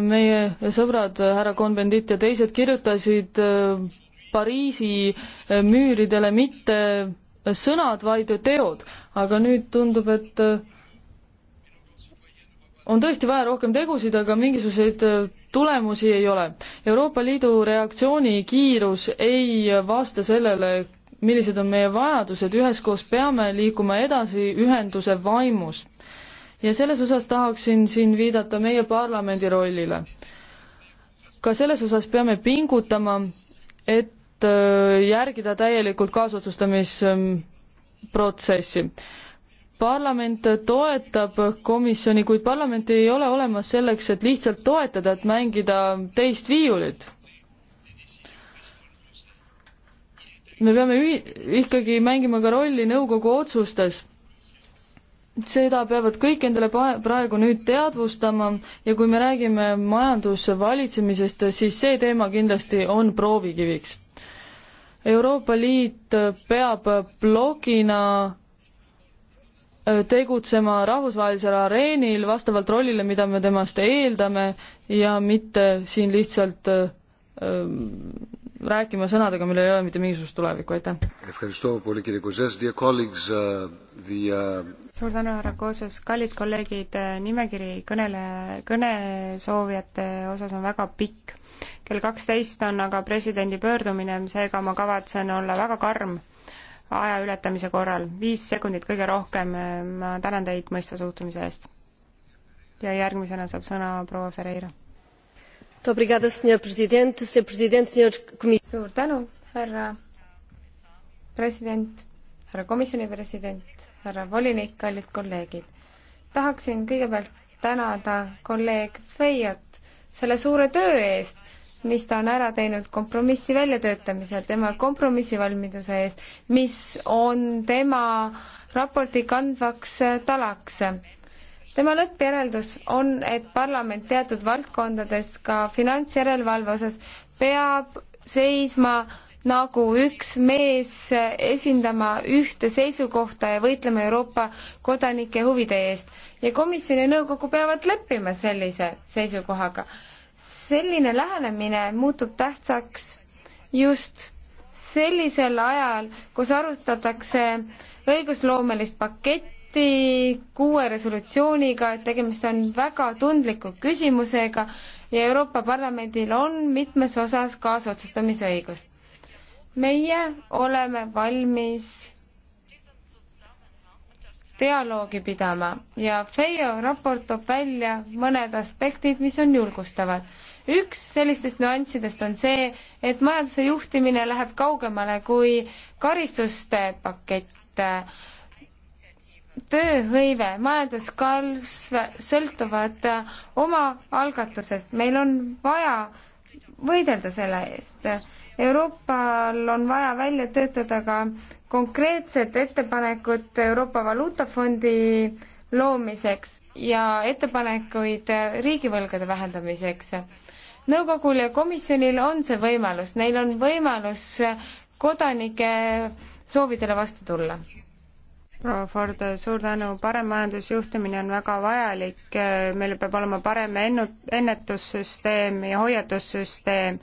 meie sõbrad härra Konvendit ja teised kirjutasid äh, Pariisi äh, müüridele mitte äh, sõnad, vaid teod. aga nüüd tundub, et äh, on tõesti vaja rohkem tegusid, aga mingisuguseid tulemusi ei ole. Euroopa Liidu reaktsiooni kiirus ei vasta sellele, millised on meie vajadused, üheskoos peame liikuma edasi ühenduse vaimus. ja selles osas tahaksin siin viidata meie parlamendi rollile. ka selles osas peame pingutama, et Äh, järgida täielikult kaasotsustamisprotsessi. parlament toetab komisjoni, kuid parlament ei ole olemas selleks, et lihtsalt toetada, et mängida teist viiulit. me peame ühi-, ikkagi mängima ka rolli nõukogu otsustes seda peavad kõik endale praegu nüüd teadvustama ja kui me räägime majandusvalitsemisest, siis see teema kindlasti on proovikiviks. Euroopa Liit peab blogina äh, tegutsema rahvusvahelisel areenil vastavalt rollile, mida me temast eeldame ja mitte siin lihtsalt äh, ähm, rääkima sõnadega, millel ei ole mitte mingisugust tulevikku, aitäh. Uh, uh, suur tänu, härra Kooses, kallid kolleegid, äh, nimekiri kõnele, kõnesoovijate osas on väga pikk kell kaksteist on aga presidendi pöördumine, seega ma kavatsen olla väga karm aja ületamise korral, viis sekundit kõige rohkem, ma tänan teid mõistva suhtumise eest. ja järgmisena saab sõna proua Ferreira. suur tänu, härra president, härra komisjoni president, härra volinik, kallid kolleegid. tahaksin kõigepealt tänada kolleeg Feiat selle suure töö eest, mis ta on ära teinud kompromissi väljatöötamisel, tema kompromissivalmiduse eest, mis on tema raporti kandvaks talaks. tema lõppjäreldus on, et parlament teatud valdkondades, ka finantsjärelevalve osas, peab seisma nagu üks mees esindama ühte seisukohta ja võitlema Euroopa kodanike huvide eest. ja komisjon ja nõukogu peavad leppima sellise seisukohaga selline lähenemine muutub tähtsaks just sellisel ajal, kus arutatakse õigusloomelist paketti kuue resolutsiooniga, et tegemist on väga tundliku küsimusega ja Euroopa Parlamendil on mitmes osas kaasotsustamisõigust. meie oleme valmis dialoogi pidama ja FEO raport toob välja mõned aspektid, mis on julgustavad. üks sellistest nüanssidest on see, et majanduse juhtimine läheb kaugemale kui karistuste pakett. tööhõive, majanduskasv sõltuvad oma algatusest, meil on vaja võidelda selle eest. Euroopal on vaja välja töötada ka äh, konkreetset ettepanekut Euroopa Valuutafondi loomiseks ja ettepanekuid riigivõlgade vähendamiseks. nõukogul ja komisjonil on see võimalus, neil on võimalus kodanike soovidele vastu tulla proua Ford, suur tänu, parem majandusjuhtimine on väga vajalik, meil peab olema parem ennu-, ennetussüsteem ja hoiatussüsteem.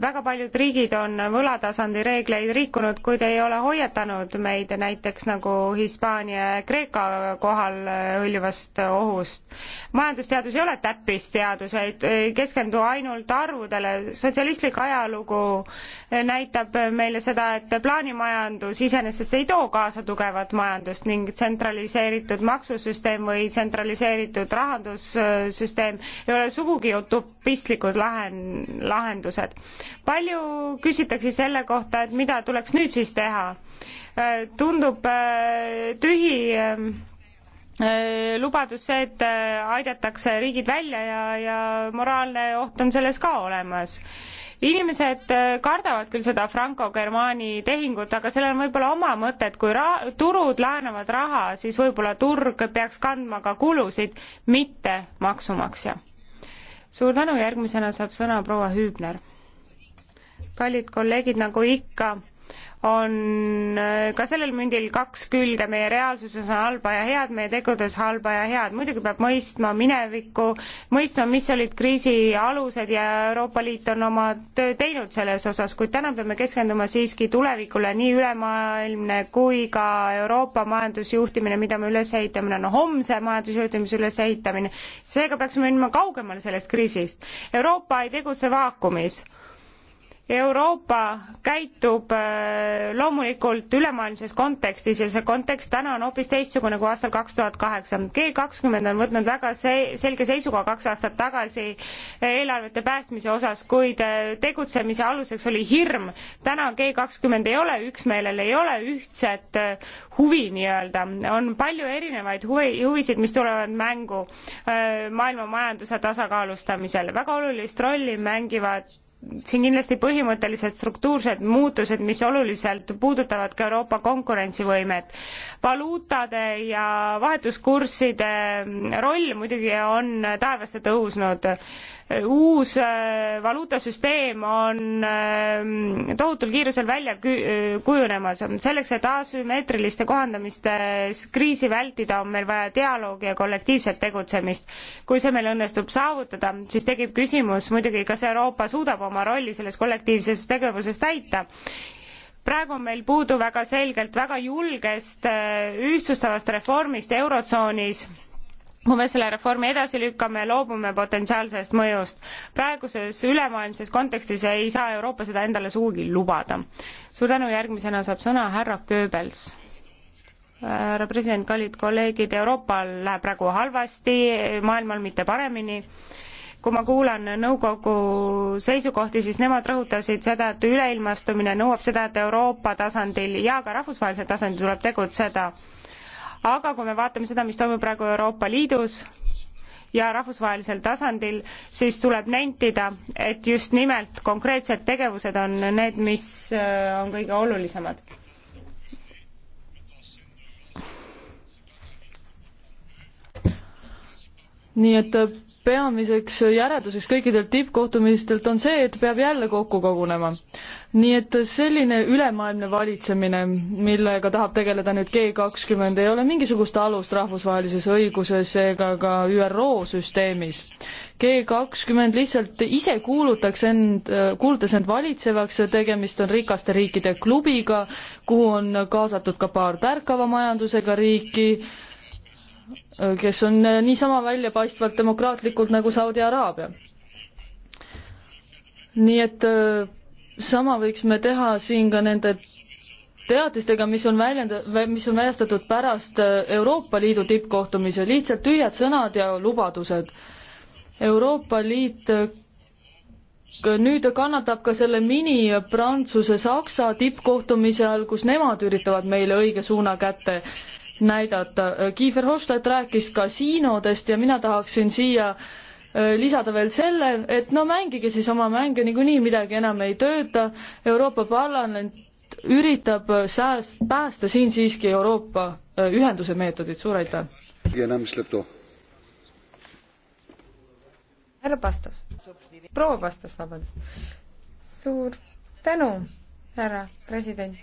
väga paljud riigid on võlatasandi reegleid rikkunud, kuid ei ole hoiatanud meid näiteks nagu Hispaania ja Kreeka kohal hõljuvast ohust. majandusteadus ei ole täppisteadus, vaid keskendu ainult arvudele, sotsialistlik ajalugu näitab meile seda, et plaanimajandus iseenesest ei too kaasa tugevat majandust, majandust ning tsentraliseeritud maksusüsteem või tsentraliseeritud rahandussüsteem ei ole sugugi utopistlikud lahen-, lahendused. palju küsitakse selle kohta, et mida tuleks nüüd siis teha? Äh, tundub äh, tühi äh, lubadus see, et aidatakse riigid välja ja, ja moraalne oht on selles ka olemas inimesed äh, kardavad küll seda Franco-Germani tehingut, aga sellel on võib-olla oma mõtet, kui ra-, turud laenavad raha, siis võib-olla turg peaks kandma ka kulusid, mitte maksumaksja. suur tänu, järgmisena saab sõna proua Hüübner. kallid kolleegid, nagu ikka, on äh, ka sellel mündil kaks külge, meie reaalsuses on halba ja head, meie tegudes halba ja head. muidugi peab mõistma minevikku, mõistma, mis olid kriisi alused ja Euroopa Liit on oma töö teinud selles osas, kuid täna peame keskenduma siiski tulevikule, nii ülemaailmne kui ka Euroopa majandusjuhtimine, mida me üles ehitame, no homse majandusjuhtimise ülesehitamine. seega peaksime minema kaugemale sellest kriisist. Euroopa ei tegutse vaakumis Euroopa käitub äh, loomulikult ülemaailmses kontekstis ja see kontekst täna on hoopis teistsugune kui aastal kaks tuhat kaheksa. G kakskümmend on võtnud väga see, selge seisukoha kaks aastat tagasi eelarvete päästmise osas, kuid äh, tegutsemise aluseks oli hirm. täna G kakskümmend ei ole üksmeelel, ei ole ühtset äh, huvi nii-öelda. on palju erinevaid huvi, huvisid, mis tulevad mängu maailma majanduse tasakaalustamisel. väga olulist rolli mängivad siin kindlasti põhimõttelised struktuursed muutused, mis oluliselt puudutavad ka Euroopa konkurentsivõimet. valuutade ja vahetuskursside roll muidugi on taevasse tõusnud uus äh, valuutasüsteem on ähm, tohutul kiirusel välja äh, kujunemas. selleks, et asümmeetriliste kohandamistes kriisi vältida, on meil vaja dialoogi ja kollektiivset tegutsemist. kui see meil õnnestub saavutada, siis tekib küsimus muidugi, kas Euroopa suudab oma rolli selles kollektiivses tegevuses täita praegu on meil puudu väga selgelt väga julgest äh, ühtsustavast reformist Eurotsoonis kui me selle reformi edasi lükkame, loobume potentsiaalsest mõjust. praeguses ülemaailmses kontekstis ei saa Euroopa seda endale sugugi lubada. suur tänu, järgmisena saab sõna härra Goebbels. härra president, kallid kolleegid, Euroopal läheb praegu halvasti, maailmal mitte paremini kui ma kuulan nõukogu seisukohti, siis nemad rõhutasid seda, et üleilmastumine nõuab seda, et Euroopa tasandil ja ka rahvusvahelisel tasandil tuleb tegutseda aga kui me vaatame seda, mis toimub praegu Euroopa Liidus, ja rahvusvahelisel tasandil, siis tuleb nentida, et just nimelt konkreetsed tegevused on need, mis äh, on kõige olulisemad. nii et äh, peamiseks järelduseks kõikidelt tippkohtumistelt on see, et peab jälle kokku kogunema. nii et selline ülemaailmne valitsemine, millega tahab tegeleda nüüd G kakskümmend, ei ole mingisugust alust rahvusvahelises õiguses ega ka ÜRO süsteemis. G kakskümmend lihtsalt ise kuulutaks end, kuulutas end valitsevaks, tegemist on rikaste riikide klubiga, kuhu on kaasatud ka paar tärkava majandusega riiki, kes on äh, niisama väljapaistvad demokraatlikud nagu Saudi Araabia. nii et äh, sama võiks me teha siin ka nende teatistega, mis on väljend-, mis on väljastatud pärast äh, Euroopa Liidu tippkohtumise, lihtsalt tühjad sõnad ja lubadused. Euroopa Liit nüüd kannatab ka selle mini Prantsuse-Saksa tippkohtumise all, kus nemad üritavad meile õige suuna kätte näidata. Kiefer Hofstadt rääkis kasiinodest ja mina tahaksin siia äh, lisada veel selle, et no mängige siis oma mänge, niikuinii midagi enam ei tööta, Euroopa Parlament üritab sääst-, päästa siin siiski Euroopa äh, ühenduse meetodit, suur aitäh! härra Pastos, proua Pastos, vabandust. suur tänu, härra president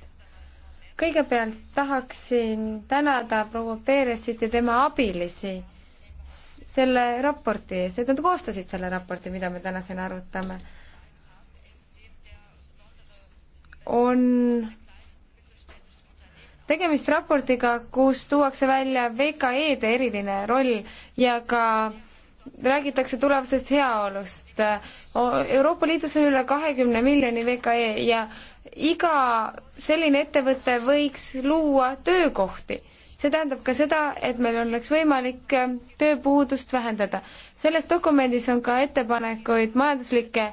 kõigepealt tahaksin tänada proua Peeresit ja tema abilisi selle raporti eest, et nad koostasid selle raporti, mida me täna siin arutame. on tegemist raportiga, kus tuuakse välja VKE-de eriline roll ja ka räägitakse tulevasest heaolust. Euroopa Liidus on üle kahekümne miljoni VKE ja iga selline ettevõte võiks luua töökohti. see tähendab ka seda, et meil oleks võimalik äh, tööpuudust vähendada. selles dokumendis on ka ettepanekuid majanduslike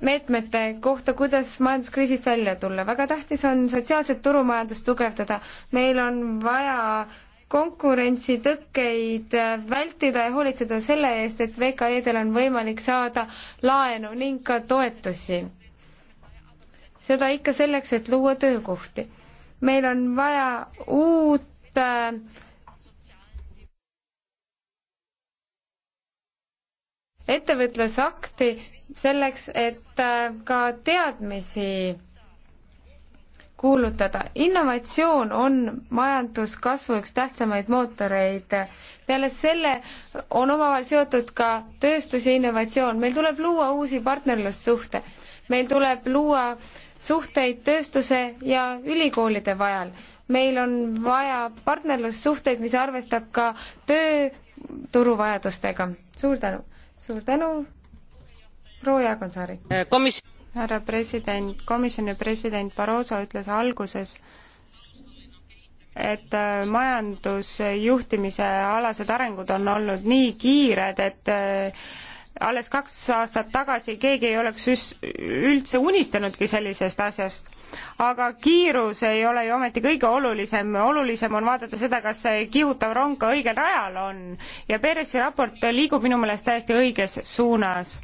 meetmete kohta, kuidas majanduskriisist välja tulla. väga tähtis on sotsiaalset turumajandust tugevdada. meil on vaja konkurentsitõkkeid vältida ja hoolitseda selle eest, et VKE-del on võimalik saada laenu ning ka toetusi. seda ikka selleks, et luua töökohti. meil on vaja uut äh, ettevõtlusakti selleks, et äh, ka teadmisi kuulutada. innovatsioon on majanduskasvu üks tähtsamaid mootoreid. peale selle on omavahel seotud ka tööstus ja innovatsioon. meil tuleb luua uusi partnerlussuhte. meil tuleb luua suhteid tööstuse ja ülikoolide vahel. meil on vaja partnerlussuhteid, mis arvestab ka tööturu vajadustega. suur tänu! suur tänu, proua Jaagonsaari! komisjon härra president, komisjoni president Barroso ütles alguses, et äh, majandusjuhtimise alased arengud on olnud nii kiired, et äh, alles kaks aastat tagasi keegi ei oleks üldse unistanudki sellisest asjast. aga kiirus ei ole ju ometi kõige olulisem, olulisem on vaadata seda, kas see kihutav rong ka õigel rajal on ja Peresi raport liigub minu meelest täiesti õiges suunas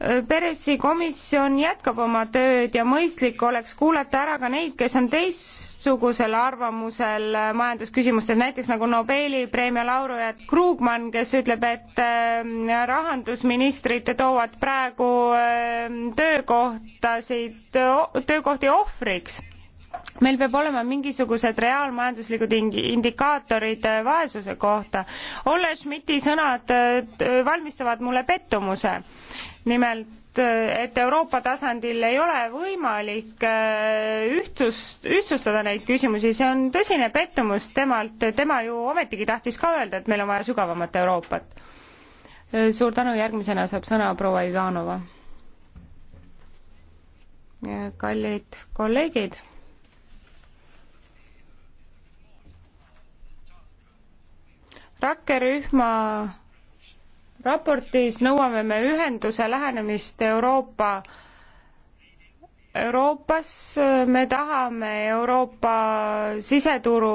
Peresi komisjon jätkab oma tööd ja mõistlik oleks kuulata ära ka neid, kes on teistsugusel arvamusel majandusküsimustes, näiteks nagu Nobeli preemia laureaat Krugman, kes ütleb, et äh, rahandusministrid toovad praegu äh, töökohtasid, töökohti ohvriks meil peab olema mingisugused reaalmajanduslikud indikaatorid äh, vaesuse kohta. Olle Schmidti sõnad valmistavad mulle pettumuse nimelt, eh, et Euroopa tasandil ei ole võimalik eh, ühtsust, ühtsustada neid küsimusi, see on tõsine pettumus temalt, tema ju ometigi tahtis ka öelda, et meil on vaja sügavamat Euroopat. Eh, suur tänu, järgmisena saab sõna proua Ivanova. kallid kolleegid rakkerühma raportis nõuame me ühenduse lähenemist Euroopa Euroopas me tahame Euroopa siseturu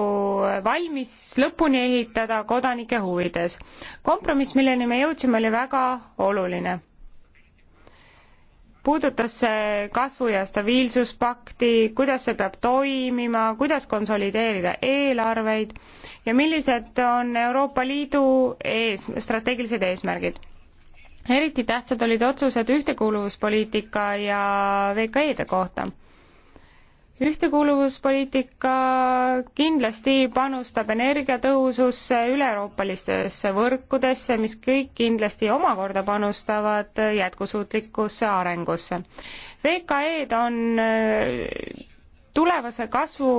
valmis lõpuni ehitada kodanike huvides. kompromiss, milleni me jõudsime, oli väga oluline. puudutas see kasvu- ja stabiilsuspakti, kuidas see peab toimima, kuidas konsolideerida eelarveid ja millised on Euroopa Liidu ees, strateegilised eesmärgid? eriti tähtsad olid otsused ühtekuuluvuspoliitika ja VKE-de kohta. ühtekuuluvuspoliitika kindlasti panustab energiatõhususse, üle-euroopalistesse võrkudesse, mis kõik kindlasti omakorda panustavad jätkusuutlikkusse arengusse. VKE-d on äh, tulevase kasvu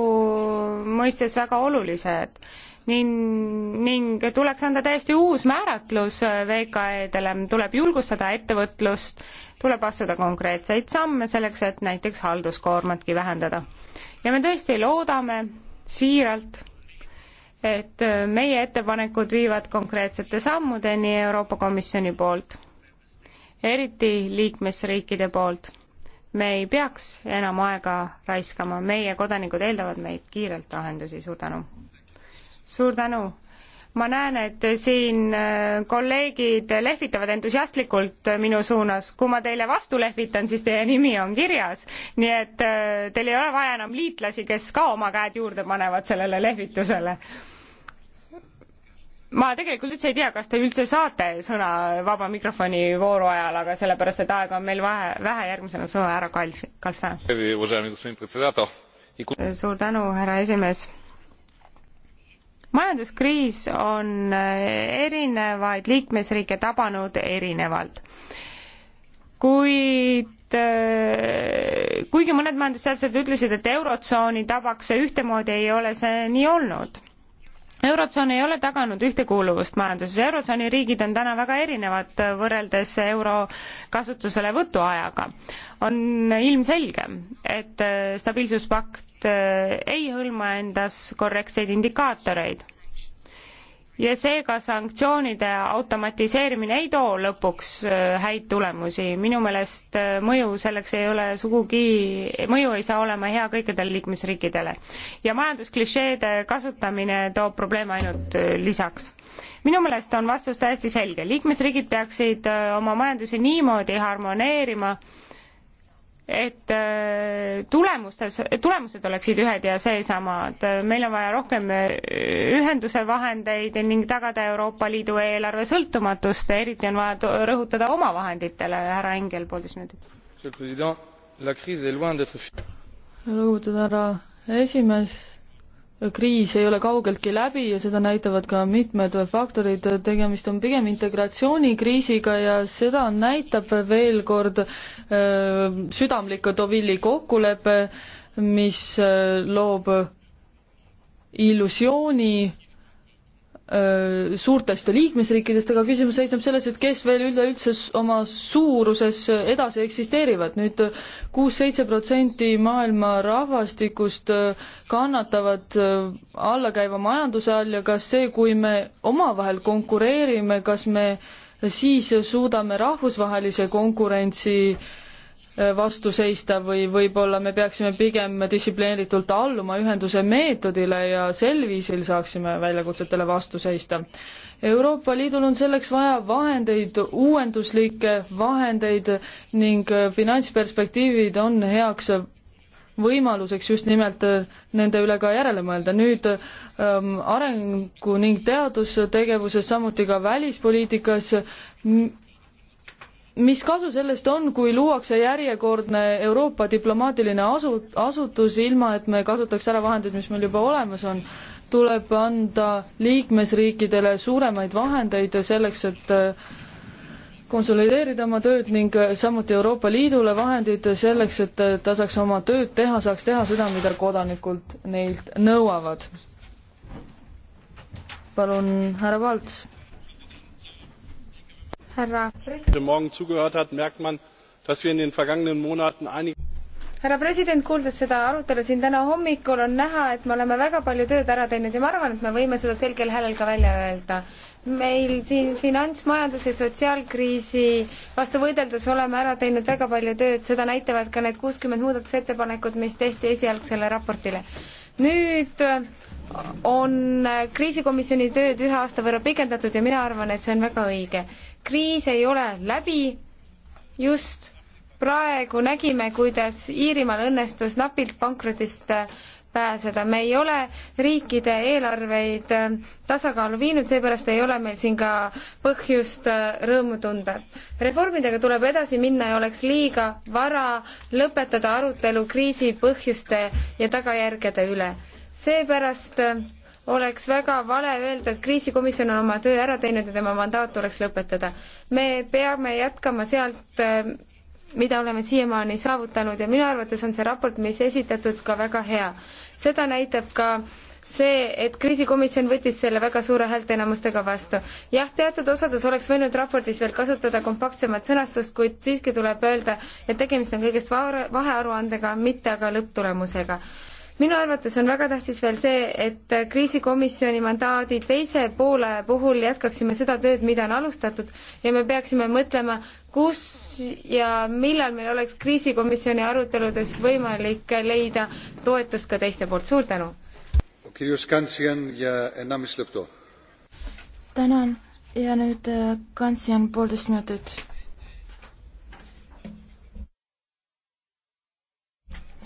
mõistes väga olulised ning, ning tuleks anda täiesti uus määratlus äh, VKE-dele, tuleb julgustada ettevõtlust, tuleb astuda konkreetseid samme selleks, et näiteks halduskoormatki vähendada. ja me tõesti loodame siiralt, et äh, meie ettepanekud viivad konkreetsete sammudeni Euroopa Komisjoni poolt, eriti liikmesriikide poolt. me ei peaks enam aega raiskama, meie kodanikud eeldavad meilt kiirelt lahendusi, suur tänu! suur tänu! ma näen, et siin äh, kolleegid lehvitavad entusiastlikult äh, minu suunas. kui ma teile vastu lehvitan, siis teie nimi on kirjas. nii et äh, teil ei ole vaja enam liitlasi, kes ka oma käed juurde panevad sellele lehvitusele. ma tegelikult üldse ei tea, kas te üldse saate sõna vaba mikrofoni vooru ajal, aga sellepärast, et aega on meil vahe, vähe, järgmisena sõna härra Kalf-, Kalfä. suur tänu, härra esimees majanduskriis on eh, erinevaid liikmesriike tabanud erinevalt. kuid eh, kuigi mõned majandusteadlased ütlesid, et eurotsooni tabaks see ühtemoodi, ei ole see nii olnud eurotsoon ei ole taganud ühtekuuluvust majanduses, eurotsooni riigid on täna väga erinevad võrreldes euro kasutuselevõtu ajaga. on ilmselge, et stabiilsuspakt ei hõlma endas korrektseid indikaatoreid ja seega sanktsioonide automatiseerimine ei too lõpuks äh, häid tulemusi. minu meelest äh, mõju selleks ei ole sugugi, mõju ei saa olema hea kõikidele liikmesriikidele. ja majandusklišeede kasutamine toob probleeme ainult äh, lisaks. minu meelest on vastus täiesti selge, liikmesriigid peaksid oma majandusi niimoodi harmoneerima, et äh, tulemustes, tulemused oleksid ühed ja seesamad. meil on vaja rohkem äh, ühenduse vahendeid ning tagada Euroopa Liidu eelarve sõltumatust, eriti on vaja rõhutada omavahenditele, härra Engel, poolteist minutit. lugupeetud härra esimees, kriis ei ole kaugeltki läbi ja seda näitavad ka mitmed faktorid, tegemist on pigem integratsioonikriisiga ja seda näitab veel kord äh, südamlik Deauville'i kokkulepe, mis äh, loob illusiooni suurtest liikmesriikidest, aga küsimus seisneb selles, et kes veel üleüldse oma suuruses edasi eksisteerivad nüüd. nüüd kuus-seitse protsenti maailma rahvastikust kannatavad allakäiva majanduse all ja kas see, kui me omavahel konkureerime, kas me siis suudame rahvusvahelise konkurentsi äh, vastu seista või võib-olla me peaksime pigem distsiplineeritult alluma ühenduse meetodile ja sel viisil saaksime väljakutsetele vastu seista. Euroopa Liidul on selleks vaja vahendeid, uuenduslikke vahendeid ning finantsperspektiivid on heaks võimaluseks just nimelt nende üle ka järele mõelda. nüüd ähm, arengu ning teadustegevuses, samuti ka välispoliitikas mis kasu sellest on, kui luuakse järjekordne Euroopa diplomaatiline asu-, asutus, ilma et me kasutaks ära vahendeid, mis meil juba olemas on, tuleb anda liikmesriikidele suuremaid vahendeid selleks, et äh, konsolideerida oma tööd ning äh, samuti Euroopa Liidule vahendid selleks, et äh, ta saaks oma tööd teha, saaks teha seda, mida kodanikud neilt nõuavad. palun, härra Valts härra härra president, kuuldes seda arutelu siin täna hommikul, on näha, et me oleme väga palju tööd ära teinud ja ma arvan, et me võime seda selgel häälel ka välja öelda. meil siin finants, majandus ja sotsiaalkriisi vastu võideldes oleme ära teinud väga palju tööd, seda näitavad ka need kuuskümmend muudatusettepanekut, mis tehti esialgsele raportile. nüüd äh, on äh, kriisikomisjoni tööd ühe aasta võrra pikendatud ja mina arvan, et see on väga õige kriis ei ole läbi. just praegu nägime, kuidas Iirimaal õnnestus napilt pankrotist äh, pääseda, me ei ole riikide eelarveid äh, tasakaalu viinud, seepärast ei ole meil siin ka põhjust äh, rõõmu tunda. reformidega tuleb edasi minna ja oleks liiga vara lõpetada arutelu kriisi põhjuste ja tagajärgede üle. seepärast oleks väga vale öelda, et kriisikomisjon on oma töö ära teinud ja tema mandaat tuleks lõpetada. me peame jätkama sealt, äh, mida oleme siiamaani saavutanud ja minu arvates on see raport, mis esitatud, ka väga hea. seda näitab ka see, et kriisikomisjon võttis selle väga suure häälteenamustega vastu. jah, teatud osades oleks võinud raportis veel kasutada kompaktsemat sõnastust, kuid siiski tuleb öelda, et tegemist on kõigest vahearuandega, mitte aga lõpptulemusega minu arvates on väga tähtis veel see, et kriisikomisjoni mandaadi teise poole puhul jätkaksime seda tööd, mida on alustatud ja me peaksime mõtlema, kus ja millal meil oleks kriisikomisjoni aruteludes võimalik leida toetust ka teiste poolt, suur tänu! tänan ja nüüd äh, Kansian poolteist minutit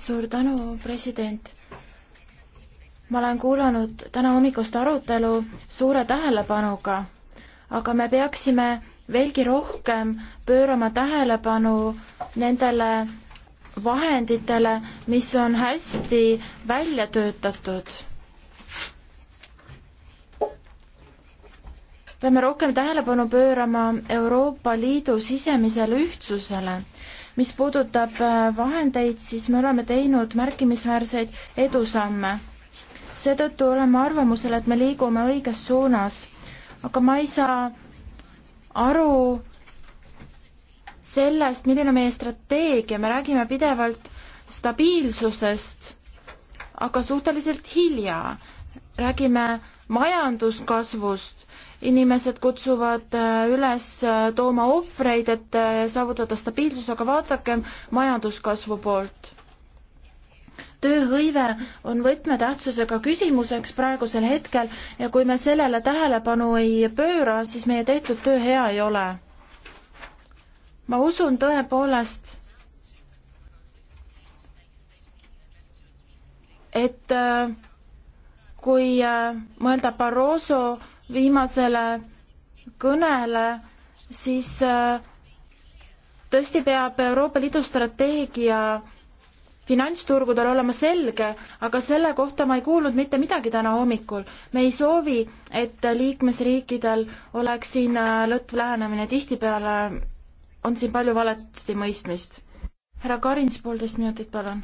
suur tänu, president. ma olen kuulanud täna hommikust arutelu suure tähelepanuga, aga me peaksime veelgi rohkem pöörama tähelepanu nendele vahenditele, mis on hästi välja töötatud. peame rohkem tähelepanu pöörama Euroopa Liidu sisemisele ühtsusele mis puudutab äh, vahendeid, siis me oleme teinud märkimisväärseid edusamme. seetõttu oleme arvamusel, et me liigume õiges suunas. aga ma ei saa aru sellest, milline on meie strateegia, me räägime pidevalt stabiilsusest, aga suhteliselt hilja. räägime majanduskasvust inimesed kutsuvad äh, üles äh, tooma ohvreid, et äh, saavutada stabiilsus, aga vaadakem majanduskasvu poolt. tööhõive on võtmetähtsusega küsimuseks praegusel hetkel ja kui me sellele tähelepanu ei pööra, siis meie tehtud töö hea ei ole. ma usun tõepoolest et kui mõelda Barroso viimasele kõnele, siis äh, tõesti peab Euroopa Liidu strateegia finantsturgudel olema selge, aga selle kohta ma ei kuulnud mitte midagi täna hommikul. me ei soovi, et liikmesriikidel oleks siin äh, lõtv lähenemine, tihtipeale on siin palju valesti mõistmist. härra Karins, poolteist minutit, palun.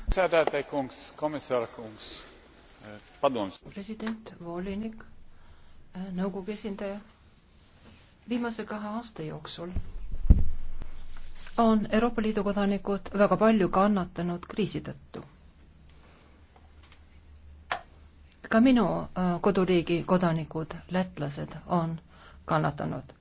president, volinik nõukogu esindaja. viimase kahe aasta jooksul on Euroopa Liidu kodanikud väga palju kannatanud kriisi tõttu. ka minu äh, koduriigi kodanikud, lätlased, on kannatanud.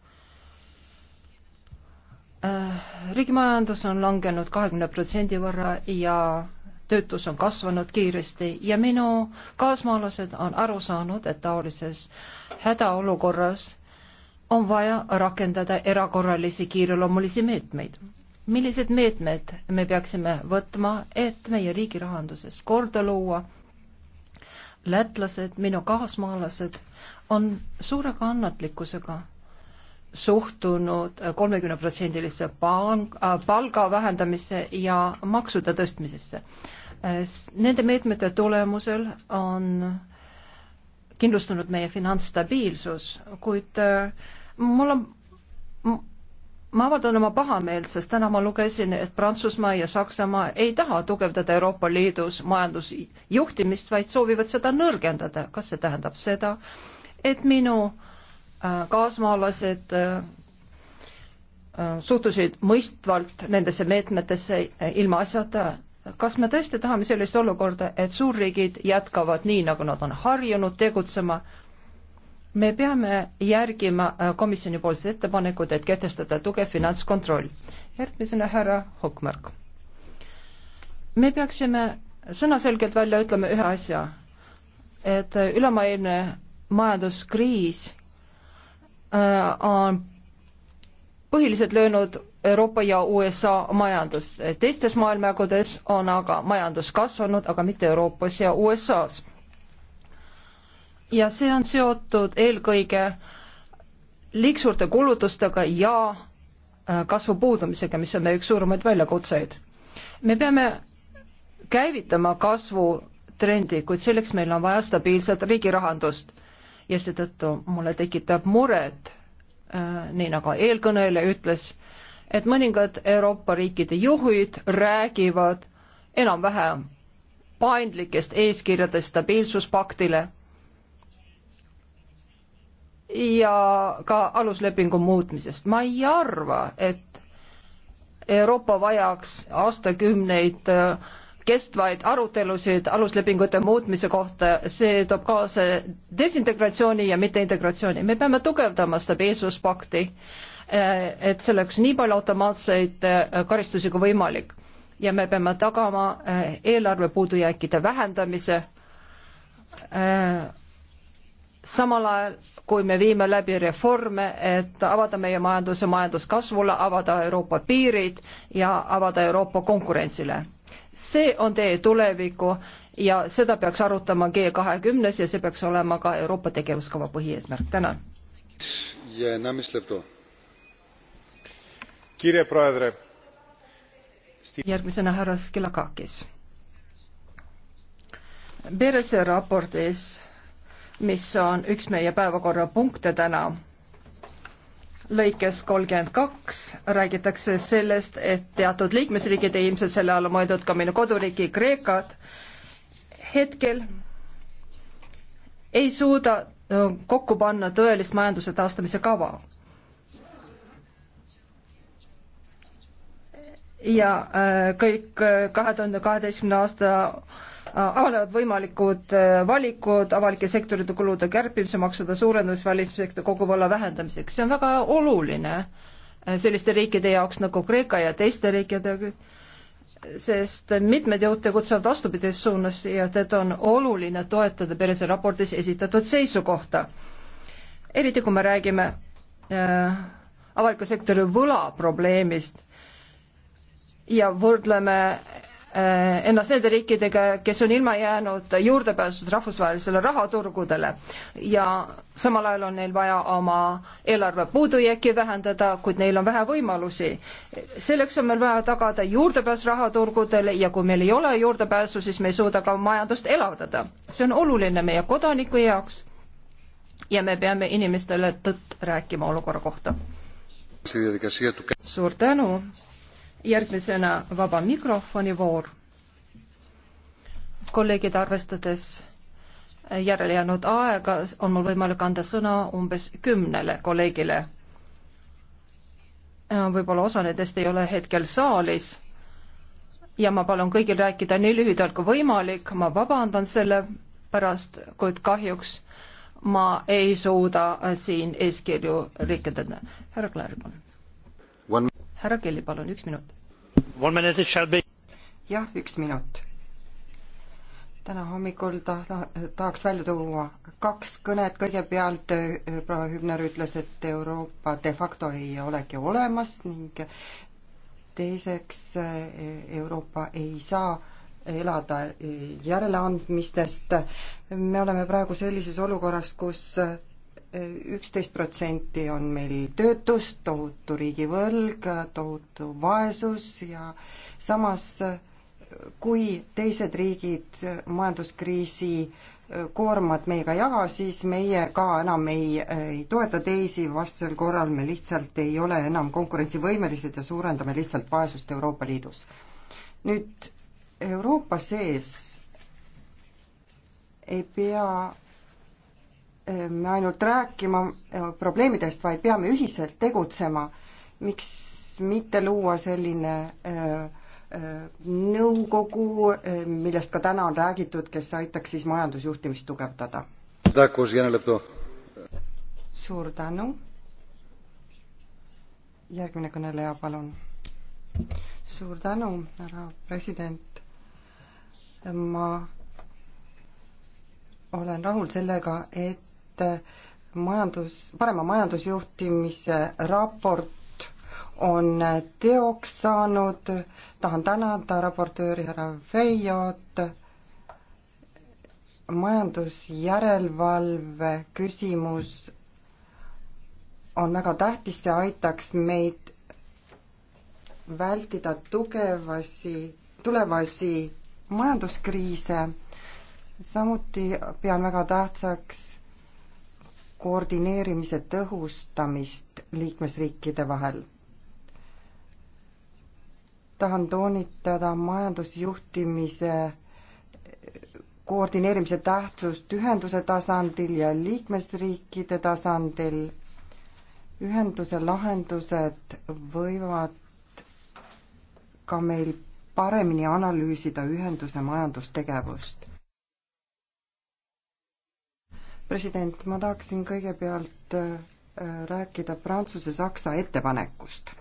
Äh, riigi majandus on langenud kahekümne protsendi võrra ja töötus on kasvanud kiiresti ja minu kaasmaalased on aru saanud, et taolises hädaolukorras on vaja rakendada erakorralisi kiireloomulisi meetmeid. millised meetmed me peaksime võtma, et meie riigi rahanduses korda luua? lätlased, minu kaasmaalased on suure kannatlikkusega suhtunud kolmekümneprotsendilisse äh, palga vähendamisse ja maksude tõstmisesse. Äh, nende meetmete tulemusel on kindlustunud meie finantsstabiilsus, kuid äh, mul on, ma avaldan oma pahameelt, sest täna ma lugesin, et Prantsusmaa ja Saksamaa ei taha tugevdada Euroopa Liidus majandusjuhtimist, vaid soovivad seda nõrgendada. kas see tähendab seda, et minu äh, Äh, kaasmaalased äh, äh, suhtusid mõistvalt nendesse meetmetesse ilma asjata. kas me tõesti tahame sellist olukorda, et suurriigid jätkavad nii, nagu nad on harjunud tegutsema? me peame järgima komisjoni poolsed ettepanekud, et kehtestada tugev finantskontroll. järgmisena härra Hokmark. me peaksime sõnaselgelt välja ütlema ühe asja, et ülemaailmne majanduskriis Äh, on põhiliselt löönud Euroopa ja USA majandust. teistes maailmajagudes on aga majandus kasvanud, aga mitte Euroopas ja USA-s. ja see on seotud eelkõige liigsuurte kulutustega ja äh, kasvu puudumisega, mis on meie üks suuremaid väljakutseid. me peame käivitama kasvutrendi, kuid selleks meil on vaja stabiilset riigirahandust ja seetõttu mulle tekitab muret, äh, nii nagu eelkõneleja ütles, et mõningad Euroopa riikide juhid räägivad enam-vähem paindlikest eeskirjadest stabiilsuspaktile ja ka aluslepingu muutmisest. ma ei arva, et Euroopa vajaks aastakümneid äh, kestvaid arutelusid aluslepingute muutmise kohta, see toob kaasa desintegratsiooni ja mitteintegratsiooni. me peame tugevdama stabiilsuspakti, eh, et see oleks nii palju automaatseid eh, karistusi kui võimalik. ja me peame tagama eh, eelarve puudujääkide vähendamise, samal ajal kui me viime läbi reforme, et avada meie majanduse majanduskasvule, avada Euroopa piirid ja avada Euroopa konkurentsile see on tee tulevikku ja seda peaks arutama G kahekümnes ja see peaks olema ka Euroopa tegevuskava põhieesmärk. tänan. järgmisena härra Skilakakis. Berese raportis, mis on üks meie päevakorrapunkte täna lõikes kolmkümmend kaks räägitakse sellest, et teatud liikmesriigid ja ilmselt selle all on mõeldud ka minu koduriiki Kreekat, hetkel ei suuda kokku panna tõelist majanduse taastamise kava. ja kõik kahe tuhande kaheteistkümne aasta avanevad võimalikud äh, valikud avalike sektorite kulude kärpimise, maksude suurendamiseks, valitsussektori koguvalla vähendamiseks, see on väga oluline äh, selliste riikide jaoks nagu Kreeka ja teiste riikide, sest mitmed jõud tegutsevad vastupidises suunas ja teda on oluline toetada perese raportis esitatud seisukohta. eriti kui me räägime äh, avaliku sektori võlaprobleemist ja võrdleme Äh, ennast nende riikidega, kes on ilma jäänud juurdepääsust rahvusvahelisele rahaturgudele ja samal ajal on neil vaja oma eelarve puudujääki vähendada, kuid neil on vähe võimalusi. selleks on meil vaja tagada juurdepääs rahaturgudele ja kui meil ei ole juurdepääsu, siis me ei suuda ka majandust elavdada. see on oluline meie kodaniku jaoks ja me peame inimestele tõtt rääkima olukorra kohta. suur tänu järgmisena vaba mikrofoni voor. kolleegid, arvestades järele jäänud aega, on mul võimalik anda sõna umbes kümnele kolleegile. võib-olla osa nendest ei ole hetkel saalis ja ma palun kõigil rääkida nii lühidalt kui võimalik, ma vabandan selle pärast, kuid kahjuks ma ei suuda siin eeskirju rikkuda. härra Klaar, palun. härra Kelly, palun, üks minut jah, üks minut. täna hommikul ta, ta, tahaks välja tuua kaks kõnet, kõigepealt äh, proua Hübner ütles, et Euroopa de facto ei olegi olemas ning teiseks äh, Euroopa ei saa elada äh, järeleandmistest. me oleme praegu sellises olukorras, kus üksteist protsenti on meil töötust, tohutu riigivõlg, tohutu vaesus ja samas kui teised riigid majanduskriisi äh, koormat meiega ei jaga, siis meie ka enam ei, äh, ei toeta teisi, vastasel korral me lihtsalt ei ole enam konkurentsivõimelised ja suurendame lihtsalt vaesust Euroopa Liidus. nüüd Euroopa sees ei pea me ainult rääkima äh, probleemidest, vaid peame ühiselt tegutsema. miks mitte luua selline äh, äh, nõukogu, millest ka täna on räägitud, kes aitaks siis majandusjuhtimist tugevdada? suur tänu. järgmine kõneleja, palun. suur tänu, härra president. ma olen rahul sellega, et majandus, parema majandusjuhtimise raport on teoks saanud, tahan tänada raportööri härra Veiot, majandusjärelevalve küsimus on väga tähtis, see aitaks meid vältida tugevasi, tulevasi majanduskriise. samuti pean väga tähtsaks koordineerimise tõhustamist liikmesriikide vahel. tahan toonitada majandusjuhtimise koordineerimise tähtsust ühenduse tasandil ja liikmesriikide tasandil. ühenduse lahendused võivad ka meil paremini analüüsida ühenduse majandustegevust president, ma tahaksin kõigepealt äh, rääkida Prantsuse-Saksa ettepanekust.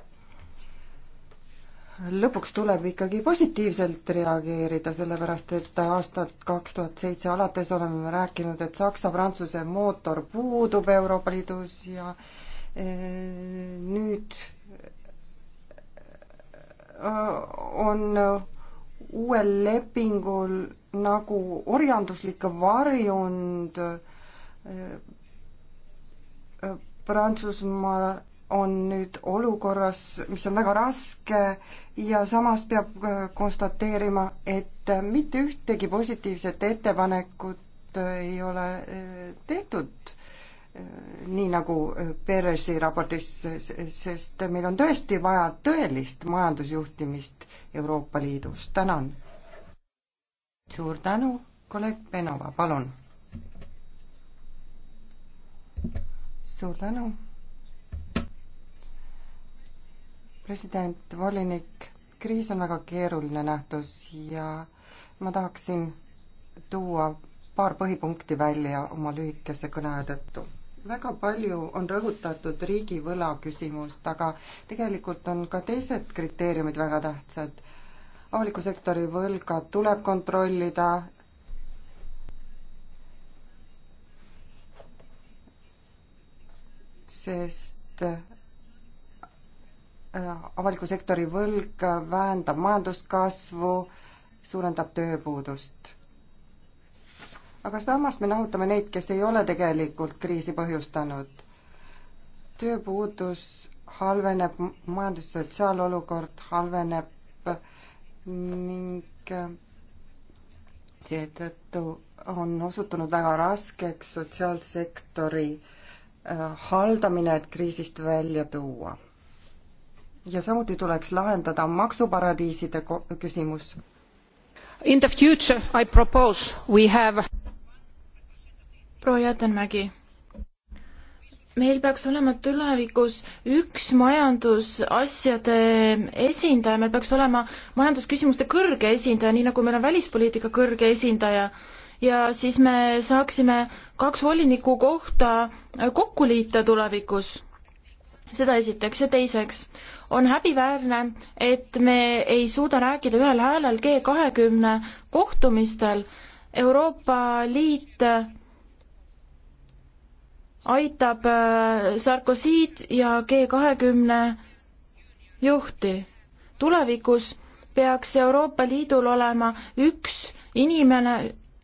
lõpuks tuleb ikkagi positiivselt reageerida, sellepärast et aastalt kaks tuhat seitse alates oleme me rääkinud, et Saksa-Prantsuse mootor puudub Euroopa Liidus ja äh, nüüd äh, on uuel lepingul nagu orjanduslik varjund äh, Prantsusmaal on nüüd olukorras, mis on väga raske ja samas peab äh, konstateerima, et äh, mitte ühtegi positiivset ettepanekut äh, ei ole tehtud, nii nagu Peresi raportis, sest meil on tõesti vaja tõelist majandusjuhtimist Euroopa Liidus, tänan. suur tänu, kolleeg Penova, palun suur tänu. president, volinik, kriis on väga keeruline nähtus ja ma tahaksin tuua paar põhipunkti välja oma lühikese kõneaja tõttu. väga palju on rõhutatud riigivõla küsimust, aga tegelikult on ka teised kriteeriumid väga tähtsad. avaliku sektori võlga tuleb kontrollida, sest äh, avaliku sektori võlg vähendab majanduskasvu, suurendab tööpuudust. aga samas me nahutame neid, kes ei ole tegelikult kriisi põhjustanud. tööpuudus halveneb, majandus- ja sotsiaalolukord halveneb ning äh, seetõttu on osutunud väga raskeks sotsiaalsektori äh, Äh, haldamine, et kriisist välja tuua. ja samuti tuleks lahendada maksuparadiiside küsimus. In the future I propose we have proua Jäätenmägi meil peaks olema tulevikus üks majandusasjade esindaja, meil peaks olema majandusküsimuste kõrge esindaja, nii nagu meil on välispoliitika kõrge esindaja. ja siis me saaksime kaks voliniku kohta kokku liita tulevikus. seda esiteks ja teiseks on häbiväärne, et me ei suuda rääkida ühel häälel G kahekümne kohtumistel. Euroopa Liit aitab äh, Sarkozyd ja G kahekümne juhti. tulevikus peaks Euroopa Liidul olema üks inimene,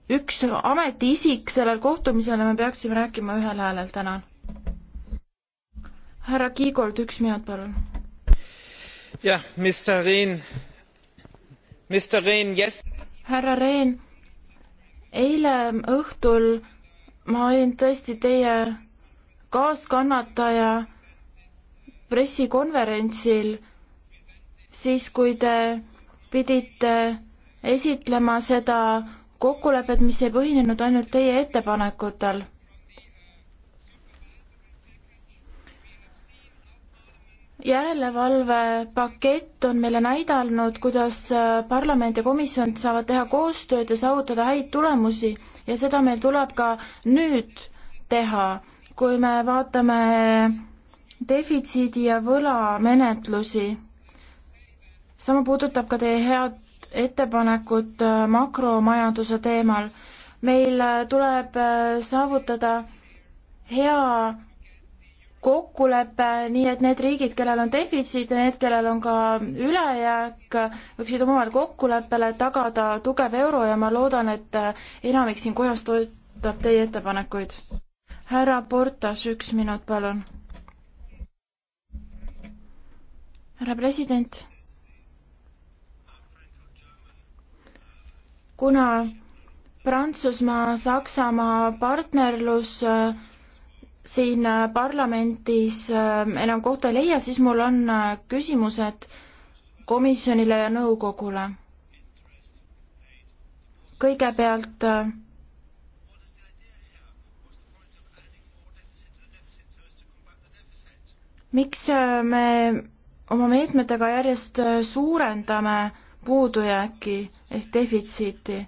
üks ametiisik sellel kohtumisel ja me peaksime rääkima ühel häälel, tänan. härra Kiigold, üks minut, palun. jah, Mr Rehn, Mr Rehn, yes. härra Rehn, eile õhtul ma olin tõesti teie kaaskannataja pressikonverentsil, siis kui te pidite esitlema seda kokkulepet, mis ei põhinenud ainult teie ettepanekutel. järelevalvepakett on meile näidanud, kuidas parlament ja komisjon saavad teha koostööd ja saavutada häid tulemusi ja seda meil tuleb ka nüüd teha, kui me vaatame defitsiidi ja võlamenetlusi. sama puudutab ka teie head ettepanekut äh, makromajanduse teemal. meil äh, tuleb äh, saavutada hea kokkulepe, nii et need riigid, kellel on defitsiit ja need, kellel on ka ülejääk, võiksid omavahel kokkuleppele tagada tugev euro ja ma loodan, et enamik siin kojas toetab teie ettepanekuid. härra Portas, üks minut, palun härra president, kuna Prantsusmaa, Saksamaa partnerlus äh, siin äh, parlamendis äh, enam kohta ei leia, siis mul on küsimused komisjonile ja nõukogule. kõigepealt miks me oma meetmetega järjest suurendame puudujääki ehk defitsiiti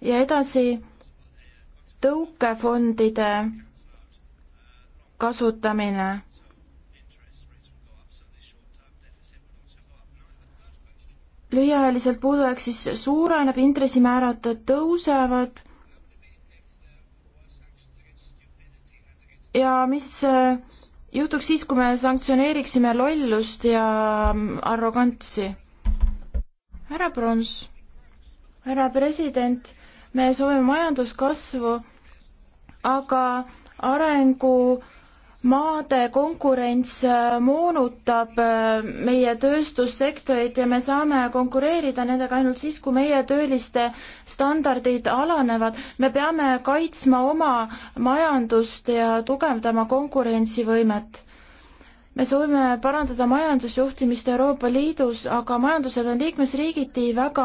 ja edasi tõukefondide kasutamine. lühiajaliselt puudujääk siis suureneb, intressimäärad tõusevad ja mis äh, juhtuks siis, kui me sanktsioneeriksime lollust ja mm, arrogantsi? härra Prons, härra president, me soovime majanduskasvu, aga arengu maade konkurents äh, moonutab äh, meie tööstussektorit ja me saame konkureerida nendega ainult siis, kui meie tööliste standardid alanevad. me peame kaitsma oma majandust ja tugevdama konkurentsivõimet me soovime parandada majandusjuhtimist Euroopa Liidus, aga majandused on liikmesriigiti väga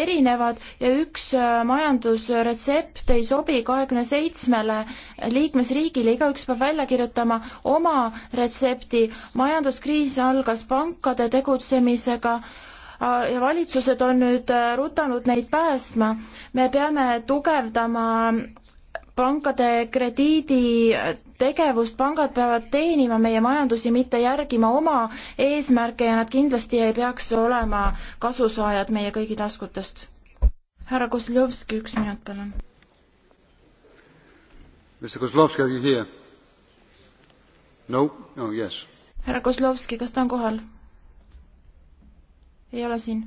erinevad ja üks äh, majandusretsept ei sobi kahekümne seitsmele liikmesriigile, igaüks peab välja kirjutama oma retsepti. majanduskriis algas pankade tegutsemisega äh, ja valitsused on nüüd äh, rutanud neid päästma. me peame tugevdama pankade krediiditegevust, pangad peavad teenima meie majandusi, mitte järgima oma eesmärke ja nad kindlasti ei peaks olema kasusaajad meie kõigi taskutest. härra Kozlovski, üks minut, palun. No? Oh, yes. härra Kozlovski, kas ta on kohal? ei ole siin.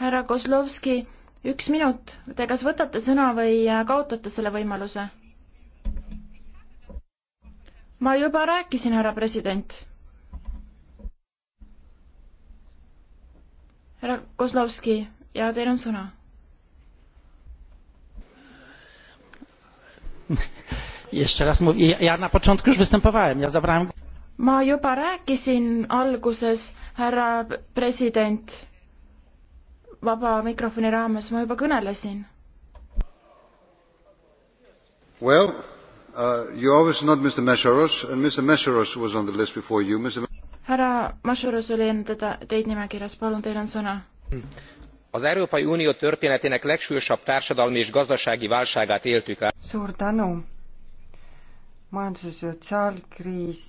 härra Kozlovski üks minut, te kas võtate sõna või äh, kaotate selle võimaluse? ma juba rääkisin, härra president. härra Kozlovski ja teil on sõna (laughs) jeszcze raz mówię, ja na początku już występowałem, ja zabrałem... Ma juba rääkisin alguses, härra president vaba mikrofoni raames ma juba kõnelesin. Well uh, you obviously not Mr Mesheros and Mr Mesheros was on the list before you Mr. härra Mesheros oli enne teda, teid nimekirjas, palun, teil on sõna. Az Európai Unió történetének legsúlyosabb társadalmi és gazdasági válságát éltük el. Suur tänu! majandus- ja sotsiaalkriis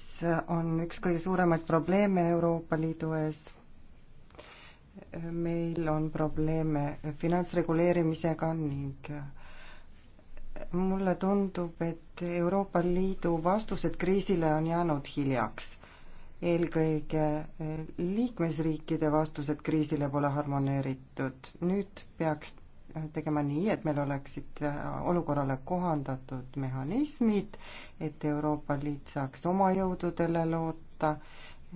on üks kõige suuremaid probleeme Euroopa Liidu ees meil on probleeme finantsreguleerimisega ning mulle tundub, et Euroopa Liidu vastused kriisile on jäänud hiljaks. eelkõige liikmesriikide vastused kriisile pole harmoneeritud. nüüd peaks tegema nii, et meil oleksid olukorrale kohandatud mehhanismid, et Euroopa Liit saaks oma jõududele loota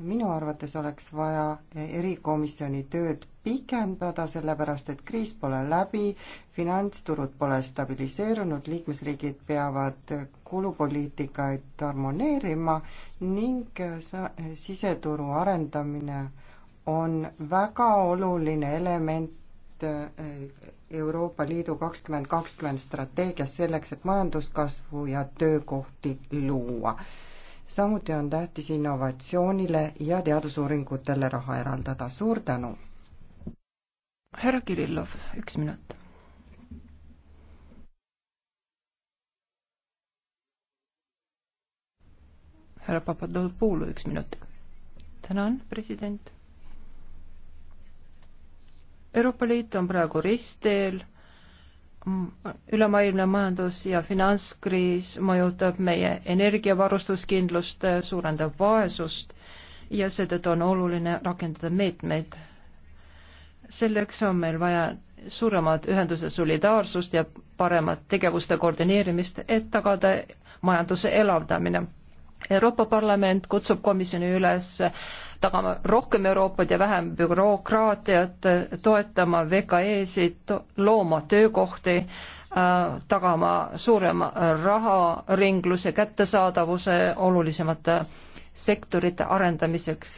minu arvates oleks vaja erikomisjoni tööd pikendada, sellepärast et kriis pole läbi, finantsturud pole stabiliseerunud, liikmesriigid peavad kulupoliitikaid harmoneerima ning siseturu arendamine on väga oluline element eh, Euroopa Liidu kakskümmend kakskümmend strateegias selleks, et majanduskasvu ja töökohti luua samuti on tähtis innovatsioonile ja teadusuuringutele raha eraldada, suur tänu! härra Kirillov, üks minut. härra Papadopoulou, üks minut. tänan, president. Euroopa Liit on praegu ristteel ülemaailmne majandus- ja finantskriis mõjutab meie energiavarustuskindlust, suurendab vaesust ja seetõttu on oluline rakendada meetmeid. selleks on meil vaja suuremat ühenduse solidaarsust ja paremat tegevuste koordineerimist, et tagada majanduse elavdamine Euroopa Parlament kutsub komisjoni üles tagama rohkem Euroopat ja vähem bürokraatiat, toetama VKE-sid, looma töökohti, äh, tagama suurema raharingluse kättesaadavuse olulisemate sektorite arendamiseks.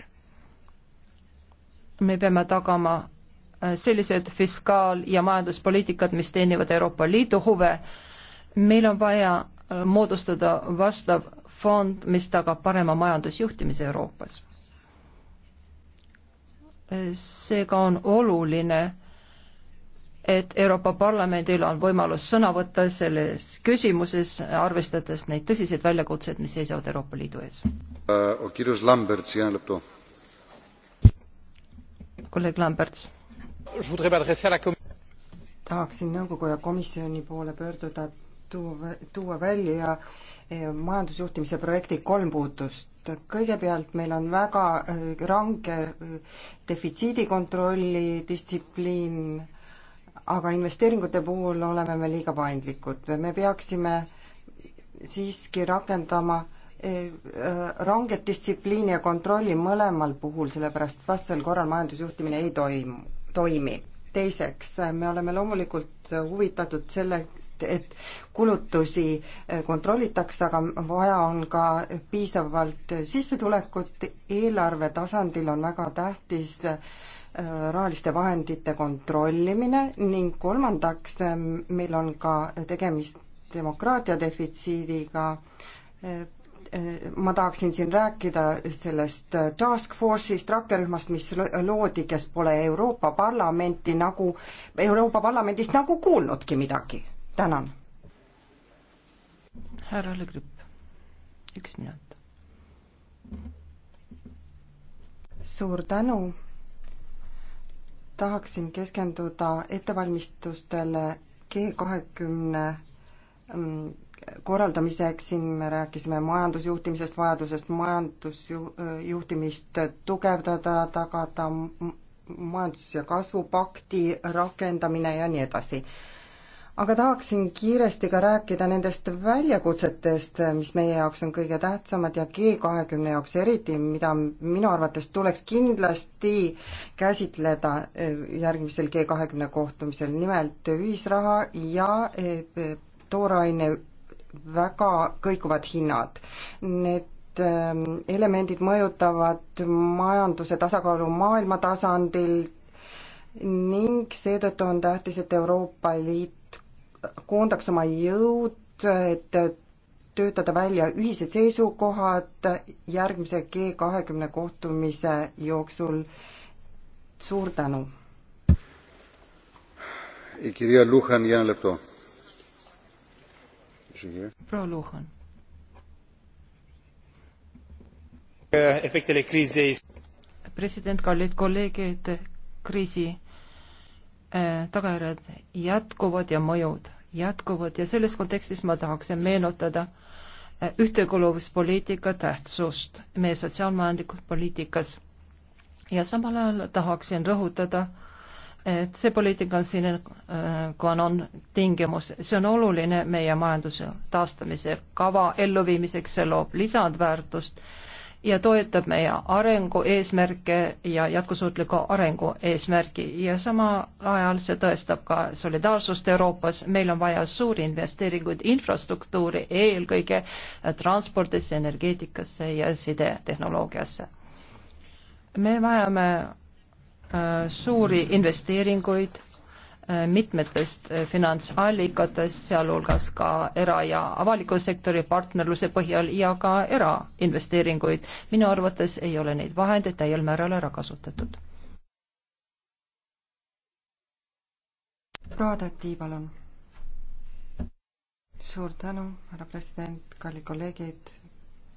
me peame tagama äh, sellised fiskaal- ja majanduspoliitikad, mis teenivad Euroopa Liidu huve. meil on vaja äh, moodustada vastav fond, mis tagab parema majandusjuhtimise Euroopas. seega on oluline, et Euroopa Parlamendil on võimalus sõna võtta selles küsimuses, arvestades neid tõsiseid väljakutseid, mis seisavad Euroopa Liidu ees. Uh, kolleeg Lamberts tahaksin nõukogu ja komisjoni poole pöörduda tuua, tuua välja eh, majandusjuhtimise projekti kolm puutust. kõigepealt meil on väga eh, range eh, defitsiidikontrolli distsipliin, aga investeeringute puhul oleme me liiga paindlikud. me peaksime siiski rakendama ranget distsipliini ja kontrolli mõlemal puhul, sellepärast vastasel korral majandusjuhtimine ei toimu, toimi teiseks, me oleme loomulikult huvitatud sellest, et kulutusi kontrollitakse, aga vaja on ka piisavalt sissetulekut, eelarve tasandil on väga tähtis äh, rahaliste vahendite kontrollimine ning kolmandaks, äh, meil on ka tegemist demokraatia defitsiidiga, äh, ma tahaksin siin rääkida sellest task force'ist, rakkerühmast, mis loodi, kes pole Euroopa Parlamenti nagu, Euroopa Parlamendist nagu kuulnudki midagi. tänan. härra Le Grip, üks minut. suur tänu. tahaksin keskenduda ettevalmistustele G kahekümne 20 mm, korraldamiseks, siin me rääkisime majandusjuhtimisest, vajadusest majandusjuhtimist tugevdada, tagada majandus- ja kasvupakti rakendamine ja nii edasi. aga tahaksin kiiresti ka rääkida nendest väljakutsetest, mis meie jaoks on kõige tähtsamad ja G kahekümne jaoks eriti, mida minu arvates tuleks kindlasti käsitleda eh, järgmisel G kahekümne kohtumisel, nimelt ühisraha ja eh, tooraine väga kõiguvad hinnad. Need ähm, elemendid mõjutavad majanduse tasakaalu maailma tasandil ning seetõttu on tähtis, et Euroopa Liit koondaks oma jõud, et töötada välja ühised seisukohad järgmise G kahekümne kohtumise jooksul. suur tänu. kirja Luhan, Jaan Lepto proua Luhan. efektele kriisi ees. president, kallid kolleegid, kriisi äh, tagajärjed jätkuvad ja mõjud jätkuvad ja selles kontekstis ma tahaksin meenutada äh, ühtekuuluvuspoliitika tähtsust meie sotsiaalmajanduslikus poliitikas. ja samal ajal tahaksin rõhutada äh, et see poliitika on siin äh, on tingimus, see on oluline meie majanduse taastamise kava elluviimiseks, see loob lisandväärtust ja toetab meie arengu eesmärke ja jätkusuutliku arengu eesmärgi ja samal ajal see tõestab ka solidaarsust Euroopas, meil on vaja suuri investeeringuid infrastruktuuri, eelkõige transpordisse, energeetikasse ja sidetehnoloogiasse. me vajame Äh, suuri investeeringuid äh, mitmetest äh, finantsallikatest, sealhulgas ka era- ja avaliku sektori partnerluse põhjal ja ka erainvesteeringuid. minu arvates ei ole neid vahendeid täiel määral ära kasutatud. proua Tati, palun. suur tänu, härra president, kallid kolleegid.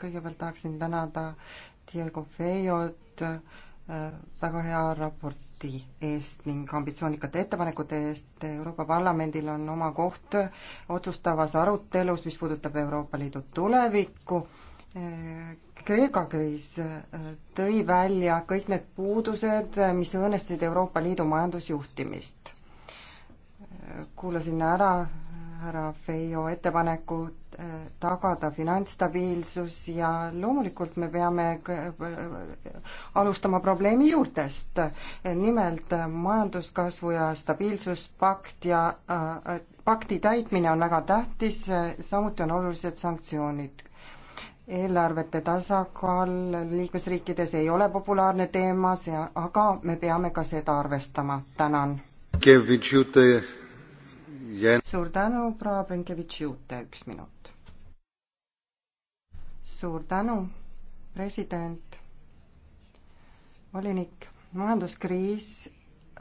kõigepealt tahaksin tänada Diego Feiot, Äh, väga hea raporti eest ning ambitsioonikate ettepanekute eest. Euroopa Parlamendil on oma koht otsustavas arutelus, mis puudutab Euroopa Liidu tulevikku. Äh, Kreeka kriis äh, tõi välja kõik need puudused, mis õõnestasid Euroopa Liidu majandusjuhtimist. kuulasin ära härra Feio ettepaneku eh, tagada finantsstabiilsus ja loomulikult me peame eh, alustama probleemi juurtest. nimelt eh, majanduskasvu ja stabiilsuspakt ja äh, pakti täitmine on väga tähtis, samuti on olulised sanktsioonid eelarvete tasakaal liikmesriikides ei ole populaarne teema, see, aga me peame ka seda arvestama, tänan suur tänu, proua Brinkevitš-Jute, üks minut. suur tänu, president, volinik, majanduskriis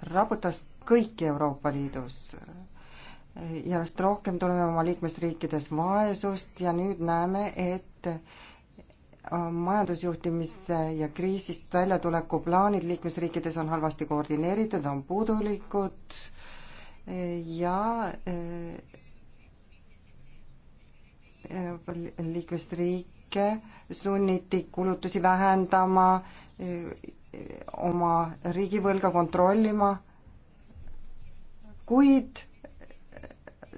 raputas kõiki Euroopa Liidus. järjest rohkem tuleme oma liikmesriikides vaesust ja nüüd näeme, et äh, majandusjuhtimise ja kriisist väljatuleku plaanid liikmesriikides on halvasti koordineeritud, on puudulikud, ja eh, liikmesriike sunniti kulutusi vähendama, eh, oma riigivõlga kontrollima, kuid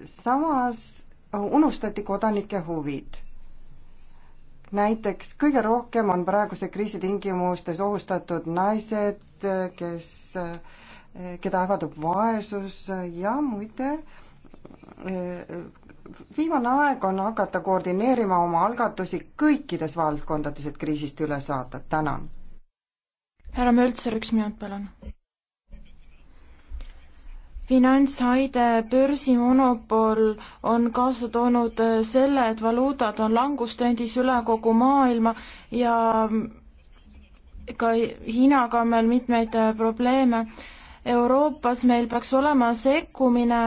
samas unustati kodanike huvid näiteks kõige rohkem on praeguse kriisi tingimustes ohustatud naised, kes eh, keda ähvardab vaesus ja muide eh, viimane aeg on hakata koordineerima oma algatusi kõikides valdkondades, et kriisist üle saada, tänan. härra Möltser, üks minut, palun. finantshaide börsimonopol on kaasa toonud eh, selle, et valuutad on langustrendis üle kogu maailma ja ka Hiinaga on meil mitmeid eh, probleeme Euroopas meil peaks olema sekkumine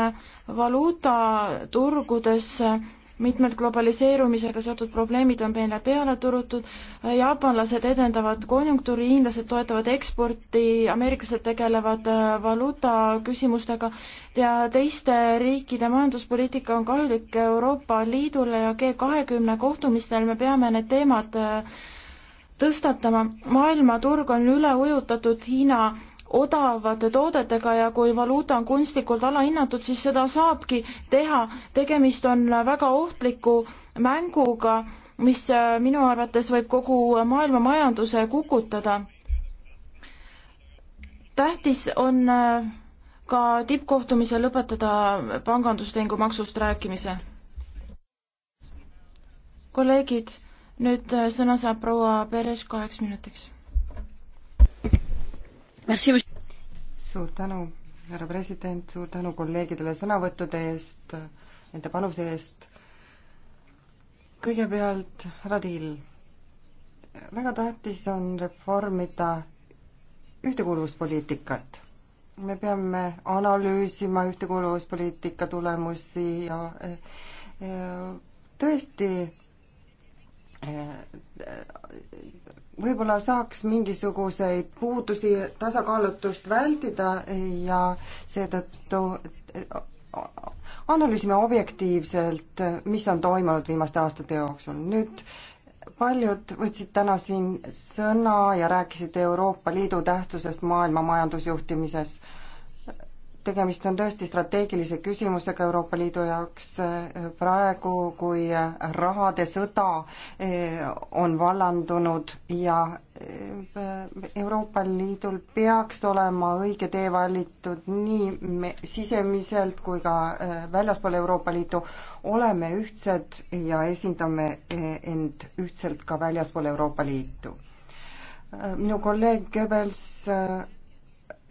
valuutaturgudesse, mitmed globaliseerumisega seotud probleemid on meile peale turutud, jaapanlased edendavad konjunktuuri, hiinlased toetavad eksporti, ameeriklased tegelevad äh, valuutaküsimustega ja teiste riikide majanduspoliitika on kahjulik Euroopa Liidule ja G kahekümne kohtumistel me peame need teemad äh, tõstatama. maailmaturg on üle ujutatud Hiina odavate toodetega ja kui valuuta on kunstlikult alahinnatud, siis seda saabki teha. tegemist on väga ohtliku mänguga, mis äh, minu arvates võib kogu maailma majanduse kukutada. tähtis on äh, ka tippkohtumisel lõpetada pangandustehingu maksust rääkimise. kolleegid, nüüd äh, sõna saab proua Peres kaheks minutiks suur tänu, härra president, suur tänu kolleegidele sõnavõttude eest, nende panuse eest. kõigepealt, härra Tiil, väga tähtis on reformida ühtekuuluvuspoliitikat me peame analüüsima ühtekuuluvuspoliitika tulemusi ja, ja tõesti võib-olla saaks mingisuguseid puudusi, tasakaalutust vältida ja seetõttu analüüsime objektiivselt, mis on toimunud viimaste aastate jooksul. nüüd paljud võtsid täna siin sõna ja rääkisid Euroopa Liidu tähtsusest maailma majandusjuhtimises tegemist on tõesti strateegilise küsimusega Euroopa Liidu jaoks praegu, kui rahade sõda eh, on vallandunud ja eh, Euroopa Liidul peaks olema õige tee valitud nii sisemiselt kui ka eh, väljaspool Euroopa Liitu. oleme ühtsed ja esindame end ühtselt ka väljaspool Euroopa Liitu. minu kolleeg Goebbels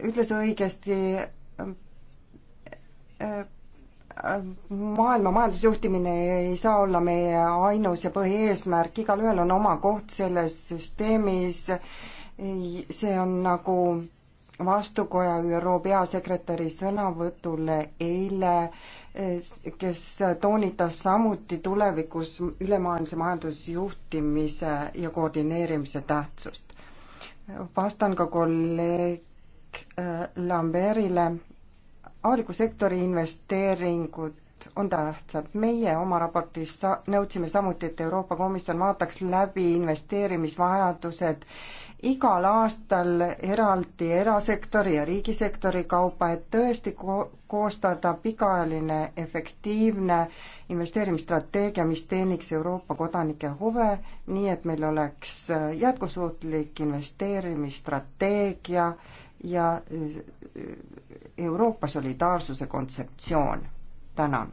ütles õigesti, maailma majandusjuhtimine ei saa olla meie ainus ja põhieesmärk, igalühel on oma koht selles süsteemis, see on nagu vastukoja ÜRO peasekretäri sõnavõtule eile, kes toonitas samuti tulevikus ülemaailmse majandusjuhtimise ja koordineerimise tähtsust. vastan ka kolleeg kolleeg äh, Lambertile, avaliku sektori investeeringud on tähtsad. meie oma raportis sa-, nõudsime samuti, et Euroopa Komisjon vaataks läbi investeerimisvajadused igal aastal eraldi erasektori ja riigisektori kaupa, et tõesti ko-, koostada pikaajaline efektiivne investeerimisstrateegia, mis teeniks Euroopa kodanike huve, nii et meil oleks jätkusuutlik investeerimisstrateegia, ja äh, Euroopa solidaarsuse kontseptsioon. tänan.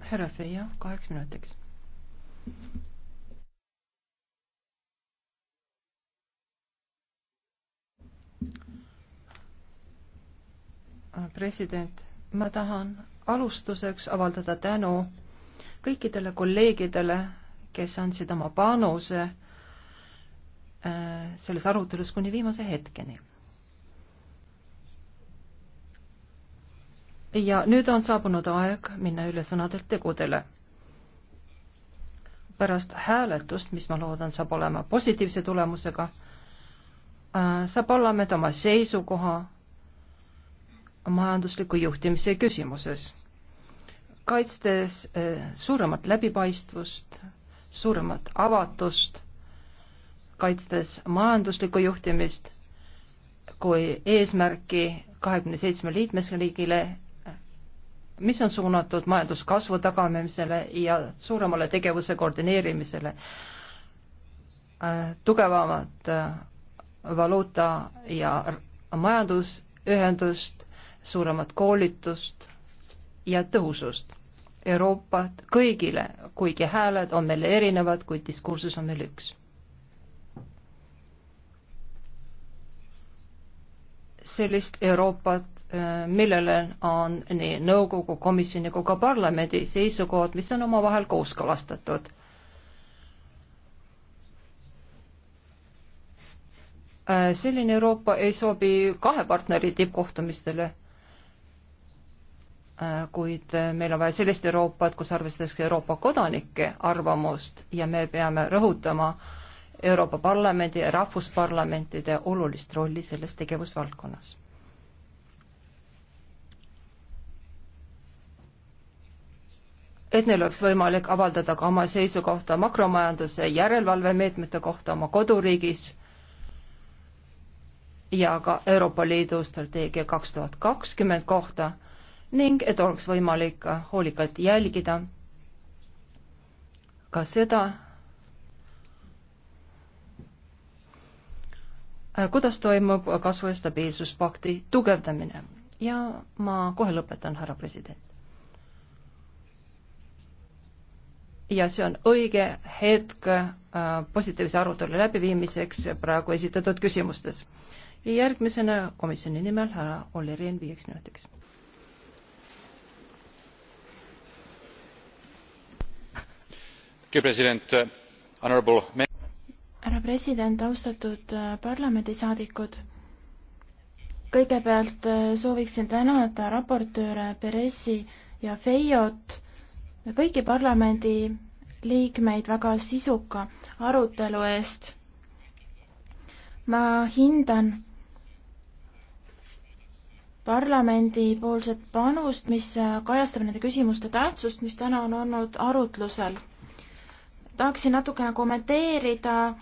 härra Feio, kaheks minutiks. president, ma tahan alustuseks avaldada tänu kõikidele kolleegidele, kes andsid oma panuse äh, selles arutelus kuni viimase hetkeni. ja nüüd on saabunud aeg minna üle sõnadelt tegudele. pärast hääletust, mis ma loodan, saab olema positiivse tulemusega, äh, saab parlament oma seisukoha majandusliku juhtimise küsimuses, kaitstes äh, suuremat läbipaistvust suuremat avatust, kaitstes majanduslikku juhtimist kui eesmärki kahekümne seitsme liikmesriigile, mis on suunatud majanduskasvu tagamisele ja suuremale tegevuse koordineerimisele, tugevamat äh, valuuta ja majandusühendust, suuremat koolitust ja tõhusust Euroopat kõigile, kuigi hääled on meil erinevad, kuid diskursus on meil üks. sellist Euroopat, äh, millele on nii nõukogu, komisjoni kui ka parlamendi seisukohad, mis on omavahel kooskõlastatud. Äh, selline Euroopa ei sobi kahe partneri tippkohtumistele Äh, kuid äh, meil on vaja sellist Euroopat, kus arvestatakse Euroopa kodanike arvamust ja me peame rõhutama Euroopa Parlamendi ja rahvusparlamentide olulist rolli selles tegevusvaldkonnas. et neil oleks võimalik avaldada ka oma seisukohta makromajanduse järelevalvemeetmete kohta oma koduriigis ja ka Euroopa Liidu strateegia kaks tuhat kakskümmend kohta ning et oleks võimalik hoolikalt jälgida ka seda, kuidas toimub kasvu- ja stabiilsuspakti tugevdamine. ja ma kohe lõpetan, härra president. ja see on õige hetk äh, positiivse arutelu läbiviimiseks praegu esitatud küsimustes. ja järgmisena komisjoni nimel härra Olli Rehn viieks minutiks härra president austatud äh, parlamendisaadikud kõigepealt äh, sooviksin tänada raportööre Peresi ja Feiot ja kõiki parlamendi liikmeid väga sisuka arutelu eest. ma hindan parlamendipoolset panust, mis äh, kajastab nende küsimuste tähtsust, mis täna on olnud arutlusel tahaksin natukene kommenteerida,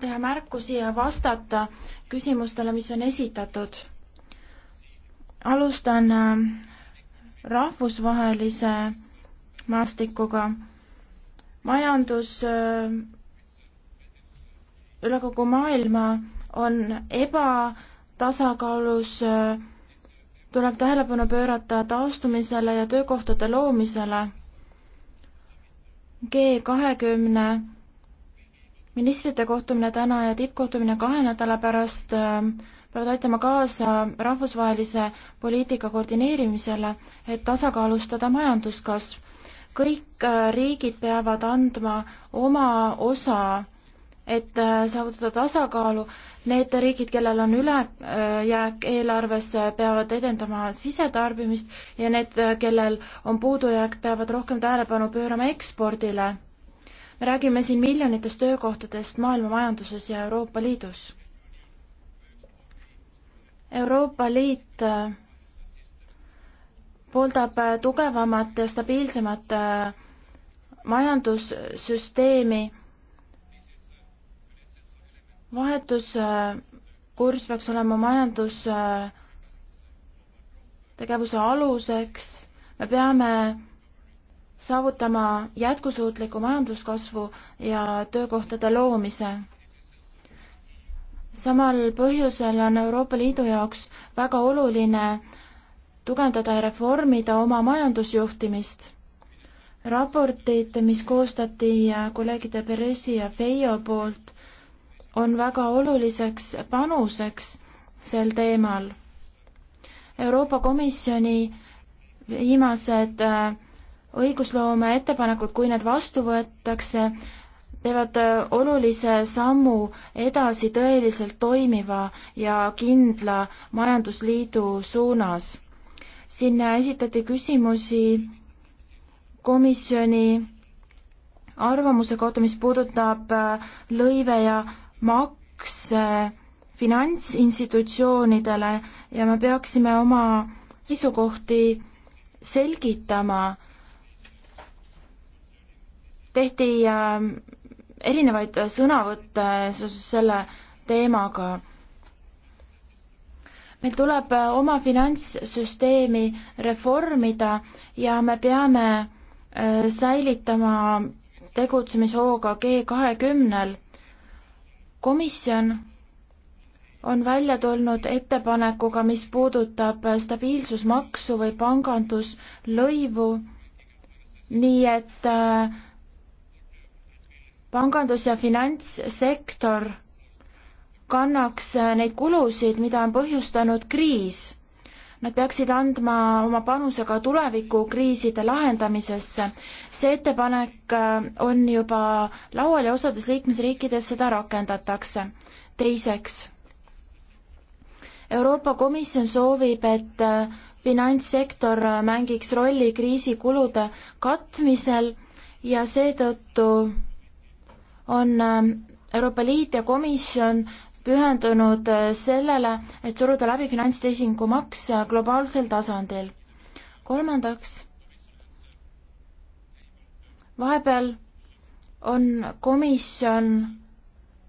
teha märkusi ja vastata küsimustele, mis on esitatud. alustan äh, rahvusvahelise maastikuga. majandus äh, üle kogu maailma on ebatasakaalus, äh, tuleb tähelepanu pöörata taastumisele ja töökohtade loomisele G kahekümne ministrite kohtumine täna ja tippkohtumine kahe nädala pärast ähm, peavad aitama kaasa rahvusvahelise poliitika koordineerimisele, et tasakaalustada majanduskasv. kõik äh, riigid peavad andma oma osa et äh, saavutada tasakaalu. Need riigid, kellel on ülejääk äh, eelarves, peavad edendama sisetarbimist ja need, äh, kellel on puudujääk, peavad rohkem tähelepanu pöörama ekspordile. me räägime siin miljonitest töökohtadest maailma majanduses ja Euroopa Liidus. Euroopa Liit pooldab tugevamat ja stabiilsemat majandussüsteemi vahetuskurss äh, peaks olema majandustegevuse äh, aluseks, me peame saavutama jätkusuutliku majanduskasvu ja töökohtade loomise samal põhjusel on Euroopa Liidu jaoks väga oluline tugevdada ja reformida oma majandusjuhtimist. raportid, mis koostati äh, kolleegide Peresi ja Feio poolt, on väga oluliseks panuseks sel teemal. Euroopa Komisjoni viimased äh, õigusloome ettepanekud, kui need vastu võetakse, teevad äh, olulise sammu edasi tõeliselt toimiva ja kindla majandusliidu suunas. siin esitati küsimusi komisjoni arvamuse kohta, mis puudutab äh, lõive ja maks äh, finantsinstitutsioonidele ja me peaksime oma seisukohti selgitama. tehti ähm, erinevaid sõnavõtte seoses selle teemaga. meil tuleb äh, oma finantssüsteemi reformida ja me peame äh, säilitama tegutsemishooga G kahekümnel komisjon on välja tulnud ettepanekuga, mis puudutab stabiilsusmaksu või panganduslõivu, nii et äh, pangandus- ja finantssektor kannaks äh, neid kulusid, mida on põhjustanud kriis Nad peaksid andma oma panuse ka tulevikukriiside lahendamisesse. see ettepanek äh, on juba laual ja osades liikmesriikides seda rakendatakse. teiseks, Euroopa Komisjon soovib, et äh, finantssektor äh, mängiks rolli kriisikulude katmisel ja seetõttu on Euroopa Liit ja komisjon pühendunud äh, sellele, et suruda läbi finantstehingu maks äh, globaalsel tasandil. kolmandaks, vahepeal on komisjon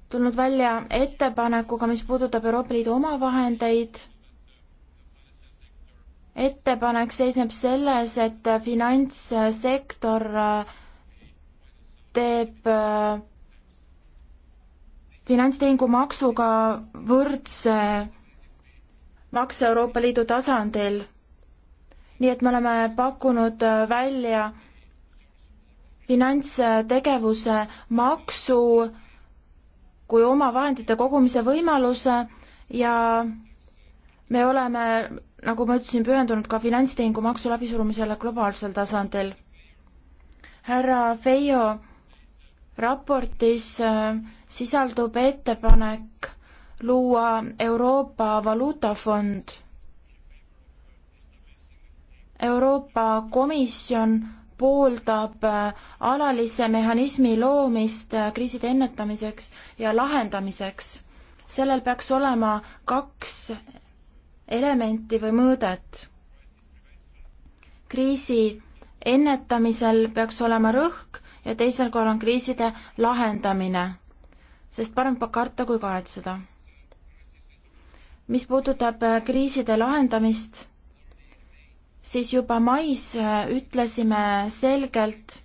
tulnud välja ettepanekuga, mis puudutab Euroopa Liidu omavahendeid. ettepanek seisneb selles, et finantssektor äh, teeb finantstehingumaksuga võrdse makse Euroopa Liidu tasandil. nii et me oleme pakkunud välja finantstegevuse maksu kui omavahendite kogumise võimaluse ja me oleme, nagu ma ütlesin, pühendunud ka finantstehingu maksu läbisurumisele globaalsel tasandil. härra Feio raportis äh, sisaldub ettepanek luua Euroopa Valuutafond. Euroopa Komisjon pooldab äh, alalise mehhanismi loomist äh, kriiside ennetamiseks ja lahendamiseks. sellel peaks olema kaks elementi või mõõdet. kriisi ennetamisel peaks olema rõhk ja teisel kohal on kriiside lahendamine, sest parem karta kui kahetseda. mis puudutab äh, kriiside lahendamist, siis juba mais äh, ütlesime selgelt,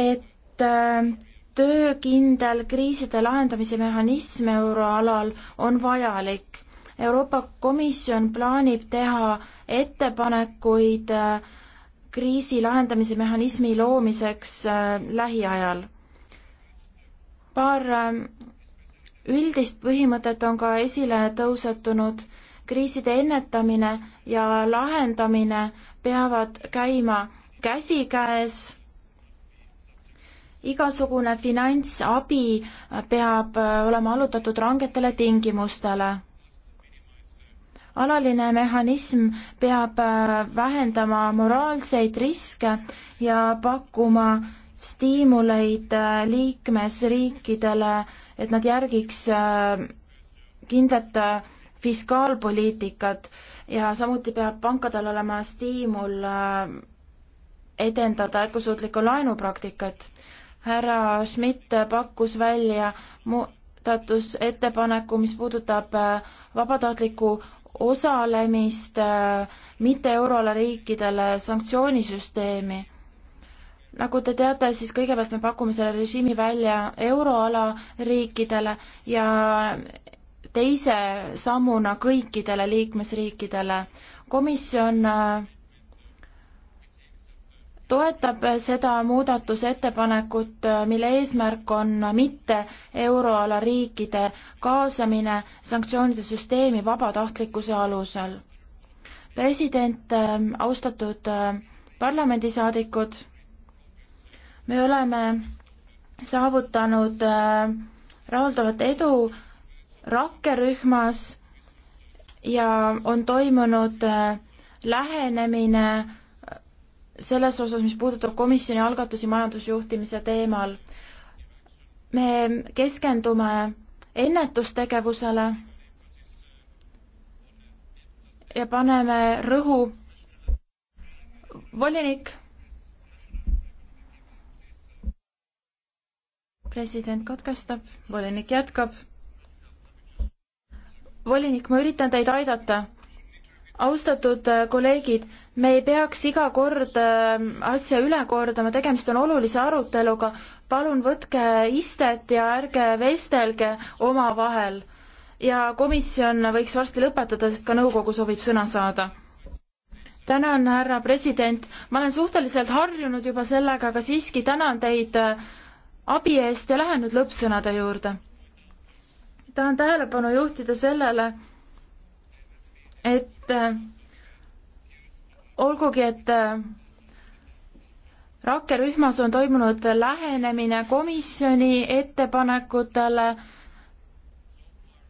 et äh, töökindel kriiside lahendamise mehhanism euroalal on vajalik Euroopa Komisjon plaanib teha ettepanekuid äh, kriisi lahendamise mehhanismi loomiseks äh, lähiajal. paar äh, üldist põhimõtet on ka esile tõusetunud. kriiside ennetamine ja lahendamine peavad käima käsikäes. igasugune finantsabi peab äh, olema allutatud rangetele tingimustele alaline mehhanism peab äh, vähendama moraalseid riske ja pakkuma stiimuleid äh, liikmesriikidele, et nad järgiks äh, kindlat fiskaalpoliitikat ja samuti peab pankadel olema stiimul edendada jätkusuutlikku laenupraktikat. härra Schmidt pakkus välja mu muudatusettepaneku, mis puudutab vabatahtlikku osalemist äh, mitte euroala riikidele sanktsioonisüsteemi. nagu te teate, siis kõigepealt me pakume selle režiimi välja euroala riikidele ja teise sammuna kõikidele liikmesriikidele. komisjon äh, toetab seda muudatusettepanekut, mille eesmärk on mitte euroala riikide kaasamine sanktsioonide süsteemi vabatahtlikkuse alusel. president, ähm, austatud ähm, parlamendisaadikud, me oleme saavutanud ähm, rahuldavat edu rakkerühmas ja on toimunud äh, lähenemine selles osas, mis puudutab komisjoni algatusi majandusjuhtimise teemal. me keskendume ennetustegevusele ja paneme rõhu volinik, president katkestab, volinik jätkab. volinik, ma üritan teid aidata austatud äh, kolleegid, me ei peaks iga kord äh, asja üle kordama, tegemist on olulise aruteluga. palun võtke istet ja ärge vestelge omavahel. ja komisjon võiks varsti lõpetada, sest ka nõukogu soovib sõna saada tänan, härra president, ma olen suhteliselt harjunud juba sellega, aga siiski tänan teid äh, abi eest ja lähen nüüd lõppsõnade juurde. tahan tähelepanu juhtida sellele, et äh, olgugi, et äh, rakkerühmas on toimunud lähenemine komisjoni ettepanekutele,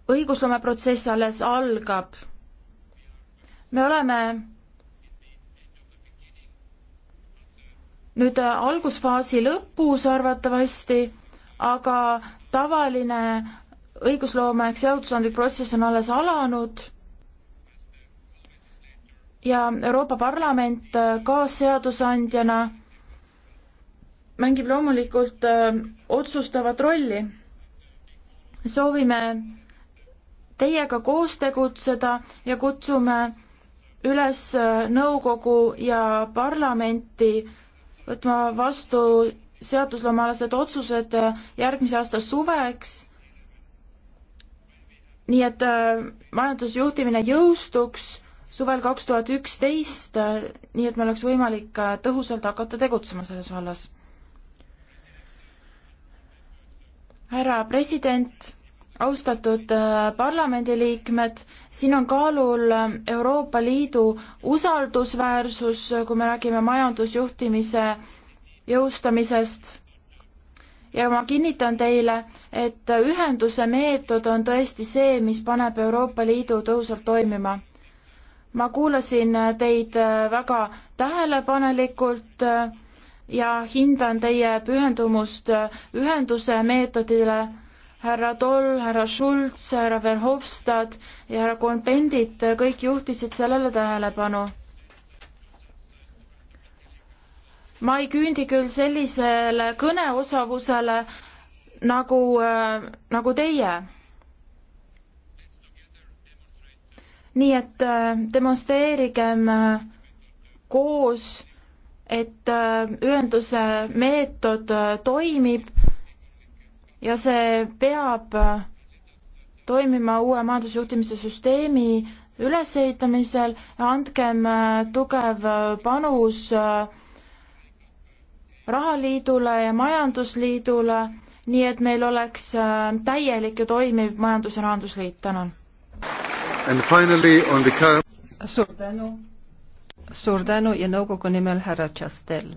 õigusloomeprotsess alles algab. me oleme nüüd äh, algusfaasi lõpus arvatavasti, aga tavaline õigusloome ehk seadusandlik protsess on alles alanud ja Euroopa Parlament äh, ka seadusandjana mängib loomulikult äh, otsustavat rolli. soovime teiega koos tegutseda ja kutsume üles äh, nõukogu ja parlamenti võtma vastu seadusloomalased otsused järgmise aasta suveks. nii et majandusjuhtimine jõustuks suvel kaks tuhat üksteist, nii et meil oleks võimalik tõhusalt hakata tegutsema selles vallas. härra president, austatud äh, parlamendiliikmed, siin on kaalul äh, Euroopa Liidu usaldusväärsus, kui me räägime majandusjuhtimise jõustamisest ja ma kinnitan teile, et ühenduse meetod on tõesti see, mis paneb Euroopa Liidu tõhusalt toimima ma kuulasin teid äh, väga tähelepanelikult äh, ja hindan teie pühendumust äh, ühenduse meetodile. härra Toll, härra Schulz, härra Verhofstadt ja härra Kohn-Bendit, kõik juhtisid sellele tähelepanu. ma ei küündi küll sellisele kõneosavusele nagu äh,, nagu teie nii et äh, demonstreerigem äh, koos, et äh, ühenduse meetod toimib ja see peab toimima uue majandusjuhtimise süsteemi ülesehitamisel ja andkem tugev panus rahaliidule ja majandusliidule, nii et meil oleks täielik ja toimiv majandus- ja rahandusliit, tänan Finally, the... suur tänu, suur tänu ja nõukogu nimel härra Tšastel.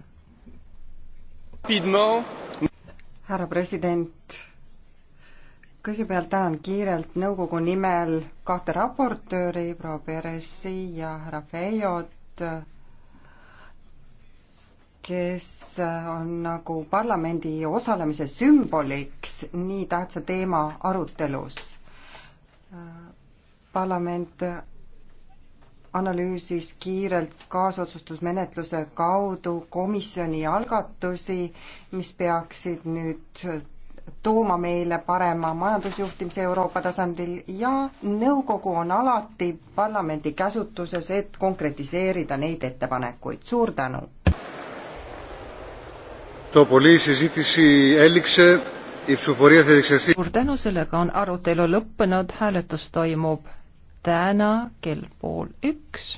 härra president, kõigepealt tänan kiirelt nõukogu nimel kahte raportööri, proua Peressi ja härra Feijot, kes on nagu parlamendi osalemise sümboliks nii tähtsa teema arutelus parlament analüüsis kiirelt kaasotsustusmenetluse kaudu komisjoni algatusi, mis peaksid nüüd tooma meile parema majandusjuhtimise Euroopa tasandil ja nõukogu on alati parlamendi käsutuses, et konkretiseerida neid ettepanekuid. suur tänu! suur tänu, sellega on arutelu lõppenud, hääletus toimub täna kell pool üks